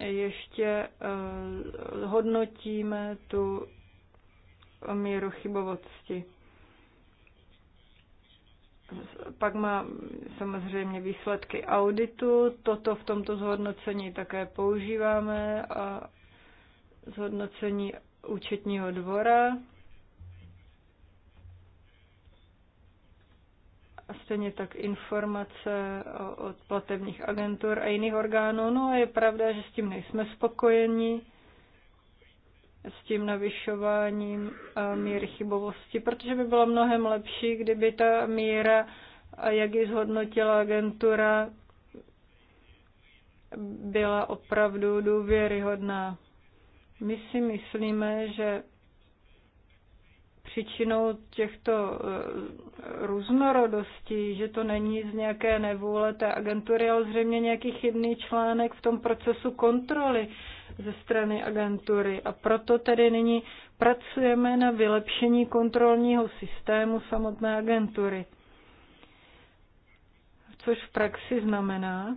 ještě eh, hodnotíme tu míru chybovosti. Pak má samozřejmě výsledky auditu, toto v tomto zhodnocení také používáme a zhodnocení účetního dvora. A stejně tak informace od platebních agentur a jiných orgánů. No a je pravda, že s tím nejsme spokojeni s tím navyšováním eh, míry chybovosti, protože by bylo mnohem lepší, kdyby ta míra, eh, jak ji zhodnotila agentura, byla opravdu důvěryhodná. My si myslíme, že příčinou těchto eh, různorodostí, že to není z nějaké nevůle té agentury, ale zřejmě nějaký chybný článek v tom procesu kontroly ze strany agentury. A proto tedy nyní pracujeme na vylepšení kontrolního systému samotné agentury. Což v praxi znamená,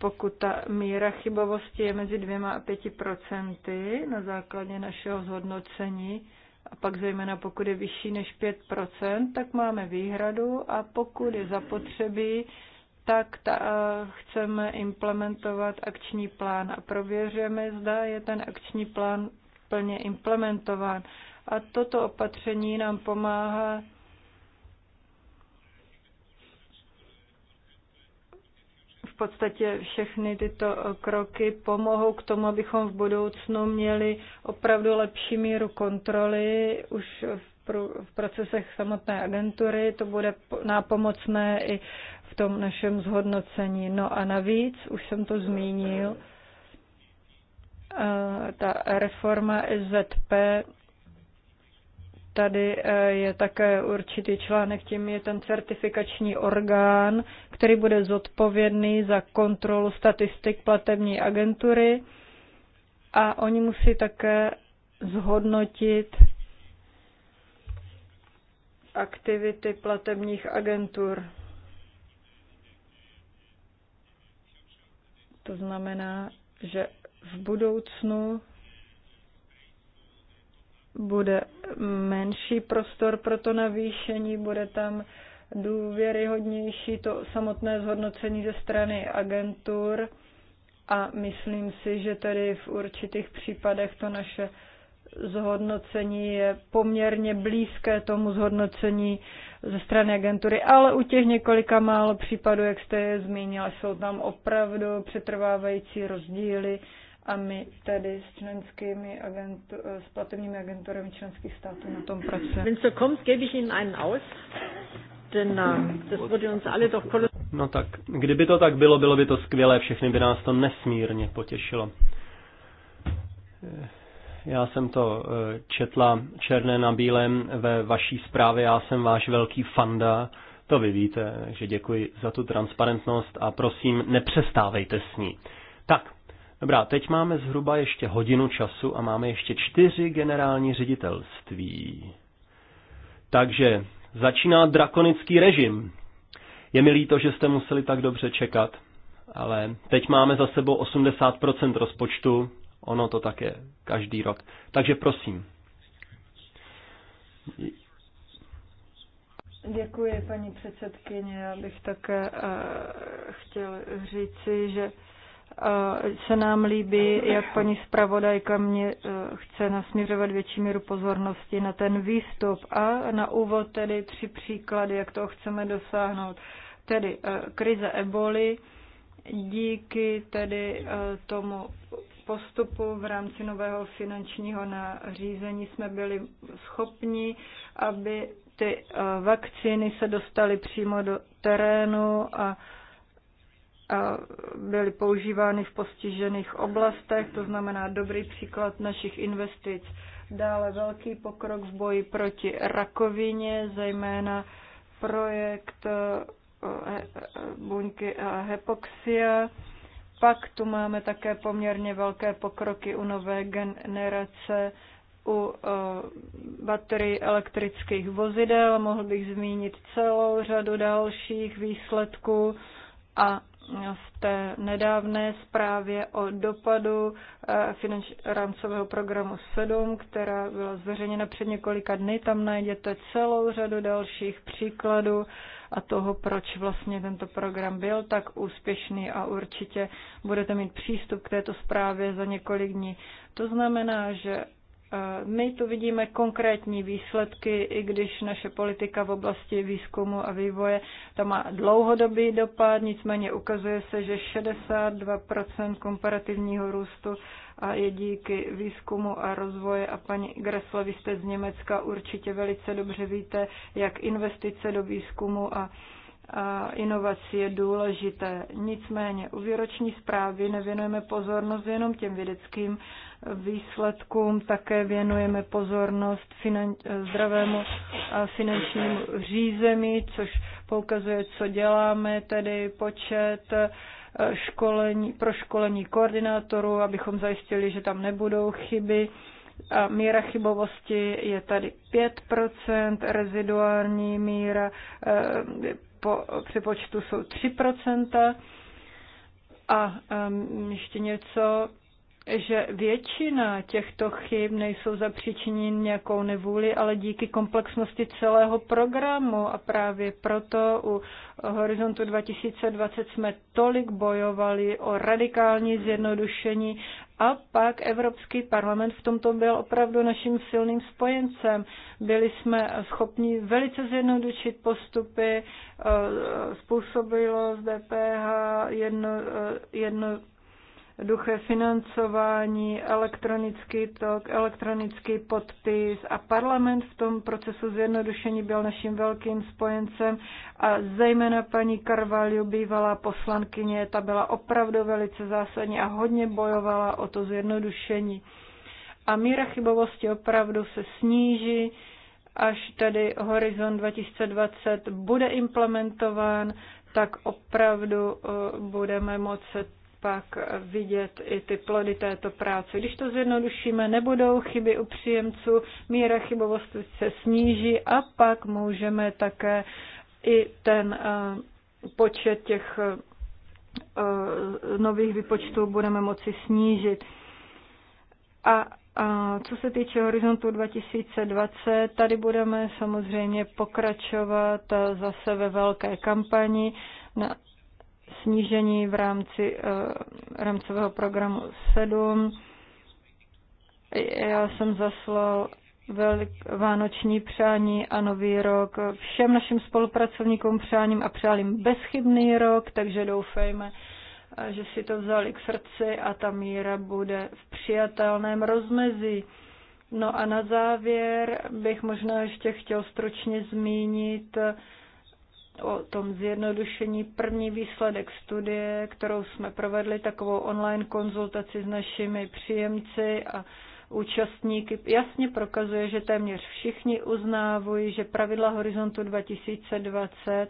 pokud ta míra chybovosti je mezi dvěma a pěti procenty na základě našeho zhodnocení, a pak zejména pokud je vyšší než 5%, tak máme výhradu a pokud je zapotřebí, tak ta, eh, chceme implementovat akční plán a prověřujeme, zda je ten akční plán plně implementován. A toto opatření nám pomáhá v podstatě všechny tyto eh, kroky pomohou k tomu, abychom v budoucnu měli opravdu lepší míru kontroly už v v procesech samotné agentury, to bude nápomocné i v tom našem zhodnocení. No a navíc, už jsem to zmínil, eh, ta reforma SZP, tady eh, je také určitý článek, tím je ten certifikační orgán, který bude zodpovědný za kontrolu statistik platební agentury a oni musí také zhodnotit aktivity platebních agentur. To znamená, že v budoucnu bude menší prostor pro to navýšení, bude tam důvěryhodnější to samotné zhodnocení ze strany agentur a myslím si, že tedy v určitých případech to naše zhodnocení je poměrně blízké tomu zhodnocení ze strany agentury, ale u těch několika málo případů, jak jste je zmínila, jsou tam opravdu přetrvávající rozdíly a my tady s členskými agentu, s platebními agenturami členských států na tom pracujeme. No tak, kdyby to tak bylo, bylo by to skvělé, všechny by nás to nesmírně potěšilo. Eh, já jsem to eh, četla černé na bílém ve vaší zprávě, já jsem váš velký fanda, to vy víte, že děkuji za tu transparentnost a prosím, nepřestávejte s ní. Tak, dobrá, teď máme zhruba ještě hodinu času a máme ještě čtyři generální ředitelství. Takže začíná drakonický režim. Je mi líto, že jste museli tak dobře čekat, ale teď máme za sebou 80% rozpočtu, Ono to tak je každý rok. Takže prosím. Děkuji, paní předsedkyně. Já bych také eh, chtěl říci, že eh, se nám líbí, jak paní zpravodajka mě eh, chce nasměřovat větší míru pozornosti na ten výstup a na úvod tedy tři příklady, jak toho chceme dosáhnout. Tedy krize eboli, díky tedy tomu postupu v rámci nového finančního nařízení jsme byli schopni, aby ty eh, vakcíny se dostaly přímo do terénu a a byly používány v postižených oblastech, to znamená dobrý příklad našich investic. Dále velký pokrok v boji proti rakovině, zejména projekt eh, eh, buňky a hepoxia pak tu máme také poměrně velké pokroky u nové generace u eh, baterií elektrických vozidel. Mohl bych zmínit celou řadu dalších výsledků a v té nedávné zprávě o dopadu eh, finanč, rámcového programu 7, která byla zveřejněna před několika dny. Tam najdete celou řadu dalších příkladů a toho, proč vlastně tento program byl tak úspěšný a určitě budete mít přístup k této zprávě za několik dní. To znamená, že my tu vidíme konkrétní výsledky, i když naše politika v oblasti výzkumu a vývoje tam má dlouhodobý dopad, nicméně ukazuje se, že 62% komparativního růstu a je díky výzkumu a rozvoje. A paní Gressle, vy jste z Německa, určitě velice dobře víte, jak investice do výzkumu a a inovací je důležité. Nicméně u výroční zprávy nevěnujeme pozornost jenom těm vědeckým výsledkům, také věnujeme pozornost finan, zdravému finančnímu řízení, což poukazuje, co děláme, tedy počet eh, školení, pro školení koordinátorů, abychom zajistili, že tam nebudou chyby. A míra chybovosti je tady 5%, reziduální míra eh, po při počtu jsou 3%. A um, ještě něco, že většina těchto chyb nejsou zapříčiněny nějakou nevůli, ale díky komplexnosti celého programu a právě proto u Horizontu 2020 jsme tolik bojovali o radikální zjednodušení a pak Evropský parlament v tomto byl opravdu naším silným spojencem. Byli jsme schopni velice zjednodušit postupy, eh, způsobilo z DPH jedno, eh, jedno duché financování, elektronický tok, elektronický podpis a parlament v tom procesu zjednodušení byl naším velkým spojencem a zejména paní Carvalho, bývalá poslankyně, ta byla opravdu velice zásadní a hodně bojovala o to zjednodušení. A míra chybovosti opravdu se sníží, až tedy Horizon 2020 bude implementován, tak opravdu eh, budeme moci pak vidět i ty plody této práce. Když to zjednodušíme, nebudou chyby u příjemců, míra chybovosti se sníží a pak můžeme také i ten eh, počet těch eh, nových vypočtů budeme moci snížit. A co se týče horizontu 2020, tady budeme samozřejmě pokračovat eh, zase ve velké kampani snížení v rámci eh, rámcového programu 7. Já jsem zaslal velik, vánoční přání a nový rok všem našim spolupracovníkům přáním a přálím bezchybný rok, takže doufejme, eh, že si to vzali k srdci a ta míra bude v přijatelném rozmezí. No a na závěr bych možná ještě chtěl stručně zmínit eh, o tom zjednodušení. První výsledek studie, kterou jsme provedli, takovou online konzultaci s našimi příjemci a účastníky, jasně prokazuje, že téměř všichni uznávají, že pravidla Horizontu 2020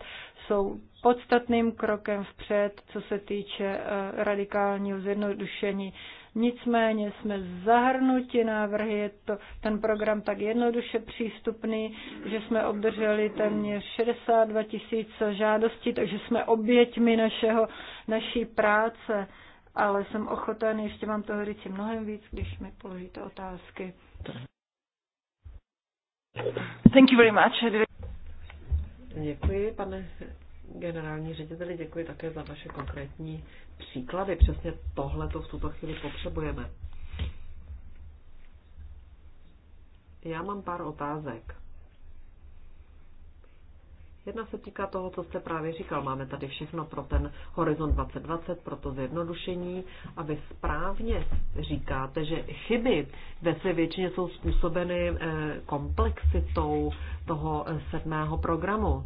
jsou podstatným krokem vpřed, co se týče eh, radikálního zjednodušení Nicméně jsme zahrnuti návrhy, je to ten program tak jednoduše přístupný, že jsme obdrželi téměř 62 tisíc žádostí, takže jsme oběťmi našeho, naší práce ale jsem ochoten, ještě vám toho říct mnohem víc, když mi položíte otázky. Thank you very much. Děkuji, pane generální řediteli, děkuji také za vaše konkrétní příklady. Přesně tohle to v tuto chvíli potřebujeme. Já mám pár otázek. Jedna se týká toho, co jste právě říkal. Máme tady všechno pro ten horizont 2020, pro to zjednodušení. A vy správně říkáte, že chyby ve své většině jsou způsobeny eh, komplexitou toho eh, sedmého programu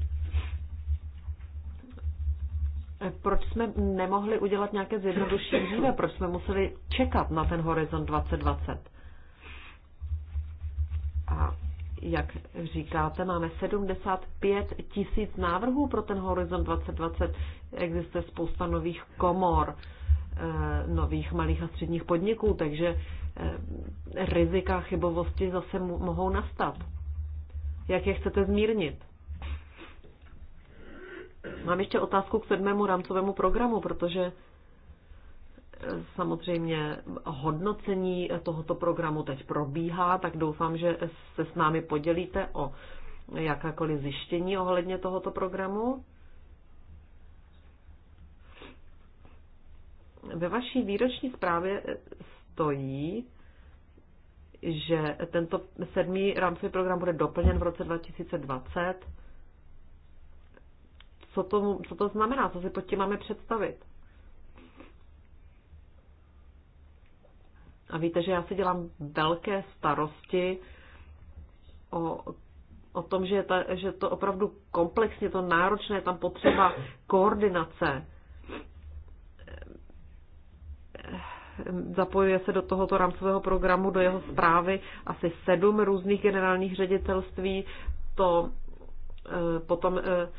proč jsme nemohli udělat nějaké zjednodušení, proč jsme museli čekat na ten horizont 2020. A jak říkáte, máme 75 tisíc návrhů pro ten horizont 2020. Existuje spousta nových komor, eh, nových malých a středních podniků, takže eh, rizika chybovosti zase mohou nastat. Jak je chcete zmírnit? Mám ještě otázku k sedmému rámcovému programu, protože e, samozřejmě hodnocení tohoto programu teď probíhá, tak doufám, že se s námi podělíte o jakákoliv zjištění ohledně tohoto programu. Ve vaší výroční zprávě stojí, že tento sedmý rámcový program bude doplněn v roce 2020 co to, co to znamená, co si pod tím máme představit. A víte, že já si dělám velké starosti o, o tom, že, ta, že to opravdu komplexně, to náročné, tam potřeba koordinace. Zapojuje se do tohoto rámcového programu, do jeho zprávy asi sedm různých generálních ředitelství. To eh, potom eh,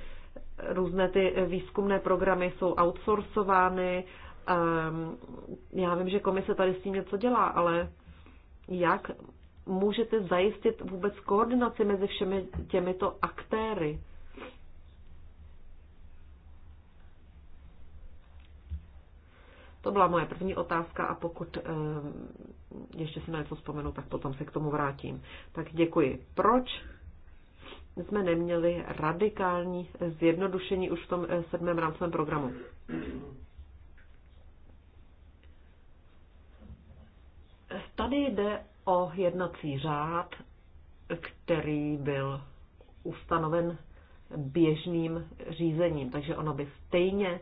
různé ty výzkumné programy jsou outsourcovány. Ehm, já vím, že komise tady s tím něco dělá, ale jak můžete zajistit vůbec koordinaci mezi všemi těmito aktéry? To byla moje první otázka a pokud ehm, ještě si na něco vzpomenu, tak potom se k tomu vrátím. Tak děkuji. Proč jsme neměli radikální zjednodušení už v tom eh, sedmém rámcovém programu. Tady jde o jednací řád, který byl ustanoven běžným řízením, takže ono by stejně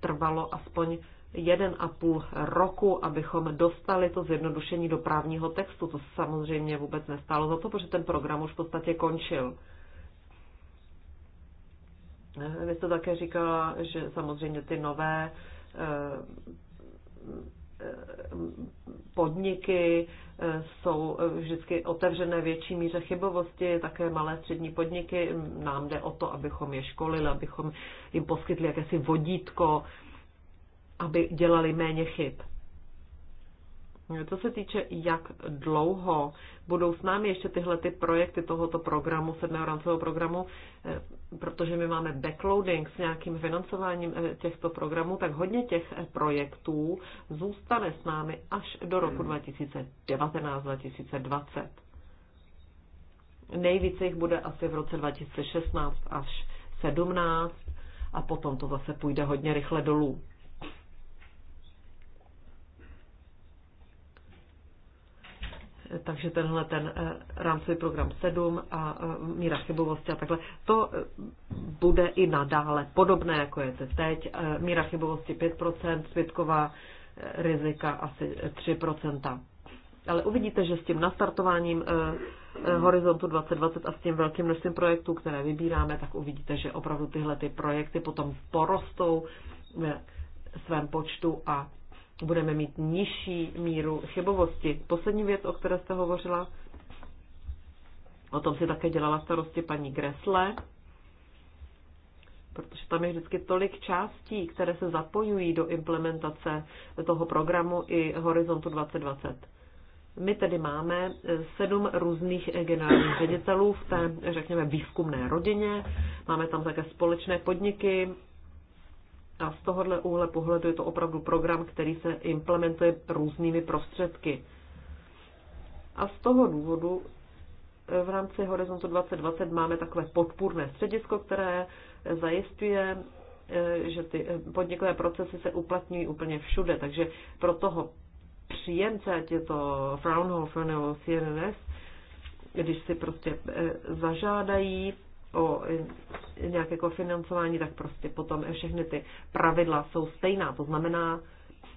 trvalo aspoň jeden a půl roku, abychom dostali to zjednodušení do právního textu. To samozřejmě vůbec nestálo za to, protože ten program už v podstatě končil. Vy jste také říkala, že samozřejmě ty nové eh, eh, podniky eh, jsou vždycky otevřené větší míře chybovosti, také malé střední podniky. Nám jde o to, abychom je školili, abychom jim poskytli jakési vodítko, aby dělali méně chyb. Co se týče, jak dlouho budou s námi ještě tyhle ty projekty tohoto programu, sedmého rámcového programu, eh, protože my máme backloading s nějakým financováním eh, těchto programů, tak hodně těch eh, projektů zůstane s námi až do roku 2019-2020. Hmm. Nejvíce jich bude asi v roce 2016 až 17 a potom to zase půjde hodně rychle dolů. takže tenhle ten eh, rámcový program 7 a eh, míra chybovosti a takhle, to eh, bude i nadále podobné, jako je to teď. Míra chybovosti 5%, světková rizika asi 3%. Ale uvidíte, že s tím nastartováním Horizontu 2020 a s tím velkým množstvím projektů, které vybíráme, tak uvidíte, že opravdu tyhle ty projekty potom porostou ve svém počtu a budeme mít nižší míru chybovosti. Poslední věc, o které jste hovořila, o tom si také dělala starosti paní Gresle, protože tam je vždycky tolik částí, které se zapojují do implementace toho programu i Horizontu 2020. My tedy máme sedm různých generálních ředitelů v té, řekněme, výzkumné rodině. Máme tam také společné podniky, a z tohohle úhle pohledu je to opravdu program, který se implementuje různými prostředky. A z toho důvodu e, v rámci Horizontu 2020 máme takové podpůrné středisko, které zajistuje, e, že ty e, podnikové procesy se uplatňují úplně všude. Takže pro toho příjemce, ať je to Fraunhofer nebo CNNS, když si prostě zažádají o nějaké kofinancování, jako tak prostě potom všechny ty pravidla jsou stejná. To znamená,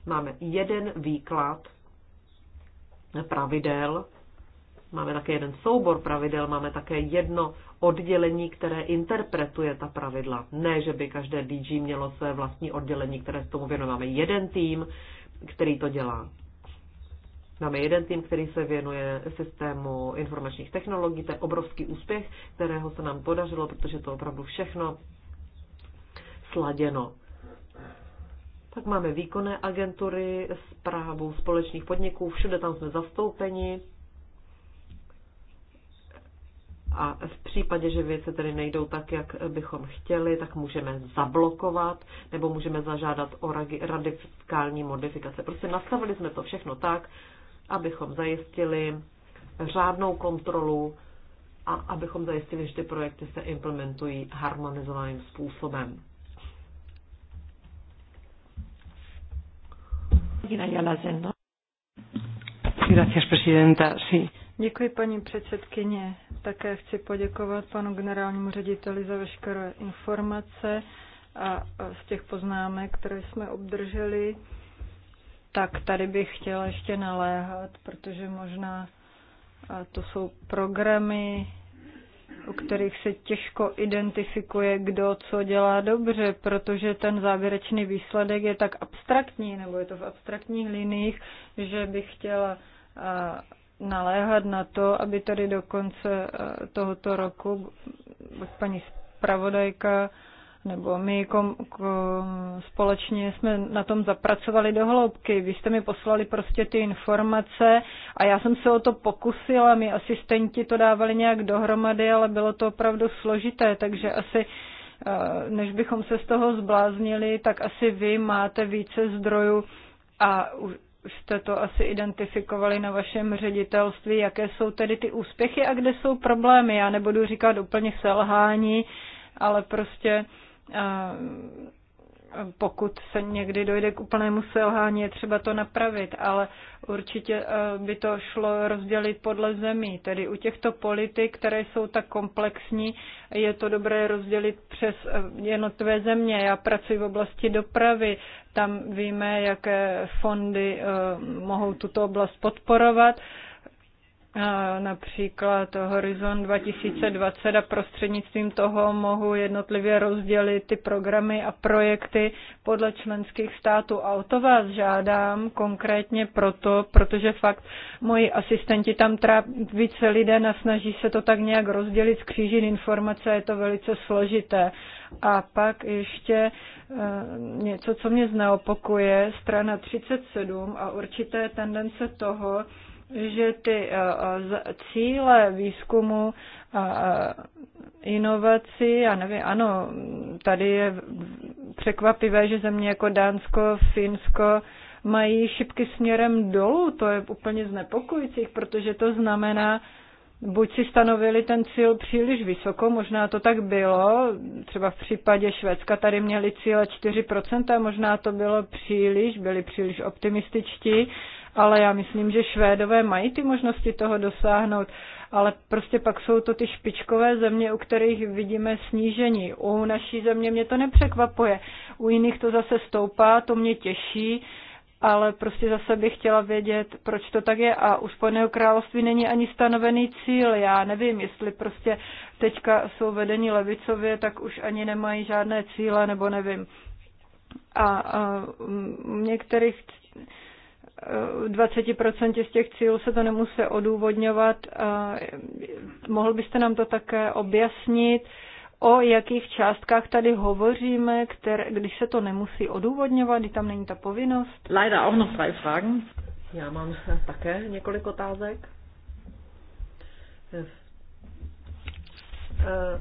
máme jeden výklad pravidel, máme také jeden soubor pravidel, máme také jedno oddělení, které interpretuje ta pravidla. Ne, že by každé DG mělo své vlastní oddělení, které z tomu věnujeme. Máme jeden tým, který to dělá. Máme jeden tým, který se věnuje systému informačních technologií, to je obrovský úspěch, kterého se nám podařilo, protože to opravdu všechno sladěno. Pak máme výkonné agentury, zprávu společných podniků, všude tam jsme zastoupeni. A v případě, že věci tedy nejdou tak, jak bychom chtěli, tak můžeme zablokovat nebo můžeme zažádat o radikální modifikace. Prostě nastavili jsme to všechno tak, abychom zajistili řádnou kontrolu a abychom zajistili, že ty projekty se implementují harmonizovaným způsobem. Děkuji, paní předsedkyně. Také chci poděkovat panu generálnímu řediteli za veškeré informace a z těch poznámek, které jsme obdrželi tak tady bych chtěla ještě naléhat, protože možná to jsou programy, u kterých se těžko identifikuje, kdo co dělá dobře, protože ten závěrečný výsledek je tak abstraktní, nebo je to v abstraktních liniích, že bych chtěla naléhat na to, aby tady do konce tohoto roku paní zpravodajka nebo my kom, kom, společně jsme na tom zapracovali do hloubky. Vy jste mi poslali prostě ty informace a já jsem se o to pokusila, my asistenti to dávali nějak dohromady, ale bylo to opravdu složité, takže asi eh, než bychom se z toho zbláznili, tak asi vy máte více zdrojů a už jste to asi identifikovali na vašem ředitelství, jaké jsou tedy ty úspěchy a kde jsou problémy. Já nebudu říkat úplně selhání, ale prostě Eh, pokud se někdy dojde k úplnému selhání, je třeba to napravit, ale určitě eh, by to šlo rozdělit podle zemí. Tedy u těchto politik, které jsou tak komplexní, je to dobré rozdělit přes eh, jednotlivé země. Já pracuji v oblasti dopravy, tam víme, jaké fondy mohou tuto oblast podporovat například Horizon 2020 a prostřednictvím toho mohu jednotlivě rozdělit ty programy a projekty podle členských států. A o to vás žádám konkrétně proto, protože fakt moji asistenti tam tráví celý den a snaží se to tak nějak rozdělit, skřížit informace, je to velice složité. A pak ještě e, něco, co mě zneopokuje, strana 37 a určité tendence toho, že ty eh, eh, cíle výzkumu a eh, inovací, já nevím, ano, tady je překvapivé, že země jako Dánsko, Finsko mají šipky směrem dolů, to je úplně znepokojící, protože to znamená, buď si stanovili ten cíl příliš vysoko, možná to tak bylo, třeba v případě Švédska tady měli cíle 4%, možná to bylo příliš, byli příliš optimističtí, ale já myslím, že Švédové mají ty možnosti toho dosáhnout, ale prostě pak jsou to ty špičkové země, u kterých vidíme snížení. U naší země mě to nepřekvapuje, u jiných to zase stoupá, to mě těší, ale prostě zase bych chtěla vědět, proč to tak je. A u Spojeného království není ani stanovený cíl. Já nevím, jestli prostě teďka jsou vedení levicově, tak už ani nemají žádné cíle, nebo nevím. A, a některých 20% z těch cílů se to nemusí odůvodňovat. Mohl byste nám to také objasnit, o jakých částkách tady hovoříme, které, když se to nemusí odůvodňovat, kdy tam není ta povinnost? Leider auch noch drei Fragen. Já mám také několik otázek.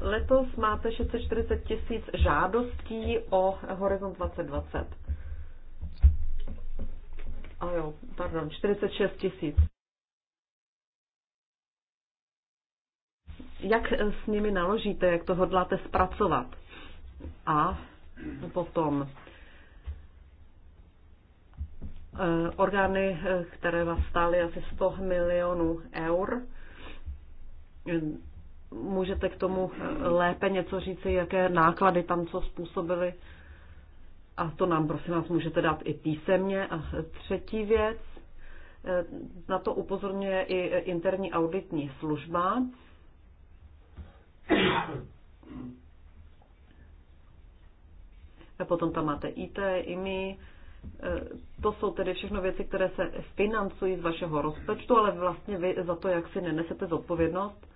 Letos máte 640 tisíc žádostí o Horizont 2020 a jo, pardon, 46 tisíc. Jak eh, s nimi naložíte, jak to hodláte zpracovat? A potom eh, orgány, eh, které vás stály asi 100 milionů eur, můžete k tomu lépe něco říci, jaké náklady tam co způsobily? A to nám, prosím vás, můžete dát i písemně. A třetí věc, eh, na to upozorňuje i interní auditní služba. A potom tam máte IT, IMI. Eh, to jsou tedy všechno věci, které se financují z vašeho rozpočtu, ale vlastně vy za to, jak si nenesete zodpovědnost.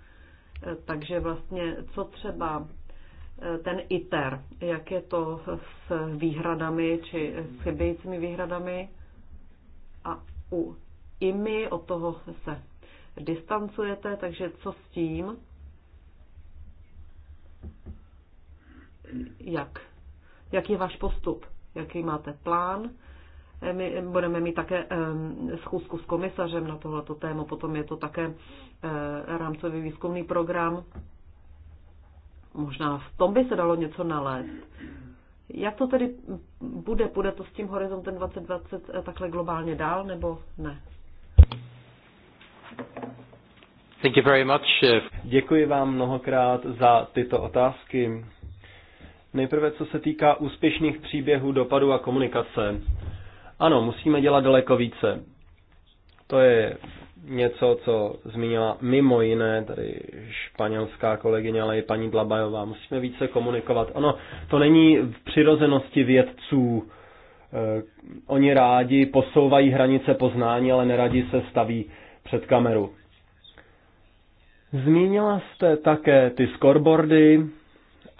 Eh, takže vlastně, co třeba ten ITER, jak je to s výhradami či s chybějícími výhradami a u IMI od toho se distancujete, takže co s tím? Jak? Jaký je váš postup? Jaký máte plán? Eh, my budeme mít také ehm, schůzku s komisařem na tohleto téma, potom je to také eh, rámcový výzkumný program Možná v tom by se dalo něco nalézt. Jak to tedy bude? Bude to s tím horizontem 2020 eh, takhle globálně dál, nebo ne? Thank you very much. Eh. Děkuji vám mnohokrát za tyto otázky. Nejprve, co se týká úspěšných příběhů, dopadu a komunikace. Ano, musíme dělat daleko více. To je něco, co zmínila mimo jiné tady španělská kolegyně, ale i paní Dlabajová. Musíme více komunikovat. Ono, to není v přirozenosti vědců. E, oni rádi posouvají hranice poznání, ale neradi se staví před kameru. Zmínila jste také ty scoreboardy,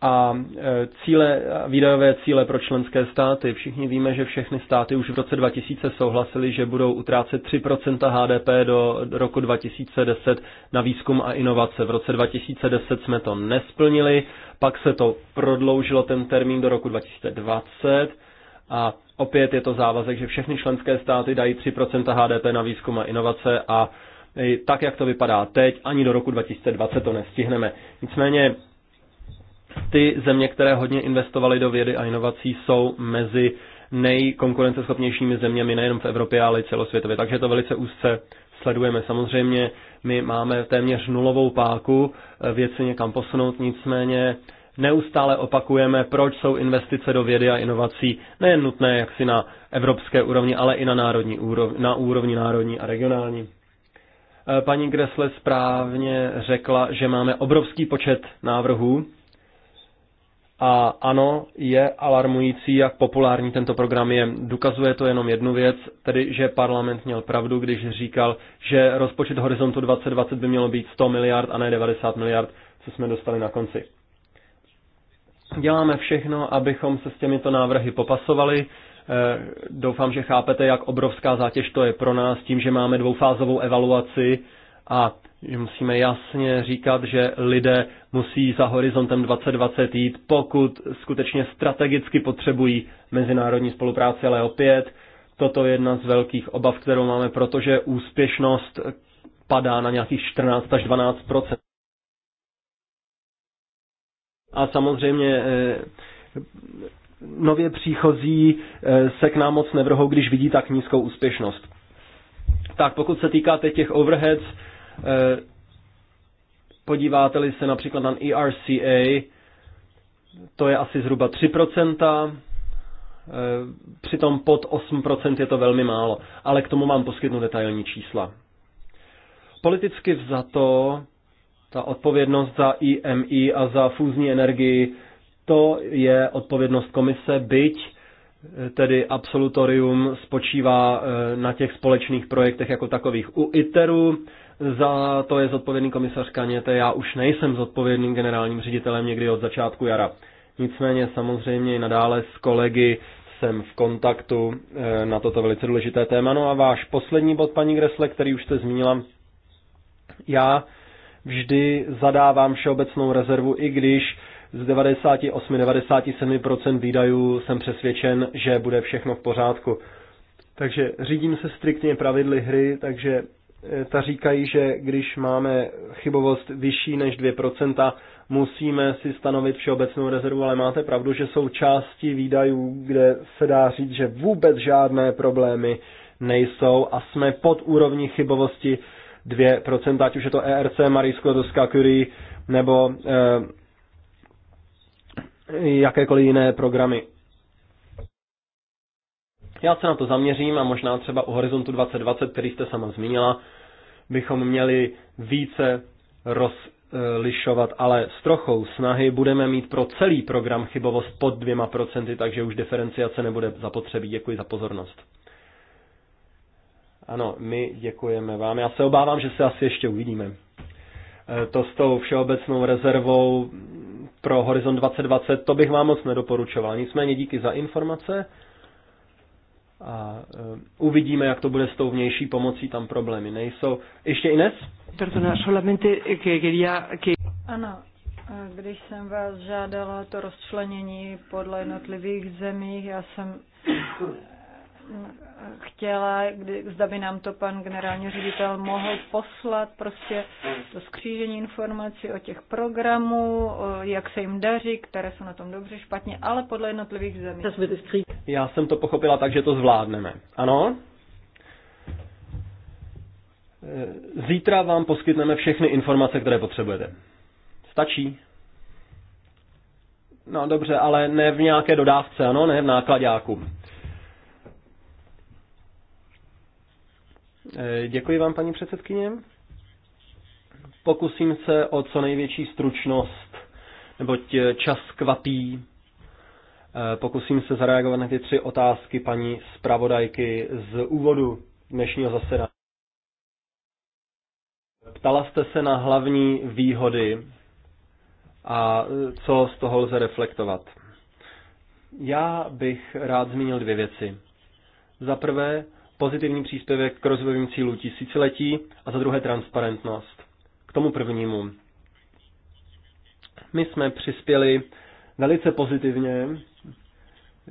a e, cíle, výdajové cíle pro členské státy. Všichni víme, že všechny státy už v roce 2000 souhlasili, že budou utrácet 3% HDP do roku 2010 na výzkum a inovace. V roce 2010 jsme to nesplnili, pak se to prodloužilo ten termín do roku 2020 a opět je to závazek, že všechny členské státy dají 3% HDP na výzkum a inovace a tak, jak to vypadá teď, ani do roku 2020 to nestihneme. Nicméně ty země, které hodně investovaly do vědy a inovací, jsou mezi nejkonkurenceschopnějšími zeměmi nejenom v Evropě, ale i celosvětově. Takže to velice úzce sledujeme. Samozřejmě my máme téměř nulovou páku eh, věci někam posunout, nicméně neustále opakujeme, proč jsou investice do vědy a inovací nejen nutné jaksi na evropské úrovni, ale i na, národní úrovni, na úrovni národní a regionální. Eh, paní Gressle správně řekla, že máme obrovský počet návrhů a ano, je alarmující, jak populární tento program je. Dukazuje to jenom jednu věc, tedy že parlament měl pravdu, když říkal, že rozpočet Horizontu 2020 by mělo být 100 miliard a ne 90 miliard, co jsme dostali na konci. Děláme všechno, abychom se s těmito návrhy popasovali. Eh, doufám, že chápete, jak obrovská zátěž to je pro nás, tím, že máme dvoufázovou evaluaci a že musíme jasně říkat, že lidé musí za horizontem 2020 jít, pokud skutečně strategicky potřebují mezinárodní spolupráci, ale opět toto je jedna z velkých obav, kterou máme, protože úspěšnost padá na nějakých 14 až 12 A samozřejmě eh, nově příchozí eh, se k nám moc nevrhou, když vidí tak nízkou úspěšnost. Tak pokud se týká teď těch overheads, Eh, podíváte-li se například na ERCA, to je asi zhruba 3%, eh, přitom pod 8% je to velmi málo, ale k tomu mám poskytnu detailní čísla. Politicky vzato, ta odpovědnost za IMI e e a za fúzní energii, to je odpovědnost komise, byť eh, tedy absolutorium spočívá na těch společných projektech jako takových. U ITERu za to je zodpovědný komisař Kaněte, já už nejsem zodpovědným generálním ředitelem někdy od začátku jara. Nicméně samozřejmě i nadále s kolegy jsem v kontaktu eh, na toto velice důležité téma. No a váš poslední bod, paní Gresle, který už jste zmínila, já vždy zadávám všeobecnou rezervu, i když z 98-97% výdajů jsem přesvědčen, že bude všechno v pořádku. Takže řídím se striktně pravidly hry, takže Eh, ta říkají, že když máme chybovost vyšší než 2%, musíme si stanovit všeobecnou rezervu, ale máte pravdu, že jsou části výdajů, kde se dá říct, že vůbec žádné problémy nejsou a jsme pod úrovní chybovosti 2%, ať už je to ERC, Marijsko, Doska, Curie nebo eh, jakékoliv jiné programy. Já se na to zaměřím a možná třeba u Horizontu 2020, který jste sama zmínila, bychom měli více rozlišovat, ale s trochou snahy budeme mít pro celý program chybovost pod dvěma procenty, takže už diferenciace nebude zapotřebí. Děkuji za pozornost. Ano, my děkujeme vám. Já se obávám, že se asi ještě uvidíme. E, to s tou všeobecnou rezervou pro Horizon 2020, to bych vám moc nedoporučoval. Nicméně díky za informace a eh, uvidíme, jak to bude s tou vnější pomocí, tam problémy nejsou. Ještě Ines? Perdona, solamente que quería que... Ano, eh, když jsem vás žádala to rozčlenění podle jednotlivých zemí, já jsem chtěla, kdy, zda by nám to pan generální ředitel mohl poslat, prostě to skřížení informací o těch programů, jak se jim daří, které jsou na tom dobře, špatně, ale podle jednotlivých zemí. Já jsem to pochopila tak, že to zvládneme. Ano? E, zítra vám poskytneme všechny informace, které potřebujete. Stačí? No dobře, ale ne v nějaké dodávce, ano, ne v nákladáku. Eh, děkuji vám, paní předsedkyně. Pokusím se o co největší stručnost, neboť eh, čas kvapí. Eh, pokusím se zareagovat na ty tři otázky paní zpravodajky z úvodu dnešního zasedání. Ptala jste se na hlavní výhody a co z toho lze reflektovat. Já bych rád zmínil dvě věci. Za prvé, pozitivní příspěvek k rozvojovým cílům tisíciletí a za druhé transparentnost. K tomu prvnímu. My jsme přispěli velice pozitivně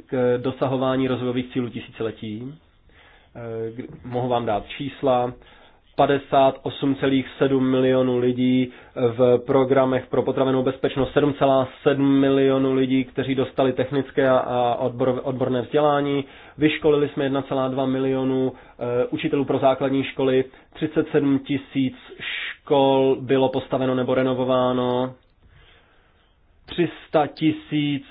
k dosahování rozvojových cílů tisíciletí. Eh, mohu vám dát čísla. 58,7 milionů lidí v programech pro potravenou bezpečnost, 7,7 milionů lidí, kteří dostali technické a odborné vzdělání. Vyškolili jsme 1,2 milionů eh, učitelů pro základní školy, 37 tisíc škol bylo postaveno nebo renovováno, 300 tisíc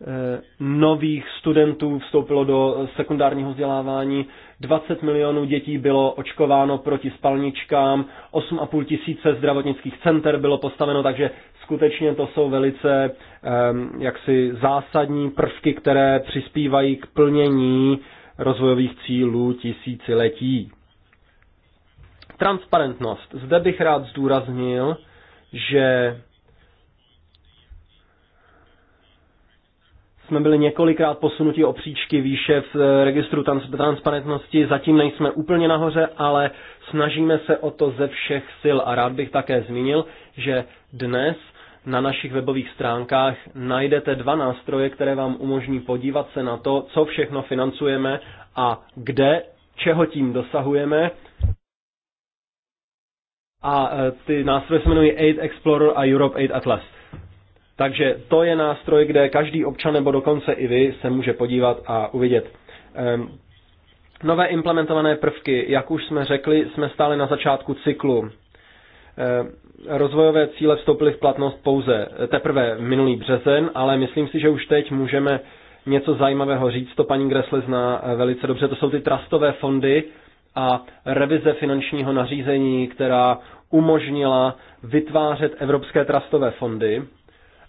eh, nových studentů vstoupilo do sekundárního vzdělávání. 20 milionů dětí bylo očkováno proti spalničkám, 8,5 tisíce zdravotnických center bylo postaveno, takže skutečně to jsou velice ehm, jaksi zásadní prvky, které přispívají k plnění rozvojových cílů tisíciletí. Transparentnost. Zde bych rád zdůraznil, že jsme byli několikrát posunutí o příčky výše v eh, registru transparentnosti. Zatím nejsme úplně nahoře, ale snažíme se o to ze všech sil. A rád bych také zmínil, že dnes na našich webových stránkách najdete dva nástroje, které vám umožní podívat se na to, co všechno financujeme a kde, čeho tím dosahujeme. A eh, ty nástroje se jmenují Aid Explorer a Europe Aid Atlas. Takže to je nástroj, kde každý občan nebo dokonce i vy se může podívat a uvidět. Ehm, nové implementované prvky, jak už jsme řekli, jsme stále na začátku cyklu. Ehm, rozvojové cíle vstoupily v platnost pouze eh, teprve minulý březen, ale myslím si, že už teď můžeme něco zajímavého říct. To paní Gressle zná eh, velice dobře. To jsou ty trastové fondy a revize finančního nařízení, která umožnila vytvářet evropské trastové fondy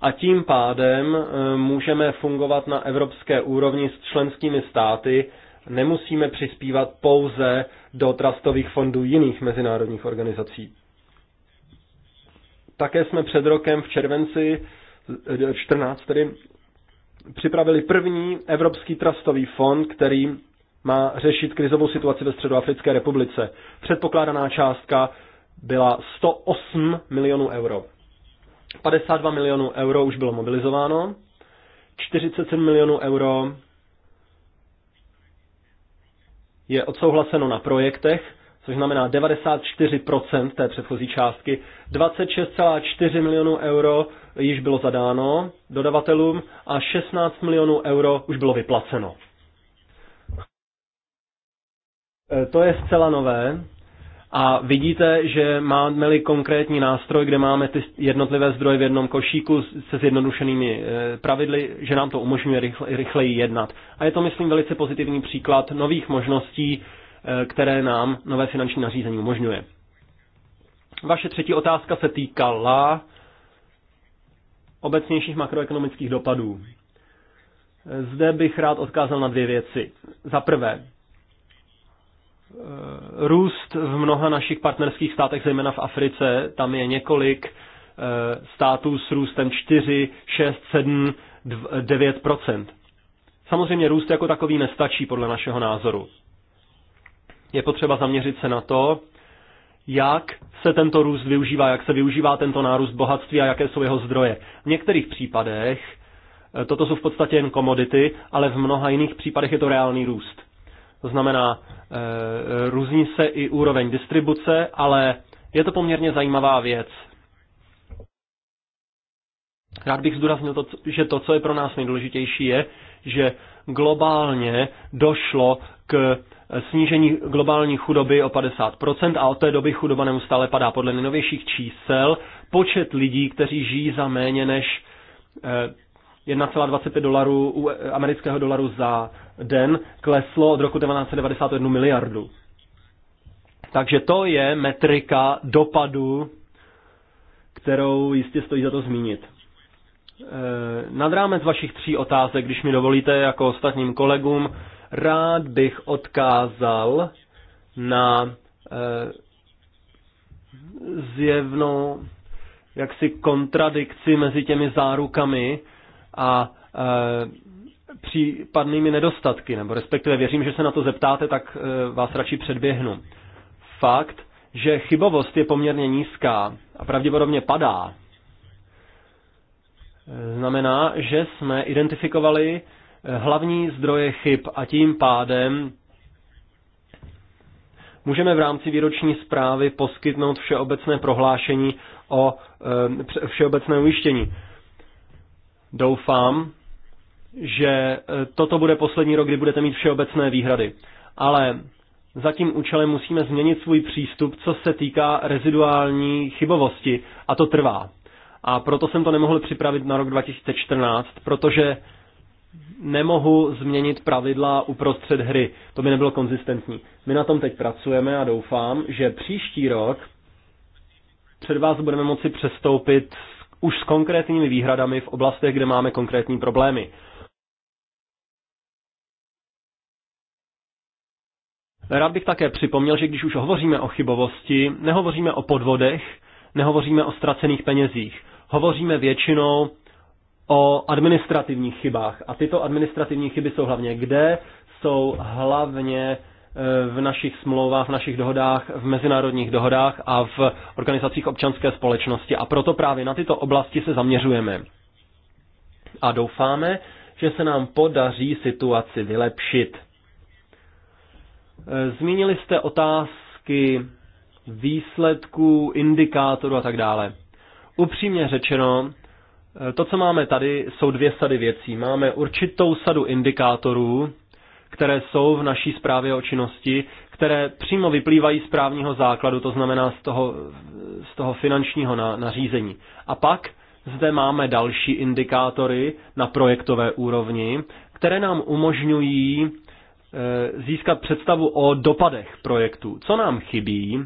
a tím pádem eh, můžeme fungovat na evropské úrovni s členskými státy. Nemusíme přispívat pouze do trastových fondů jiných mezinárodních organizací. Také jsme před rokem v červenci 14 eh, tedy připravili první Evropský trastový fond, který má řešit krizovou situaci ve Středoafrické republice. Předpokládaná částka byla 108 milionů euro. 52 milionů euro už bylo mobilizováno, 47 milionů euro je odsouhlaseno na projektech, což znamená 94% té předchozí částky. 26,4 milionů euro již bylo zadáno dodavatelům a 16 milionů euro už bylo vyplaceno. E, to je zcela nové. A vidíte, že máme-li konkrétní nástroj, kde máme ty jednotlivé zdroje v jednom košíku se zjednodušenými eh, pravidly, že nám to umožňuje rychleji jednat. A je to, myslím, velice pozitivní příklad nových možností, eh, které nám nové finanční nařízení umožňuje. Vaše třetí otázka se týkala obecnějších makroekonomických dopadů. Eh, zde bych rád odkázal na dvě věci. Za prvé, Eh, růst v mnoha našich partnerských státech, zejména v Africe. Tam je několik eh, států s růstem 4, 6, 7, 9 Samozřejmě růst jako takový nestačí podle našeho názoru. Je potřeba zaměřit se na to, jak se tento růst využívá, jak se využívá tento nárůst bohatství a jaké jsou jeho zdroje. V některých případech eh, toto jsou v podstatě jen komodity, ale v mnoha jiných případech je to reálný růst. To znamená, eh, různí se i úroveň distribuce, ale je to poměrně zajímavá věc. Rád bych zdůraznil, to, že to, co je pro nás nejdůležitější, je, že globálně došlo k snížení globální chudoby o 50% a od té doby chudoba neustále padá. Podle nejnovějších čísel počet lidí, kteří žijí za méně než 1,25 eh, dolarů amerického dolaru za den kleslo od roku 1991 miliardu. Takže to je metrika dopadu, kterou jistě stojí za to zmínit. E, nad rámec vašich tří otázek, když mi dovolíte jako ostatním kolegům, rád bych odkázal na e, zjevnou jaksi kontradikci mezi těmi zárukami a e, případnými nedostatky, nebo respektive věřím, že se na to zeptáte, tak eh, vás radši předběhnu. Fakt, že chybovost je poměrně nízká a pravděpodobně padá, eh, znamená, že jsme identifikovali eh, hlavní zdroje chyb a tím pádem můžeme v rámci výroční zprávy poskytnout všeobecné prohlášení o všeobecné ujištění. Doufám, že eh, toto bude poslední rok, kdy budete mít všeobecné výhrady. Ale za tím účelem musíme změnit svůj přístup, co se týká reziduální chybovosti. A to trvá. A proto jsem to nemohl připravit na rok 2014, protože nemohu změnit pravidla uprostřed hry. To by nebylo konzistentní. My na tom teď pracujeme a doufám, že příští rok před vás budeme moci přestoupit už s konkrétními výhradami v oblastech, kde máme konkrétní problémy. Rád bych také připomněl, že když už hovoříme o chybovosti, nehovoříme o podvodech, nehovoříme o ztracených penězích. Hovoříme většinou o administrativních chybách. A tyto administrativní chyby jsou hlavně kde? Jsou hlavně e, v našich smlouvách, v našich dohodách, v mezinárodních dohodách a v organizacích občanské společnosti. A proto právě na tyto oblasti se zaměřujeme. A doufáme, že se nám podaří situaci vylepšit. Eh, zmínili jste otázky výsledků, indikátorů a tak dále. Upřímně řečeno, eh, to, co máme tady, jsou dvě sady věcí. Máme určitou sadu indikátorů, které jsou v naší zprávě o činnosti, které přímo vyplývají z právního základu, to znamená z toho, z toho finančního na, nařízení. A pak zde máme další indikátory na projektové úrovni, které nám umožňují Eh, získat představu o dopadech projektu. Co nám chybí,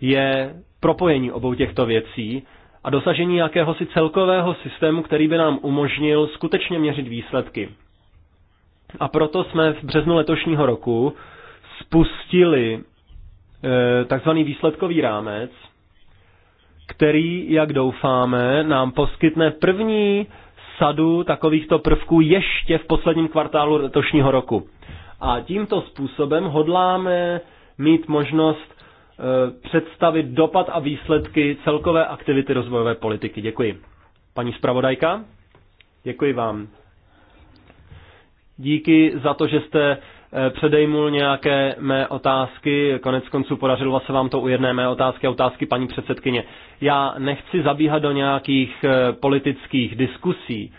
je propojení obou těchto věcí a dosažení jakéhosi celkového systému, který by nám umožnil skutečně měřit výsledky. A proto jsme v březnu letošního roku spustili eh, takzvaný výsledkový rámec, který, jak doufáme, nám poskytne první sadu takovýchto prvků ještě v posledním kvartálu letošního roku. A tímto způsobem hodláme mít možnost eh, představit dopad a výsledky celkové aktivity rozvojové politiky. Děkuji. Paní zpravodajka, děkuji vám. Díky za to, že jste eh, předejmul nějaké mé otázky. Konec konců podařilo se vám to u jedné mé otázky a otázky paní předsedkyně. Já nechci zabíhat do nějakých eh, politických diskusí,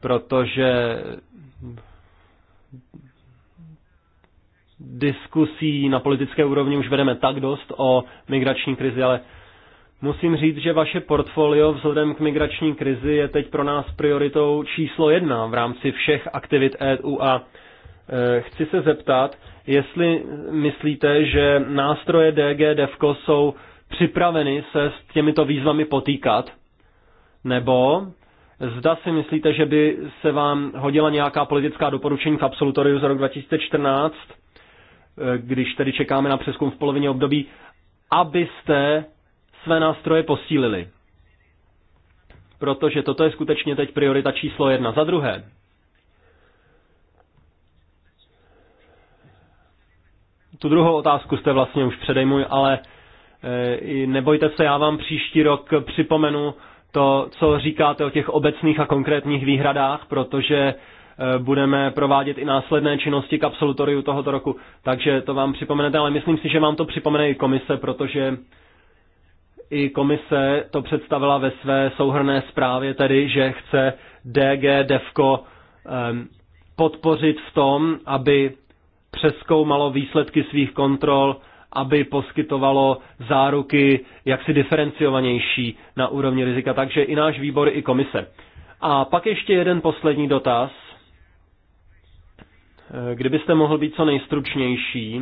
protože diskusí na politické úrovni už vedeme tak dost o migrační krizi, ale musím říct, že vaše portfolio vzhledem k migrační krizi je teď pro nás prioritou číslo jedna v rámci všech aktivit EU a e, chci se zeptat, jestli myslíte, že nástroje DG DEVCO jsou připraveny se s těmito výzvami potýkat, nebo Zda si myslíte, že by se vám hodila nějaká politická doporučení v absolutoriu z roku 2014 Eh, když tedy čekáme na přeskum v polovině období, abyste své nástroje posílili. Protože toto je skutečně teď priorita číslo jedna. Za druhé, tu druhou otázku jste vlastně už předejmuj, ale eh, nebojte se, já vám příští rok připomenu to, co říkáte o těch obecných a konkrétních výhradách, protože Eh, budeme provádět i následné činnosti k absolutoriu tohoto roku. Takže to vám připomenete, ale myslím si, že vám to připomene i komise, protože i komise to představila ve své souhrné zprávě, tedy, že chce DG DEVKO ehm, podpořit v tom, aby přeskoumalo výsledky svých kontrol, aby poskytovalo záruky jaksi diferenciovanější na úrovni rizika. Takže i náš výbor, i komise. A pak ještě jeden poslední dotaz, Kdybyste mohl být co nejstručnější,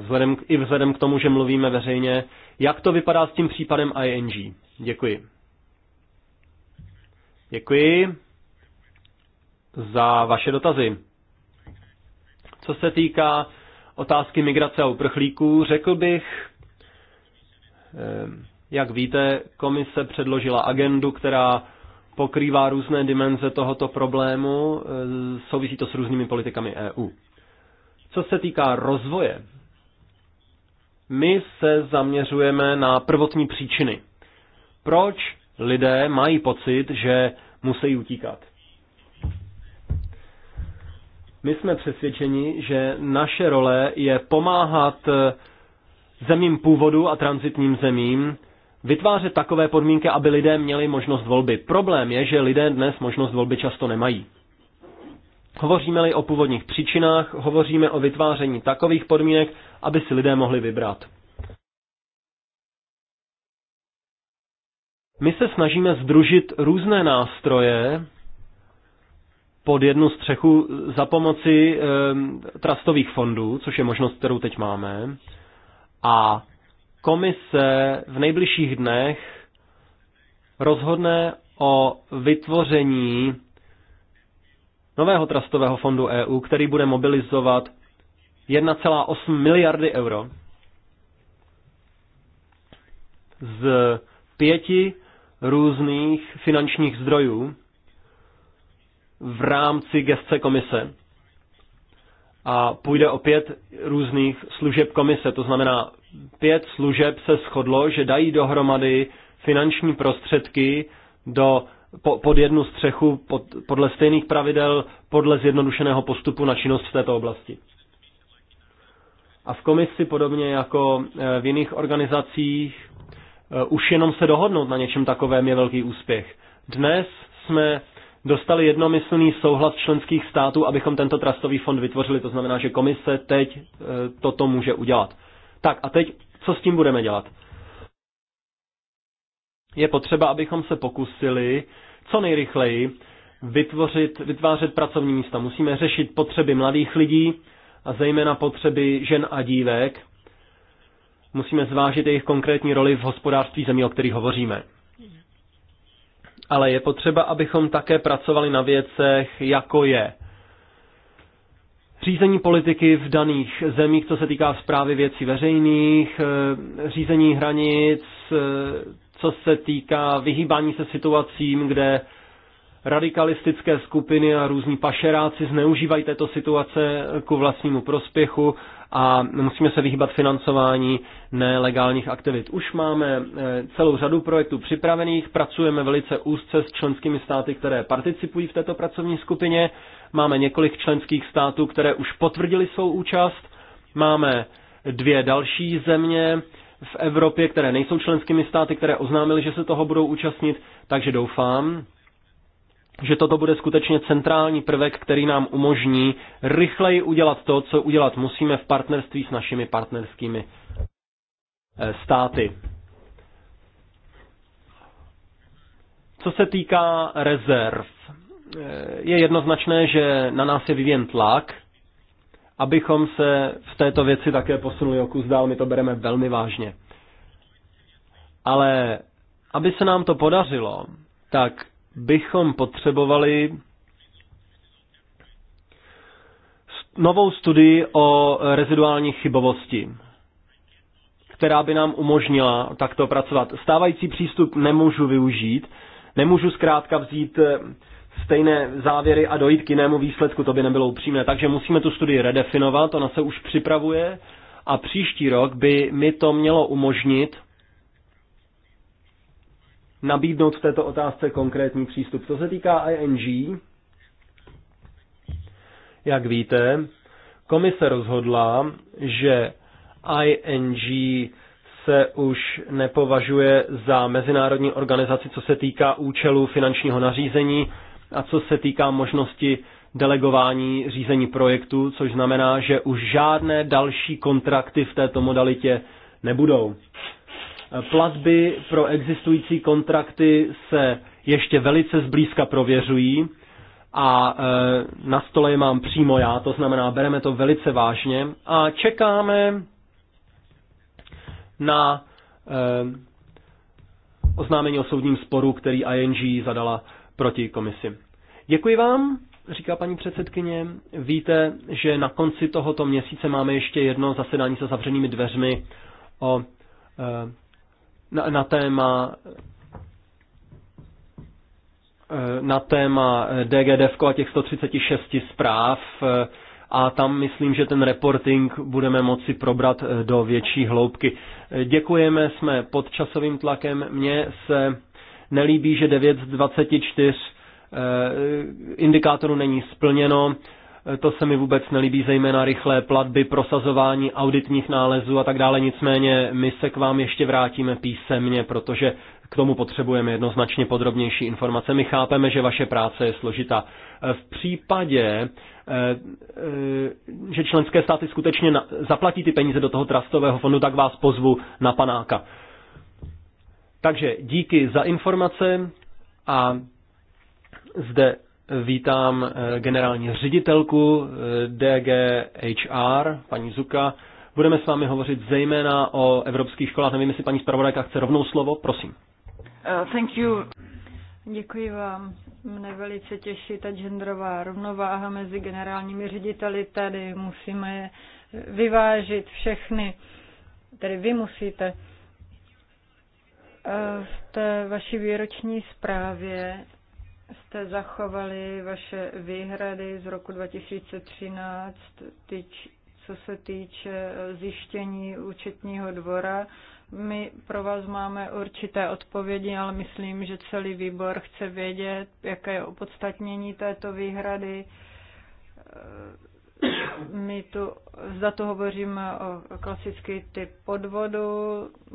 vzhledem, i vzhledem k tomu, že mluvíme veřejně, jak to vypadá s tím případem ING? Děkuji. Děkuji za vaše dotazy. Co se týká otázky migrace a uprchlíků, řekl bych, eh, jak víte, komise předložila agendu, která pokrývá různé dimenze tohoto problému, eh, souvisí to s různými politikami EU. Co se týká rozvoje, my se zaměřujeme na prvotní příčiny. Proč lidé mají pocit, že musí utíkat? My jsme přesvědčeni, že naše role je pomáhat eh, zemím původu a transitním zemím vytvářet takové podmínky, aby lidé měli možnost volby. Problém je, že lidé dnes možnost volby často nemají. Hovoříme-li o původních příčinách, hovoříme o vytváření takových podmínek, aby si lidé mohli vybrat. My se snažíme združit různé nástroje pod jednu střechu za pomoci e, ehm, trustových fondů, což je možnost, kterou teď máme, a komise v nejbližších dnech rozhodne o vytvoření nového trastového fondu EU, který bude mobilizovat 1,8 miliardy euro z pěti různých finančních zdrojů v rámci gestce komise. A půjde o pět různých služeb komise, to znamená pět služeb se shodlo, že dají dohromady finanční prostředky do, po, pod jednu střechu pod, podle stejných pravidel, podle zjednodušeného postupu na činnost v této oblasti. A v komisi, podobně jako e, v jiných organizacích, e, už jenom se dohodnout na něčem takovém je velký úspěch. Dnes jsme dostali jednomyslný souhlas členských států, abychom tento trastový fond vytvořili. To znamená, že komise teď e, toto může udělat. Tak a teď, co s tím budeme dělat? Je potřeba, abychom se pokusili co nejrychleji vytvořit, vytvářet pracovní místa. Musíme řešit potřeby mladých lidí a zejména potřeby žen a dívek. Musíme zvážit jejich konkrétní roli v hospodářství zemí, o kterých hovoříme. Ale je potřeba, abychom také pracovali na věcech, jako je řízení politiky v daných zemích, co se týká zprávy věcí veřejných, eh, řízení hranic, eh, co se týká vyhýbání se situacím, kde radikalistické skupiny a různí pašeráci zneužívají této situace ku vlastnímu prospěchu a musíme se vyhýbat financování nelegálních aktivit. Už máme eh, celou řadu projektů připravených, pracujeme velice úzce s členskými státy, které participují v této pracovní skupině. Máme několik členských států, které už potvrdili svou účast. Máme dvě další země, v Evropě, které nejsou členskými státy, které oznámily, že se toho budou účastnit, takže doufám, že toto bude skutečně centrální prvek, který nám umožní rychleji udělat to, co udělat musíme v partnerství s našimi partnerskými eh, státy. Co se týká rezerv, eh, je jednoznačné, že na nás je vyvíjen tlak, abychom se v této věci také posunuli o kus dál, my to bereme velmi vážně. Ale aby se nám to podařilo, tak bychom potřebovali novou studii o reziduální chybovosti, která by nám umožnila takto pracovat. Stávající přístup nemůžu využít, nemůžu zkrátka vzít eh, stejné závěry a dojít k jinému výsledku, to by nebylo upřímné. Takže musíme tu studii redefinovat, ona se už připravuje a příští rok by mi to mělo umožnit nabídnout v této otázce konkrétní přístup. Co se týká ING, jak víte, komise rozhodla, že ING se už nepovažuje za mezinárodní organizaci, co se týká účelu finančního nařízení a co se týká možnosti delegování řízení projektu, což znamená, že už žádné další kontrakty v této modalitě nebudou. Platby pro existující kontrakty se ještě velice zblízka prověřují a e, na stole je mám přímo já, to znamená, bereme to velice vážně a čekáme na e, oznámení o soudním sporu, který ING zadala proti komisi. Děkuji vám, říká paní předsedkyně. Víte, že na konci tohoto měsíce máme ještě jedno zasedání se zavřenými dveřmi o e, na, na téma eh, na téma eh, DGDF a těch 136 zpráv eh, a tam myslím, že ten reporting budeme moci probrat do větší hloubky. Děkujeme, jsme pod časovým tlakem. Mně se nelíbí, že 9 z 24 indikátorů není splněno to se mi vůbec nelíbí, zejména rychlé platby, prosazování auditních nálezů a tak dále. Nicméně my se k vám ještě vrátíme písemně, protože k tomu potřebujeme jednoznačně podrobnější informace. My chápeme, že vaše práce je složitá. V případě, eh, eh, že členské státy skutečně zaplatí ty peníze do toho trastového fondu, tak vás pozvu na panáka. Takže díky za informace a zde Vítám eh, generální ředitelku eh, DGHR, paní Zuka. Budeme s vámi hovořit zejména o evropských školách. Nevím, jestli paní zpravodajka chce rovnou slovo. Prosím. Uh, thank you. Děkuji vám. Mne velice těší ta genderová rovnováha mezi generálními řediteli. Tady musíme vyvážit všechny, tedy vy musíte. Eh, v té vaší výroční zprávě jste zachovali vaše výhrady z roku 2013, tyč, co se týče eh, zjištění účetního dvora. My pro vás máme určité odpovědi, ale myslím, že celý výbor chce vědět, jaké je opodstatnění této výhrady eh, my tu, za to hovoříme o klasický typ podvodu,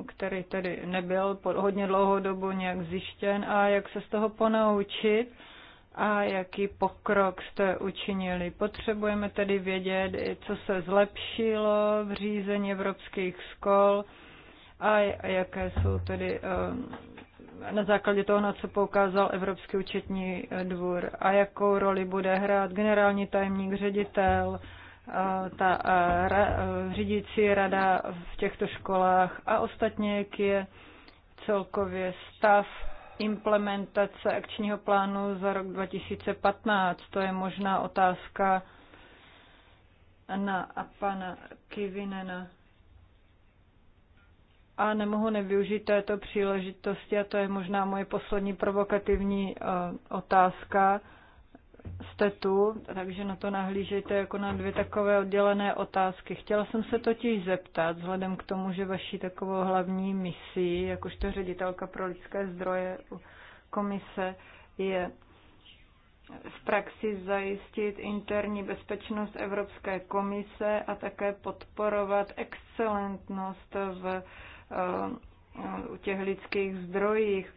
který tedy nebyl pod hodně dlouhou dobu nějak zjištěn a jak se z toho ponaučit a jaký pokrok jste učinili. Potřebujeme tedy vědět, co se zlepšilo v řízení evropských škol a jaké jsou tedy eh, na základě toho, na co poukázal Evropský účetní dvůr a jakou roli bude hrát generální tajemník, ředitel, ta ra, řídící rada v těchto školách a ostatně, jak je celkově stav implementace akčního plánu za rok 2015. To je možná otázka na a pana Kivinena a nemohu nevyužít této příležitosti, a to je možná moje poslední provokativní eh, otázka. Jste tu, takže na to nahlížejte jako na dvě takové oddělené otázky. Chtěla jsem se totiž zeptat, vzhledem k tomu, že vaší takovou hlavní misí, jakožto ředitelka pro lidské zdroje komise, je v praxi zajistit interní bezpečnost Evropské komise a také podporovat excelentnost v o eh, těch lidských zdrojích.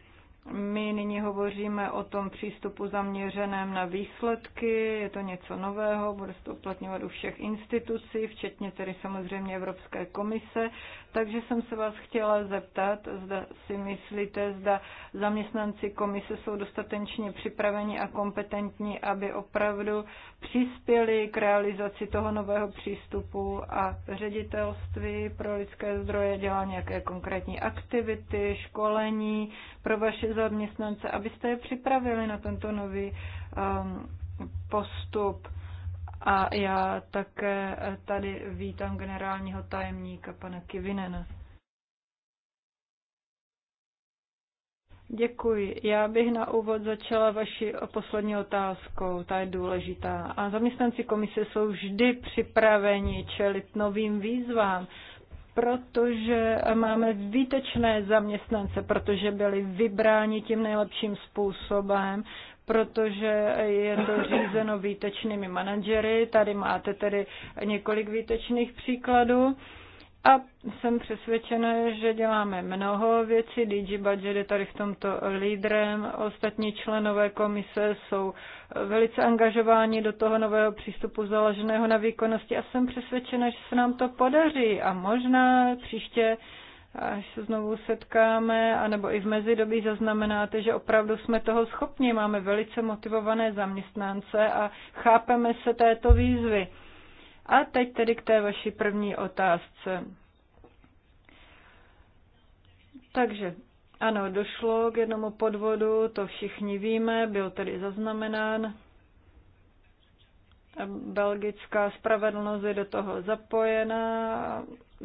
My nyní hovoříme o tom přístupu zaměřeném na výsledky, je to něco nového, bude se to uplatňovat u všech institucí, včetně tedy samozřejmě Evropské komise. Takže jsem se vás chtěla zeptat, zda si myslíte, zda zaměstnanci komise jsou dostatečně připraveni a kompetentní, aby opravdu přispěli k realizaci toho nového přístupu a ředitelství pro lidské zdroje dělá nějaké konkrétní aktivity, školení pro vaše zaměstnance, abyste je připravili na tento nový um, postup. A já také tady vítám generálního tajemníka pana Kivinena. Děkuji. Já bych na úvod začala vaši poslední otázkou, ta je důležitá. A zaměstnanci komise jsou vždy připraveni čelit novým výzvám protože máme výtečné zaměstnance, protože byli vybráni tím nejlepším způsobem, protože je to řízeno výtečnými manažery. Tady máte tedy několik výtečných příkladů. A jsem přesvědčena, že děláme mnoho věcí. DG Budget je tady v tomto lídrem. Ostatní členové komise jsou velice angažováni do toho nového přístupu založeného na výkonnosti a jsem přesvědčena, že se nám to podaří a možná příště až se znovu setkáme, anebo i v mezidobí zaznamenáte, že opravdu jsme toho schopni, máme velice motivované zaměstnance a chápeme se této výzvy. A teď tedy k té vaší první otázce. Takže ano, došlo k jednomu podvodu, to všichni víme, byl tedy zaznamenán. Belgická spravedlnost je do toho zapojená,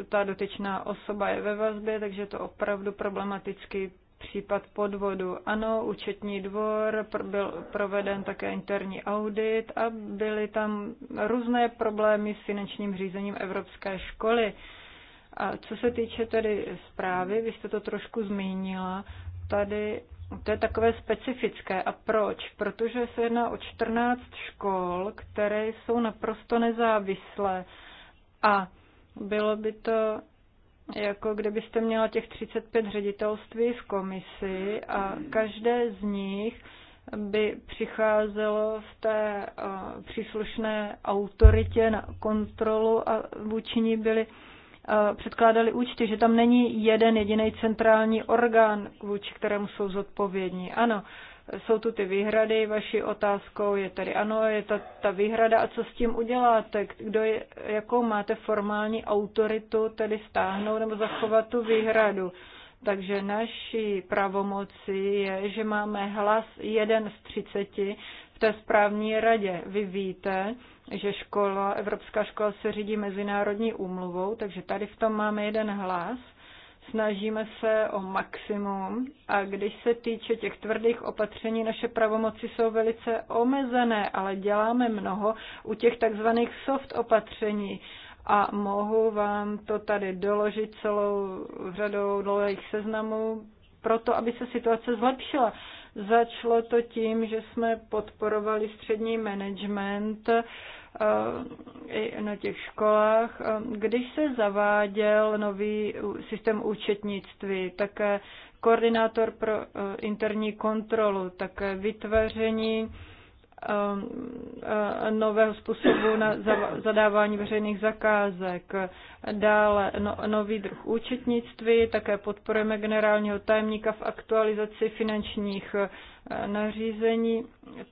ta dotyčná osoba je ve vazbě, takže je to opravdu problematický případ podvodu. Ano, účetní dvor, byl proveden také interní audit a byly tam různé problémy s finančním řízením Evropské školy. A co se týče tedy zprávy, vy jste to trošku zmínila, tady to je takové specifické. A proč? Protože se jedná o 14 škol, které jsou naprosto nezávislé. A bylo by to jako kdybyste měla těch 35 ředitelství v komisi a každé z nich by přicházelo v té eh, příslušné autoritě na kontrolu a vůči ní byly eh, předkládali účty, že tam není jeden jediný centrální orgán, vůči kterému jsou zodpovědní. Ano, jsou tu ty výhrady, vaší otázkou je tady ano, je ta, ta výhrada a co s tím uděláte, kdo je, jakou máte formální autoritu tedy stáhnout nebo zachovat tu výhradu. Takže naší pravomoci je, že máme hlas jeden z třiceti v té správní radě. Vy víte, že škola, Evropská škola se řídí mezinárodní úmluvou, takže tady v tom máme jeden hlas snažíme se o maximum a když se týče těch tvrdých opatření, naše pravomoci jsou velice omezené, ale děláme mnoho u těch takzvaných soft opatření a mohu vám to tady doložit celou řadou dlouhých seznamů proto, aby se situace zlepšila. Začalo to tím, že jsme podporovali střední management, Eh, i na těch školách. Eh, když se zaváděl nový systém účetnictví, také koordinátor pro eh, interní kontrolu, také vytvoření Um, uh, nového způsobu na zadávání veřejných zakázek. Dále no, nový druh účetnictví, také podporujeme generálního tajemníka v aktualizaci finančních uh, nařízení.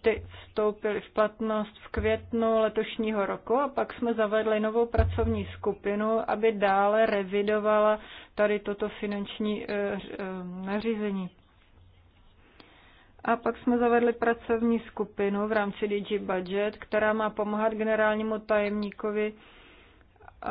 Ty vstoupily v platnost v květnu letošního roku a pak jsme zavedli novou pracovní skupinu, aby dále revidovala tady toto finanční uh, nařízení. A pak jsme zavedli pracovní skupinu v rámci DG Budget, která má pomáhat generálnímu tajemníkovi eh,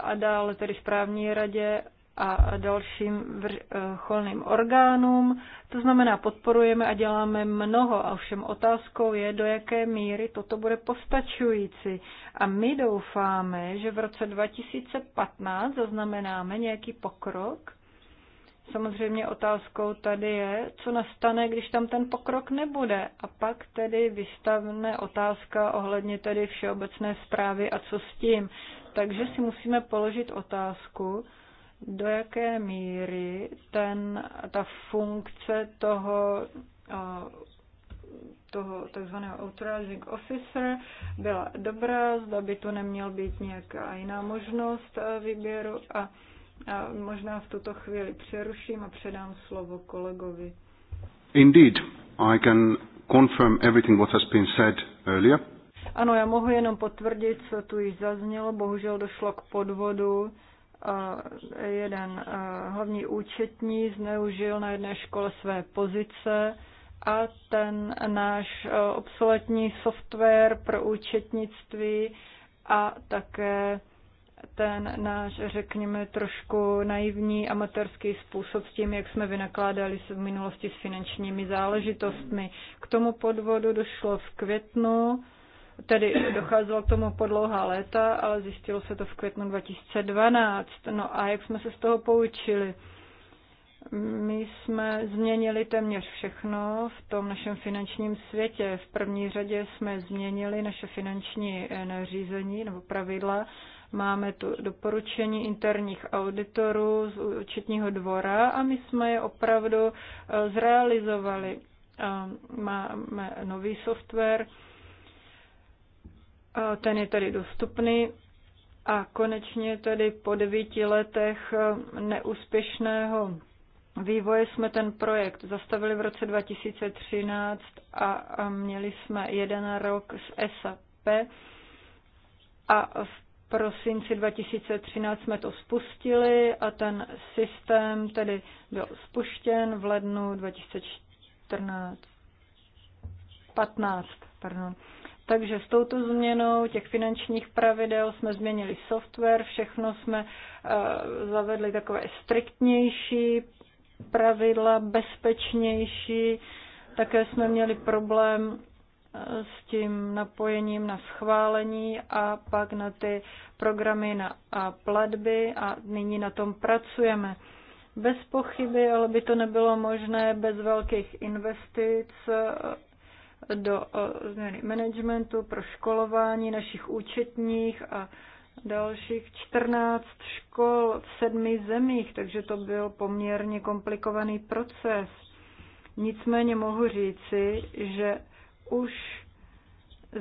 a dále tedy správní radě a dalším vrcholným eh, orgánům. To znamená, podporujeme a děláme mnoho, a všem otázkou je, do jaké míry toto bude postačující. A my doufáme, že v roce 2015 zaznamenáme nějaký pokrok Samozřejmě otázkou tady je, co nastane, když tam ten pokrok nebude. A pak tedy vystavne otázka ohledně tedy všeobecné zprávy a co s tím. Takže si musíme položit otázku, do jaké míry ten, ta funkce toho, toho takzvaného authorizing officer byla dobrá, zda by tu neměl být nějaká jiná možnost e, výběru a a možná v tuto chvíli přeruším a předám slovo kolegovi. Indeed, I can confirm everything what has been said earlier. Ano, já mohu jenom potvrdit, co tu již zaznělo. Bohužel došlo k podvodu. Jeden hlavní účetní zneužil na jedné škole své pozice a ten náš obsoletní software pro účetnictví a také ten náš, řekněme, trošku naivní amatérský způsob s tím, jak jsme vynakládali se v minulosti s finančními záležitostmi. K tomu podvodu došlo v květnu, tedy docházelo k tomu po dlouhá léta, ale zjistilo se to v květnu 2012. No a jak jsme se z toho poučili? My jsme změnili téměř všechno v tom našem finančním světě. V první řadě jsme změnili naše finanční eh, nařízení nebo pravidla Máme tu doporučení interních auditorů z účetního dvora a my jsme je opravdu eh, zrealizovali. Eh, máme nový software, eh, ten je tady dostupný a konečně tedy po devíti letech neúspěšného vývoje jsme ten projekt zastavili v roce 2013 a, a měli jsme jeden rok z SAP a v prosinci 2013 jsme to spustili a ten systém tedy byl spuštěn v lednu 2014. 15, pardon. Takže s touto změnou těch finančních pravidel jsme změnili software, všechno jsme uh, zavedli takové striktnější pravidla, bezpečnější. Také jsme měli problém Eh, s tím napojením na schválení a pak na ty programy na a platby a nyní na tom pracujeme. Bez pochyby, ale by to nebylo možné bez velkých investic eh, do eh, změny managementu, pro školování našich účetních a dalších 14 škol v sedmi zemích, takže to byl poměrně komplikovaný proces. Nicméně mohu říci, že už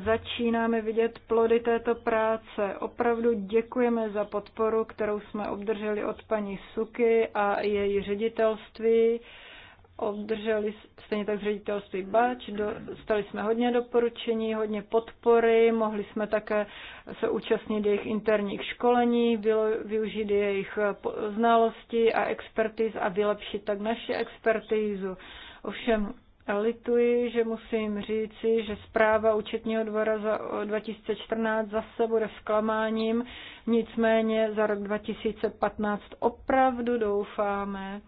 začínáme vidět plody této práce. Opravdu děkujeme za podporu, kterou jsme obdrželi od paní Suky a její ředitelství. Obdrželi stejně tak ředitelství Bač, dostali jsme hodně doporučení, hodně podpory, mohli jsme také se účastnit jejich interních školení, využít jejich znalosti a expertiz a vylepšit tak naši expertizu. Ovšem Lituji, že musím říci, že zpráva účetního dvora za 2014 zase bude zklamáním, nicméně za rok 2015 opravdu doufáme,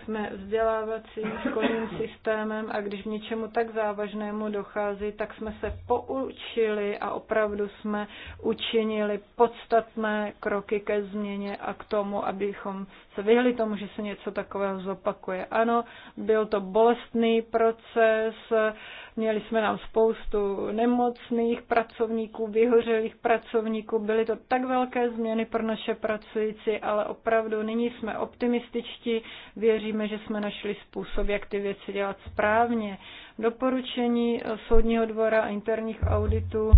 jsme vzdělávacím školním systémem a když něčemu tak závažnému dochází, tak jsme se poučili a opravdu jsme učinili podstatné kroky ke změně a k tomu, abychom se vyhli tomu, že se něco takového zopakuje. Ano, byl to bolestný proces, Měli jsme tam spoustu nemocných pracovníků, vyhořelých pracovníků. Byly to tak velké změny pro naše pracující, ale opravdu nyní jsme optimističtí. Věříme, že jsme našli způsob, jak ty věci dělat správně. Doporučení Soudního dvora a interních auditů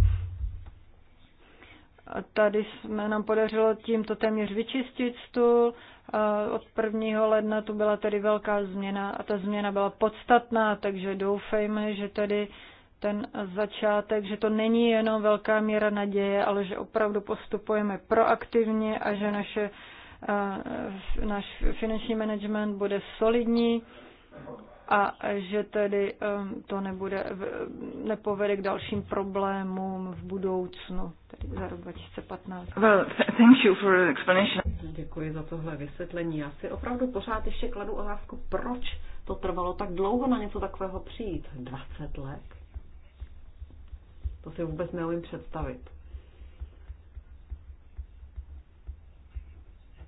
a tady jsme nám podařilo tímto téměř vyčistit stůl. Od 1. ledna tu byla tedy velká změna a ta změna byla podstatná, takže doufejme, že tedy ten začátek, že to není jenom velká míra naděje, ale že opravdu postupujeme proaktivně a že naše, náš finanční management bude solidní a že tedy um, to nebude, nepovede k dalším problémům v budoucnu, tedy za rok 2015. Well, thank you for explanation. Děkuji za tohle vysvětlení. Já si opravdu pořád ještě kladu otázku, proč to trvalo tak dlouho na něco takového přijít. 20 let? To si vůbec neumím představit.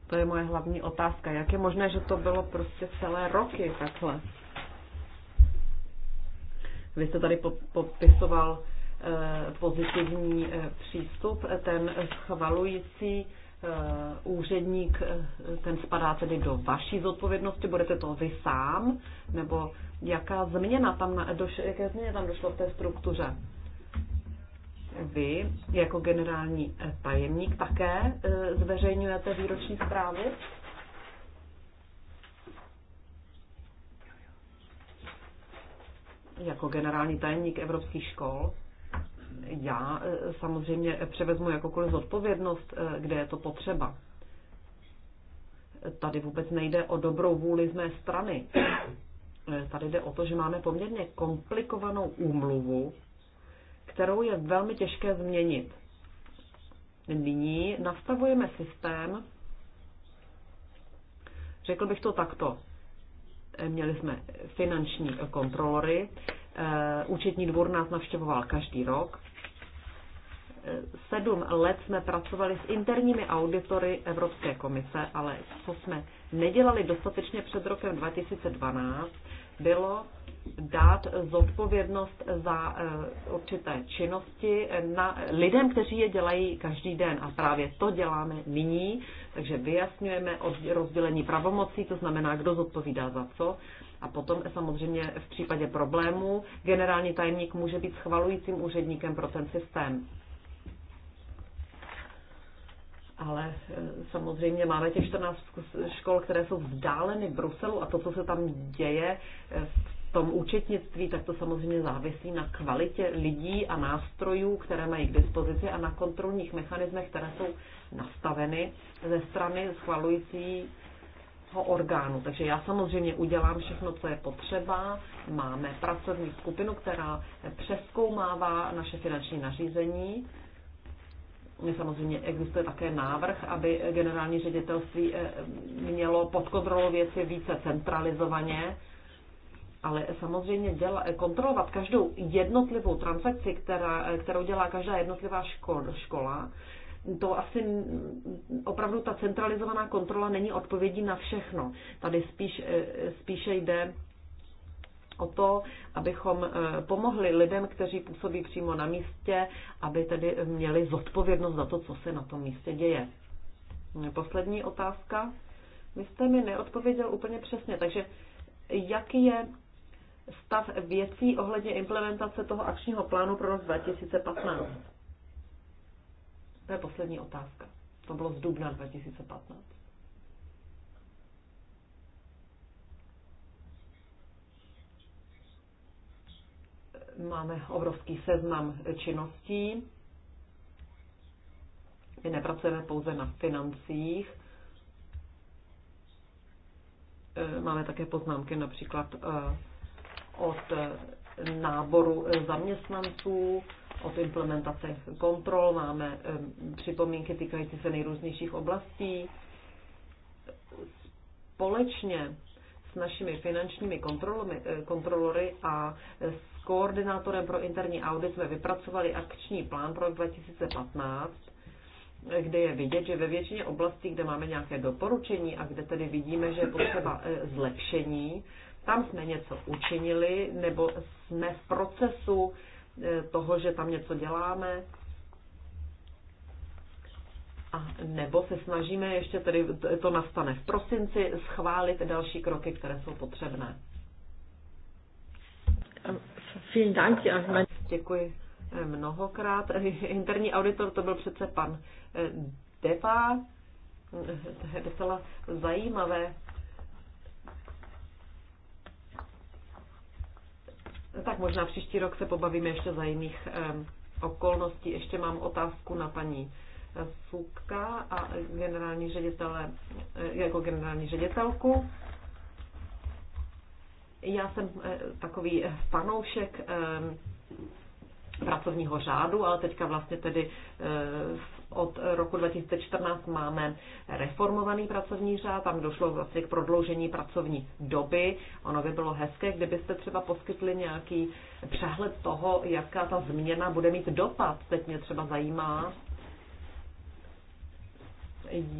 To je moje hlavní otázka. Jak je možné, že to bylo prostě celé roky takhle? Vy jste tady popisoval eh, pozitivní eh, přístup, ten schvalující eh, úředník, ten spadá tedy do vaší zodpovědnosti, budete to vy sám, nebo jaká změna tam, doš, jaké změně tam došlo v té struktuře? Vy jako generální tajemník také zveřejňujete výroční zprávy? jako generální tajemník evropských škol, já e, samozřejmě převezmu jakoukoliv zodpovědnost, e, kde je to potřeba. Tady vůbec nejde o dobrou vůli z mé strany. E, tady jde o to, že máme poměrně komplikovanou úmluvu, kterou je velmi těžké změnit. Nyní nastavujeme systém, řekl bych to takto, Eh, měli jsme finanční kontrolory. Eh, účetní dvůr nás navštěvoval každý rok. Eh, sedm let jsme pracovali s interními auditory Evropské komise, ale co jsme nedělali dostatečně před rokem 2012, bylo dát zodpovědnost za eh, určité činnosti na lidem, kteří je dělají každý den. A právě to děláme nyní, takže vyjasňujeme rozdělení pravomocí, to znamená, kdo zodpovídá za co. A potom samozřejmě v případě problémů generální tajemník může být schvalujícím úředníkem pro ten systém. Ale eh, samozřejmě máme těch 14 škol, které jsou vzdáleny Bruselu a to, co se tam děje v eh, tom účetnictví, tak to samozřejmě závisí na kvalitě lidí a nástrojů, které mají k dispozici a na kontrolních mechanismech, které jsou nastaveny ze strany schvalujícího orgánu. Takže já samozřejmě udělám všechno, co je potřeba. Máme pracovní skupinu, která přeskoumává naše finanční nařízení. Samozřejmě existuje také návrh, aby generální ředitelství eh, mělo pod kontrolou věci více centralizovaně, ale samozřejmě děla, kontrolovat každou jednotlivou transakci, která, kterou dělá každá jednotlivá škol, škola, to asi opravdu ta centralizovaná kontrola není odpovědí na všechno. Tady spíš, e, spíše jde o to, abychom e, pomohli lidem, kteří působí přímo na místě, aby tedy měli zodpovědnost za to, co se na tom místě děje. Poslední otázka. Vy jste mi neodpověděl úplně přesně, takže jaký je stav věcí ohledně implementace toho akčního plánu pro rok 2015? To je poslední otázka. To bylo z dubna 2015. Máme obrovský seznam činností. My nepracujeme pouze na financích, e, máme také poznámky například e, od eh, náboru eh, zaměstnanců, od implementace kontrol, máme eh, připomínky týkající se nejrůznějších oblastí. Společně s našimi finančními kontrolory a s koordinátorem pro interní audit jsme vypracovali akční plán pro 2015, kde je vidět, že ve většině oblastí, kde máme nějaké doporučení a kde tedy vidíme, že je potřeba zlepšení, tam jsme něco učinili, nebo jsme v procesu eh, toho, že tam něco děláme. A nebo se snažíme ještě, tedy to nastane v prosinci, schválit další kroky, které jsou potřebné. Děkuji eh, mnohokrát. Eh, interní auditor to byl přece pan Depa. To je docela zajímavé. Tak možná příští rok se pobavíme ještě za jiných okolností. Ještě mám otázku na paní Suka eh, a generální ředitele, eh, jako generální ředitelku. Já jsem eh, takový fanoušek pracovního řádu, ale teďka vlastně tedy od roku 2014 máme reformovaný pracovní řád, tam došlo vlastně k prodloužení pracovní doby. Ono by bylo hezké, kdybyste třeba poskytli nějaký přehled toho, jaká ta změna bude mít dopad. Teď mě třeba zajímá,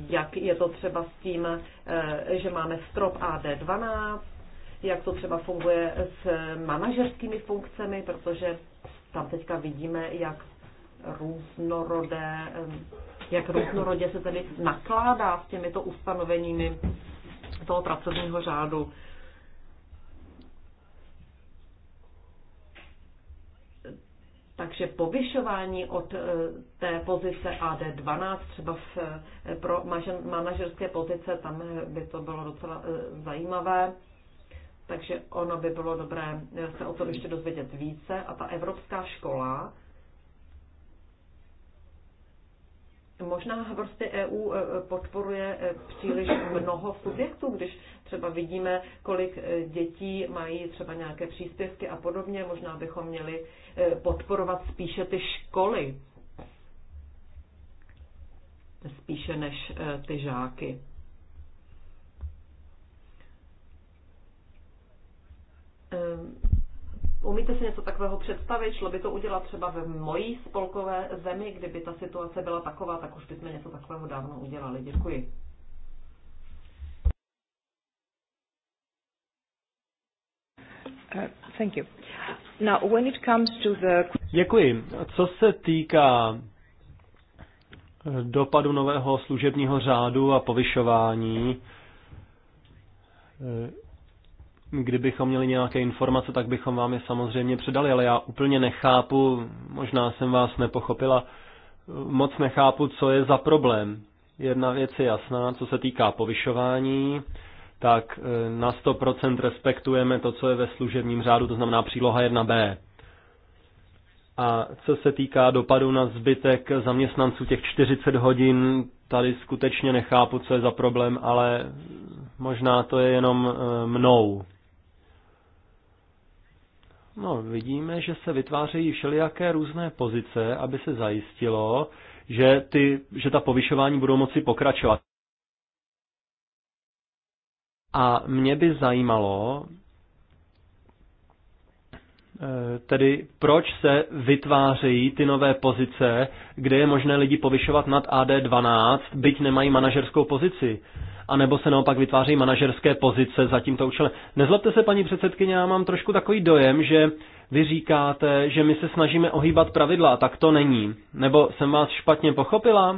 jak je to třeba s tím, eh, že máme strop AD12, jak to třeba funguje s manažerskými funkcemi, protože tam teďka vidíme, jak různorodé, eh, jak různorodě se tedy nakládá s těmito ustanoveními toho pracovního řádu. Takže povyšování od eh, té pozice AD12, třeba v, eh, pro manažerské pozice, tam by to bylo docela zajímavé. Takže ono by bylo dobré se o to ještě dozvědět více. A ta evropská škola, možná prostě EU e, podporuje e, příliš mnoho subjektů, když třeba vidíme, kolik e, dětí mají třeba nějaké příspěvky a podobně, možná bychom měli podporovat spíše ty školy, spíše než ty žáky. Um, Umíte si něco takového představit? Šlo by to udělat třeba ve mojí spolkové zemi, kdyby ta situace byla taková, tak už bychom něco takového dávno udělali. Děkuji. Uh, thank you. Now, when it comes to the... Děkuji. Co se týká eh, dopadu nového služebního řádu a povyšování, eh, Kdybychom měli nějaké informace, tak bychom vám je samozřejmě předali, ale já úplně nechápu, možná jsem vás nepochopila, moc nechápu, co je za problém. Jedna věc je jasná, co se týká povyšování, tak e, na 100% respektujeme to, co je ve služebním řádu, to znamená příloha 1b. A co se týká dopadu na zbytek zaměstnanců těch 40 hodin, tady skutečně nechápu, co je za problém, ale možná to je jenom e, mnou. No, vidíme, že se vytvářejí všelijaké různé pozice, aby se zajistilo, že, ty, že ta povyšování budou moci pokračovat. A mě by zajímalo, eh, tedy proč se vytvářejí ty nové pozice, kde je možné lidi povyšovat nad AD12, byť nemají manažerskou pozici anebo se naopak vytváří manažerské pozice za tímto účelem. Nezlobte se, paní předsedkyně, já mám trošku takový dojem, že vy říkáte, že my se snažíme ohýbat pravidla, tak to není. Nebo jsem vás špatně pochopila?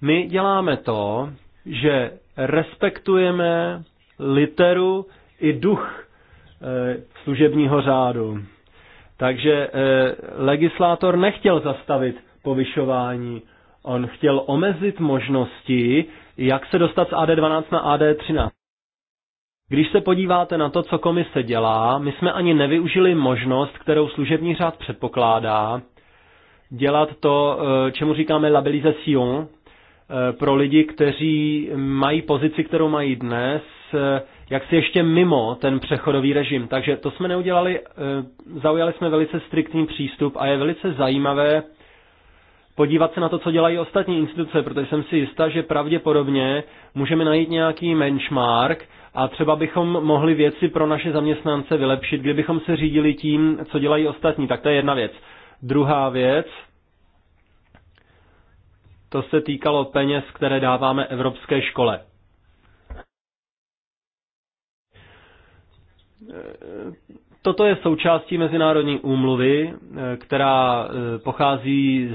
My děláme to, že respektujeme literu i duch eh, služebního řádu. Takže eh, legislátor nechtěl zastavit povyšování On chtěl omezit možnosti, jak se dostat z AD12 na AD13. Když se podíváte na to, co komise dělá, my jsme ani nevyužili možnost, kterou služební řád předpokládá, dělat to, eh, čemu říkáme labelization, eh, pro lidi, kteří mají pozici, kterou mají dnes, eh, jak si ještě mimo ten přechodový režim. Takže to jsme neudělali, zaujali jsme velice striktní přístup a je velice zajímavé podívat se na to, co dělají ostatní instituce, protože jsem si jistá, že pravděpodobně můžeme najít nějaký benchmark a třeba bychom mohli věci pro naše zaměstnance vylepšit, kdybychom se řídili tím, co dělají ostatní. Tak to je jedna věc. Druhá věc, to se týkalo peněz, které dáváme Evropské škole. Toto je součástí mezinárodní úmluvy, eh, která eh, pochází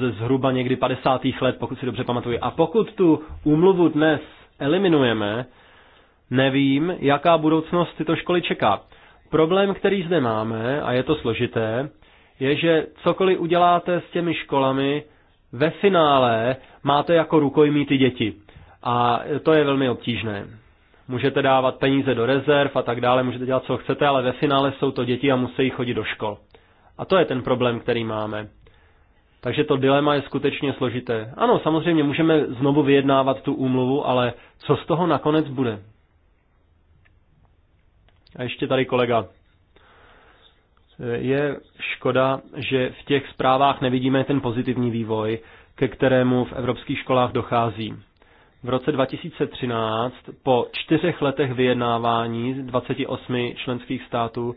z, zhruba někdy 50. let, pokud si dobře pamatuju. A pokud tu úmluvu dnes eliminujeme, nevím, jaká budoucnost tyto školy čeká. Problém, který zde máme, a je to složité, je, že cokoliv uděláte s těmi školami, ve finále máte jako rukojmí ty děti. A to je velmi obtížné můžete dávat peníze do rezerv a tak dále, můžete dělat, co chcete, ale ve finále jsou to děti a musí chodit do škol. A to je ten problém, který máme. Takže to dilema je skutečně složité. Ano, samozřejmě můžeme znovu vyjednávat tu úmluvu, ale co z toho nakonec bude? A ještě tady kolega. Je škoda, že v těch zprávách nevidíme ten pozitivní vývoj, ke kterému v evropských školách dochází v roce 2013 po čtyřech letech vyjednávání 28 členských států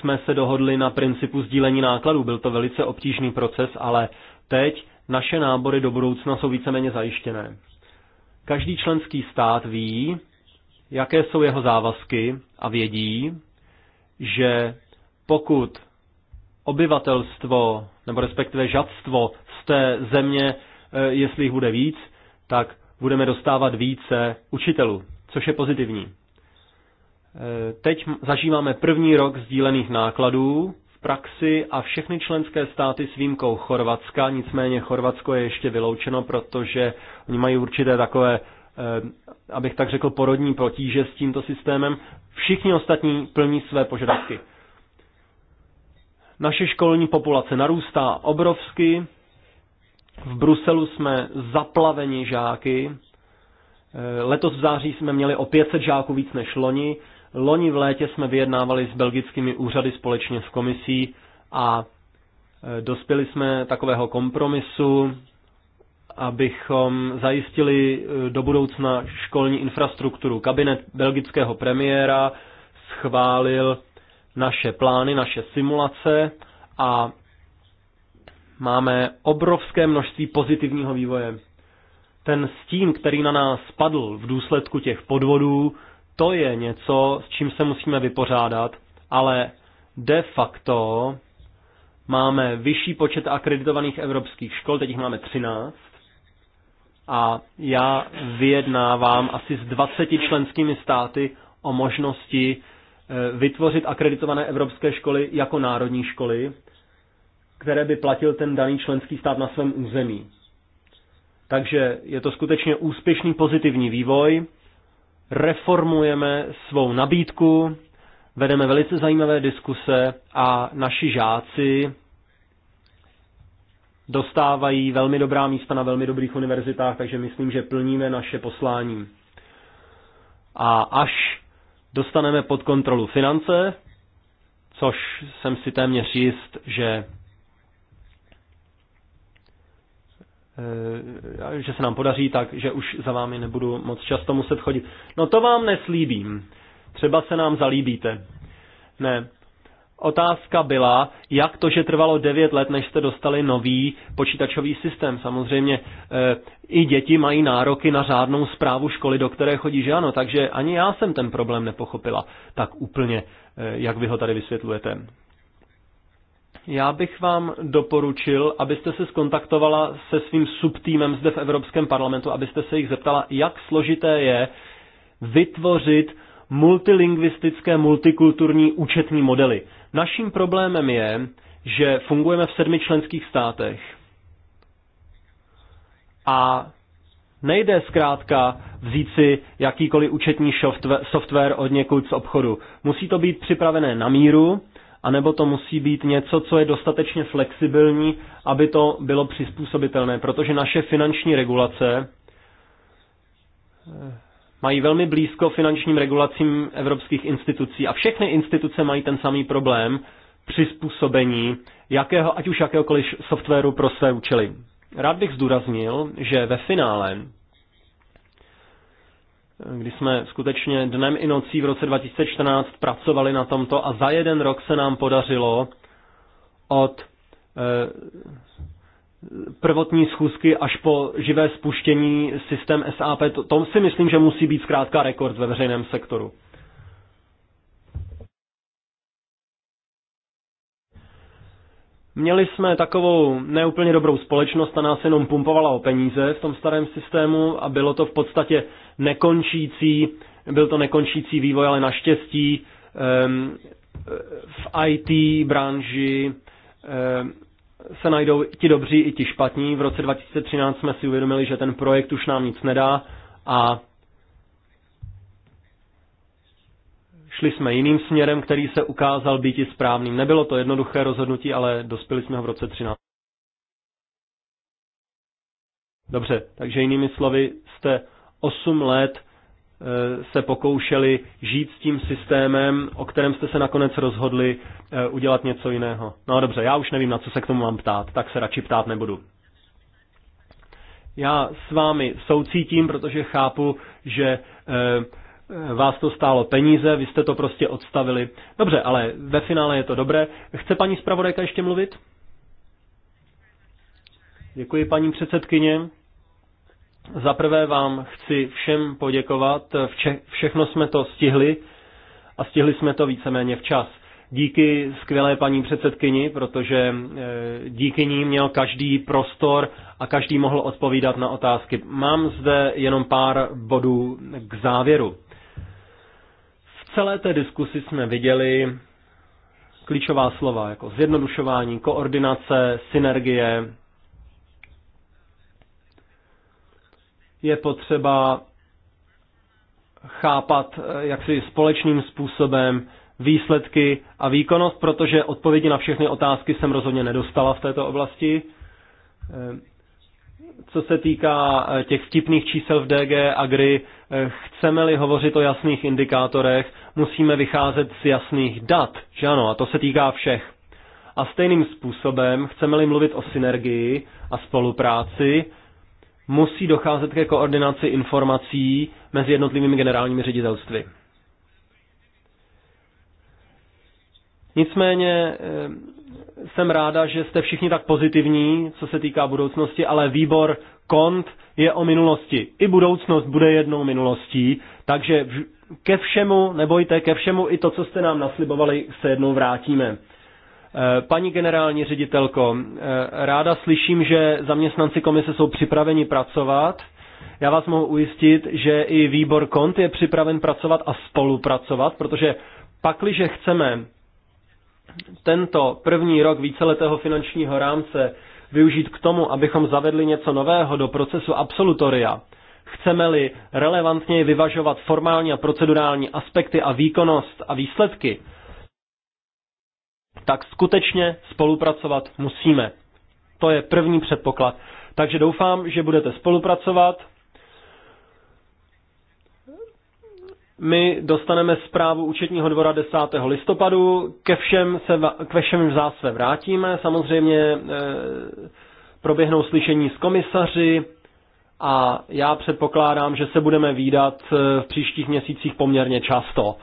jsme se dohodli na principu sdílení nákladů. Byl to velice obtížný proces, ale teď naše nábory do budoucna jsou víceméně zajištěné. Každý členský stát ví, jaké jsou jeho závazky a vědí, že pokud obyvatelstvo, nebo respektive žadstvo z té země, eh, jestli jich bude víc, tak budeme dostávat více učitelů, což je pozitivní. E, teď zažíváme první rok sdílených nákladů v praxi a všechny členské státy s výjimkou Chorvatska, nicméně Chorvatsko je ještě vyloučeno, protože oni mají určité takové, e, abych tak řekl, porodní protíže s tímto systémem. Všichni ostatní plní své požadavky. Naše školní populace narůstá obrovsky, v Bruselu jsme zaplaveni žáky. E, letos v září jsme měli o 500 žáků víc než loni. Loni v létě jsme vyjednávali s belgickými úřady společně s komisí a e, dospěli jsme takového kompromisu, abychom zajistili e, do budoucna školní infrastrukturu. Kabinet belgického premiéra schválil naše plány, naše simulace a máme obrovské množství pozitivního vývoje. Ten stín, který na nás spadl v důsledku těch podvodů, to je něco, s čím se musíme vypořádat, ale de facto máme vyšší počet akreditovaných evropských škol, teď jich máme 13, a já vyjednávám asi s 20 členskými státy o možnosti eh, vytvořit akreditované evropské školy jako národní školy které by platil ten daný členský stát na svém území. Takže je to skutečně úspěšný pozitivní vývoj. Reformujeme svou nabídku, vedeme velice zajímavé diskuse a naši žáci dostávají velmi dobrá místa na velmi dobrých univerzitách, takže myslím, že plníme naše poslání. A až dostaneme pod kontrolu finance, což jsem si téměř jist, že Eh, že se nám podaří tak, že už za vámi nebudu moc často muset chodit. No to vám neslíbím. Třeba se nám zalíbíte. Ne. Otázka byla, jak to, že trvalo 9 let, než jste dostali nový počítačový systém. Samozřejmě e, i děti mají nároky na řádnou zprávu školy, do které chodí, že ano, takže ani já jsem ten problém nepochopila tak úplně, e, jak vy ho tady vysvětlujete já bych vám doporučil, abyste se skontaktovala se svým subtýmem zde v Evropském parlamentu, abyste se jich zeptala, jak složité je vytvořit multilingvistické, multikulturní účetní modely. Naším problémem je, že fungujeme v sedmi členských státech. A nejde zkrátka vzít si jakýkoliv účetní software od někud z obchodu. Musí to být připravené na míru, anebo to musí být něco, co je dostatečně flexibilní, aby to bylo přizpůsobitelné, protože naše finanční regulace eh, mají velmi blízko finančním regulacím evropských institucí a všechny instituce mají ten samý problém přizpůsobení jakého, ať už jakéhokoliv softwaru pro své účely. Rád bych zdůraznil, že ve finále kdy jsme skutečně dnem i nocí v roce 2014 pracovali na tomto a za jeden rok se nám podařilo od eh, prvotní schůzky až po živé spuštění systém SAP. To, to si myslím, že musí být zkrátka rekord ve veřejném sektoru. Měli jsme takovou neúplně dobrou společnost, ta nás jenom pumpovala o peníze v tom starém systému a bylo to v podstatě nekončící, byl to nekončící vývoj, ale naštěstí ehm, v IT branži ehm, se najdou ti dobří i ti špatní. V roce 2013 jsme si uvědomili, že ten projekt už nám nic nedá a Šli jsme jiným směrem, který se ukázal být i správným. Nebylo to jednoduché rozhodnutí, ale dospěli jsme ho v roce 13. Dobře, takže jinými slovy, jste 8 let eh, se pokoušeli žít s tím systémem, o kterém jste se nakonec rozhodli eh, udělat něco jiného. No dobře, já už nevím, na co se k tomu mám ptát, tak se radši ptát nebudu. Já s vámi soucítím, protože chápu, že eh, vás to stálo peníze, vy jste to prostě odstavili. Dobře, ale ve finále je to dobré. Chce paní zpravodajka ještě mluvit? Děkuji, paní předsedkyně. Za prvé vám chci všem poděkovat. Vše, všechno jsme to stihli a stihli jsme to víceméně včas. Díky skvělé paní předsedkyni, protože e, díky ní měl každý prostor a každý mohl odpovídat na otázky. Mám zde jenom pár bodů k závěru celé té diskusi jsme viděli klíčová slova jako zjednodušování, koordinace, synergie. Je potřeba chápat eh, jaksi společným způsobem výsledky a výkonnost, protože odpovědi na všechny otázky jsem rozhodně nedostala v této oblasti. Eh, co se týká eh, těch vtipných čísel v DG Agri, eh, chceme-li hovořit o jasných indikátorech, musíme vycházet z jasných dat, že ano, a to se týká všech. A stejným způsobem, chceme-li mluvit o synergii a spolupráci, musí docházet ke koordinaci informací mezi jednotlivými generálními ředitelství. Nicméně eh, jsem ráda, že jste všichni tak pozitivní, co se týká budoucnosti, ale výbor kont je o minulosti. I budoucnost bude jednou minulostí, takže ke všemu, nebojte, ke všemu i to, co jste nám naslibovali, se jednou vrátíme. Eh, paní generální ředitelko, eh, ráda slyším, že zaměstnanci komise jsou připraveni pracovat. Já vás mohu ujistit, že i výbor KONT je připraven pracovat a spolupracovat, protože pakliže chceme tento první rok víceletého finančního rámce využít k tomu, abychom zavedli něco nového do procesu absolutoria, chceme-li relevantně vyvažovat formální a procedurální aspekty a výkonnost a výsledky, tak skutečně spolupracovat musíme. To je první předpoklad. Takže doufám, že budete spolupracovat my dostaneme zprávu účetního dvora 10. listopadu, ke všem, se, ke všem v zásve vrátíme, samozřejmě e, proběhnou slyšení s komisaři a já předpokládám, že se budeme výdat eh, v příštích měsících poměrně často.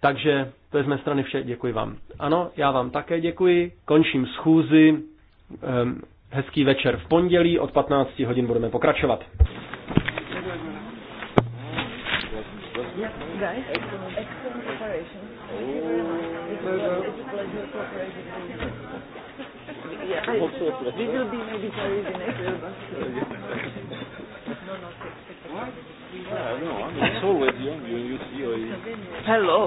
Takže to je z mé strany vše, děkuji vám. Ano, já vám také děkuji, končím schůzi, e, hezký večer v pondělí, od 15 hodin budeme pokračovat. guys. Excellent, excellent preparation. Thank you very much. It's, a pleasure cooperating with you. Yeah, I, we will be maybe Paris in April, but... no, not expected. What? Yeah, no, I'm, it's always young. You, you see... Hello.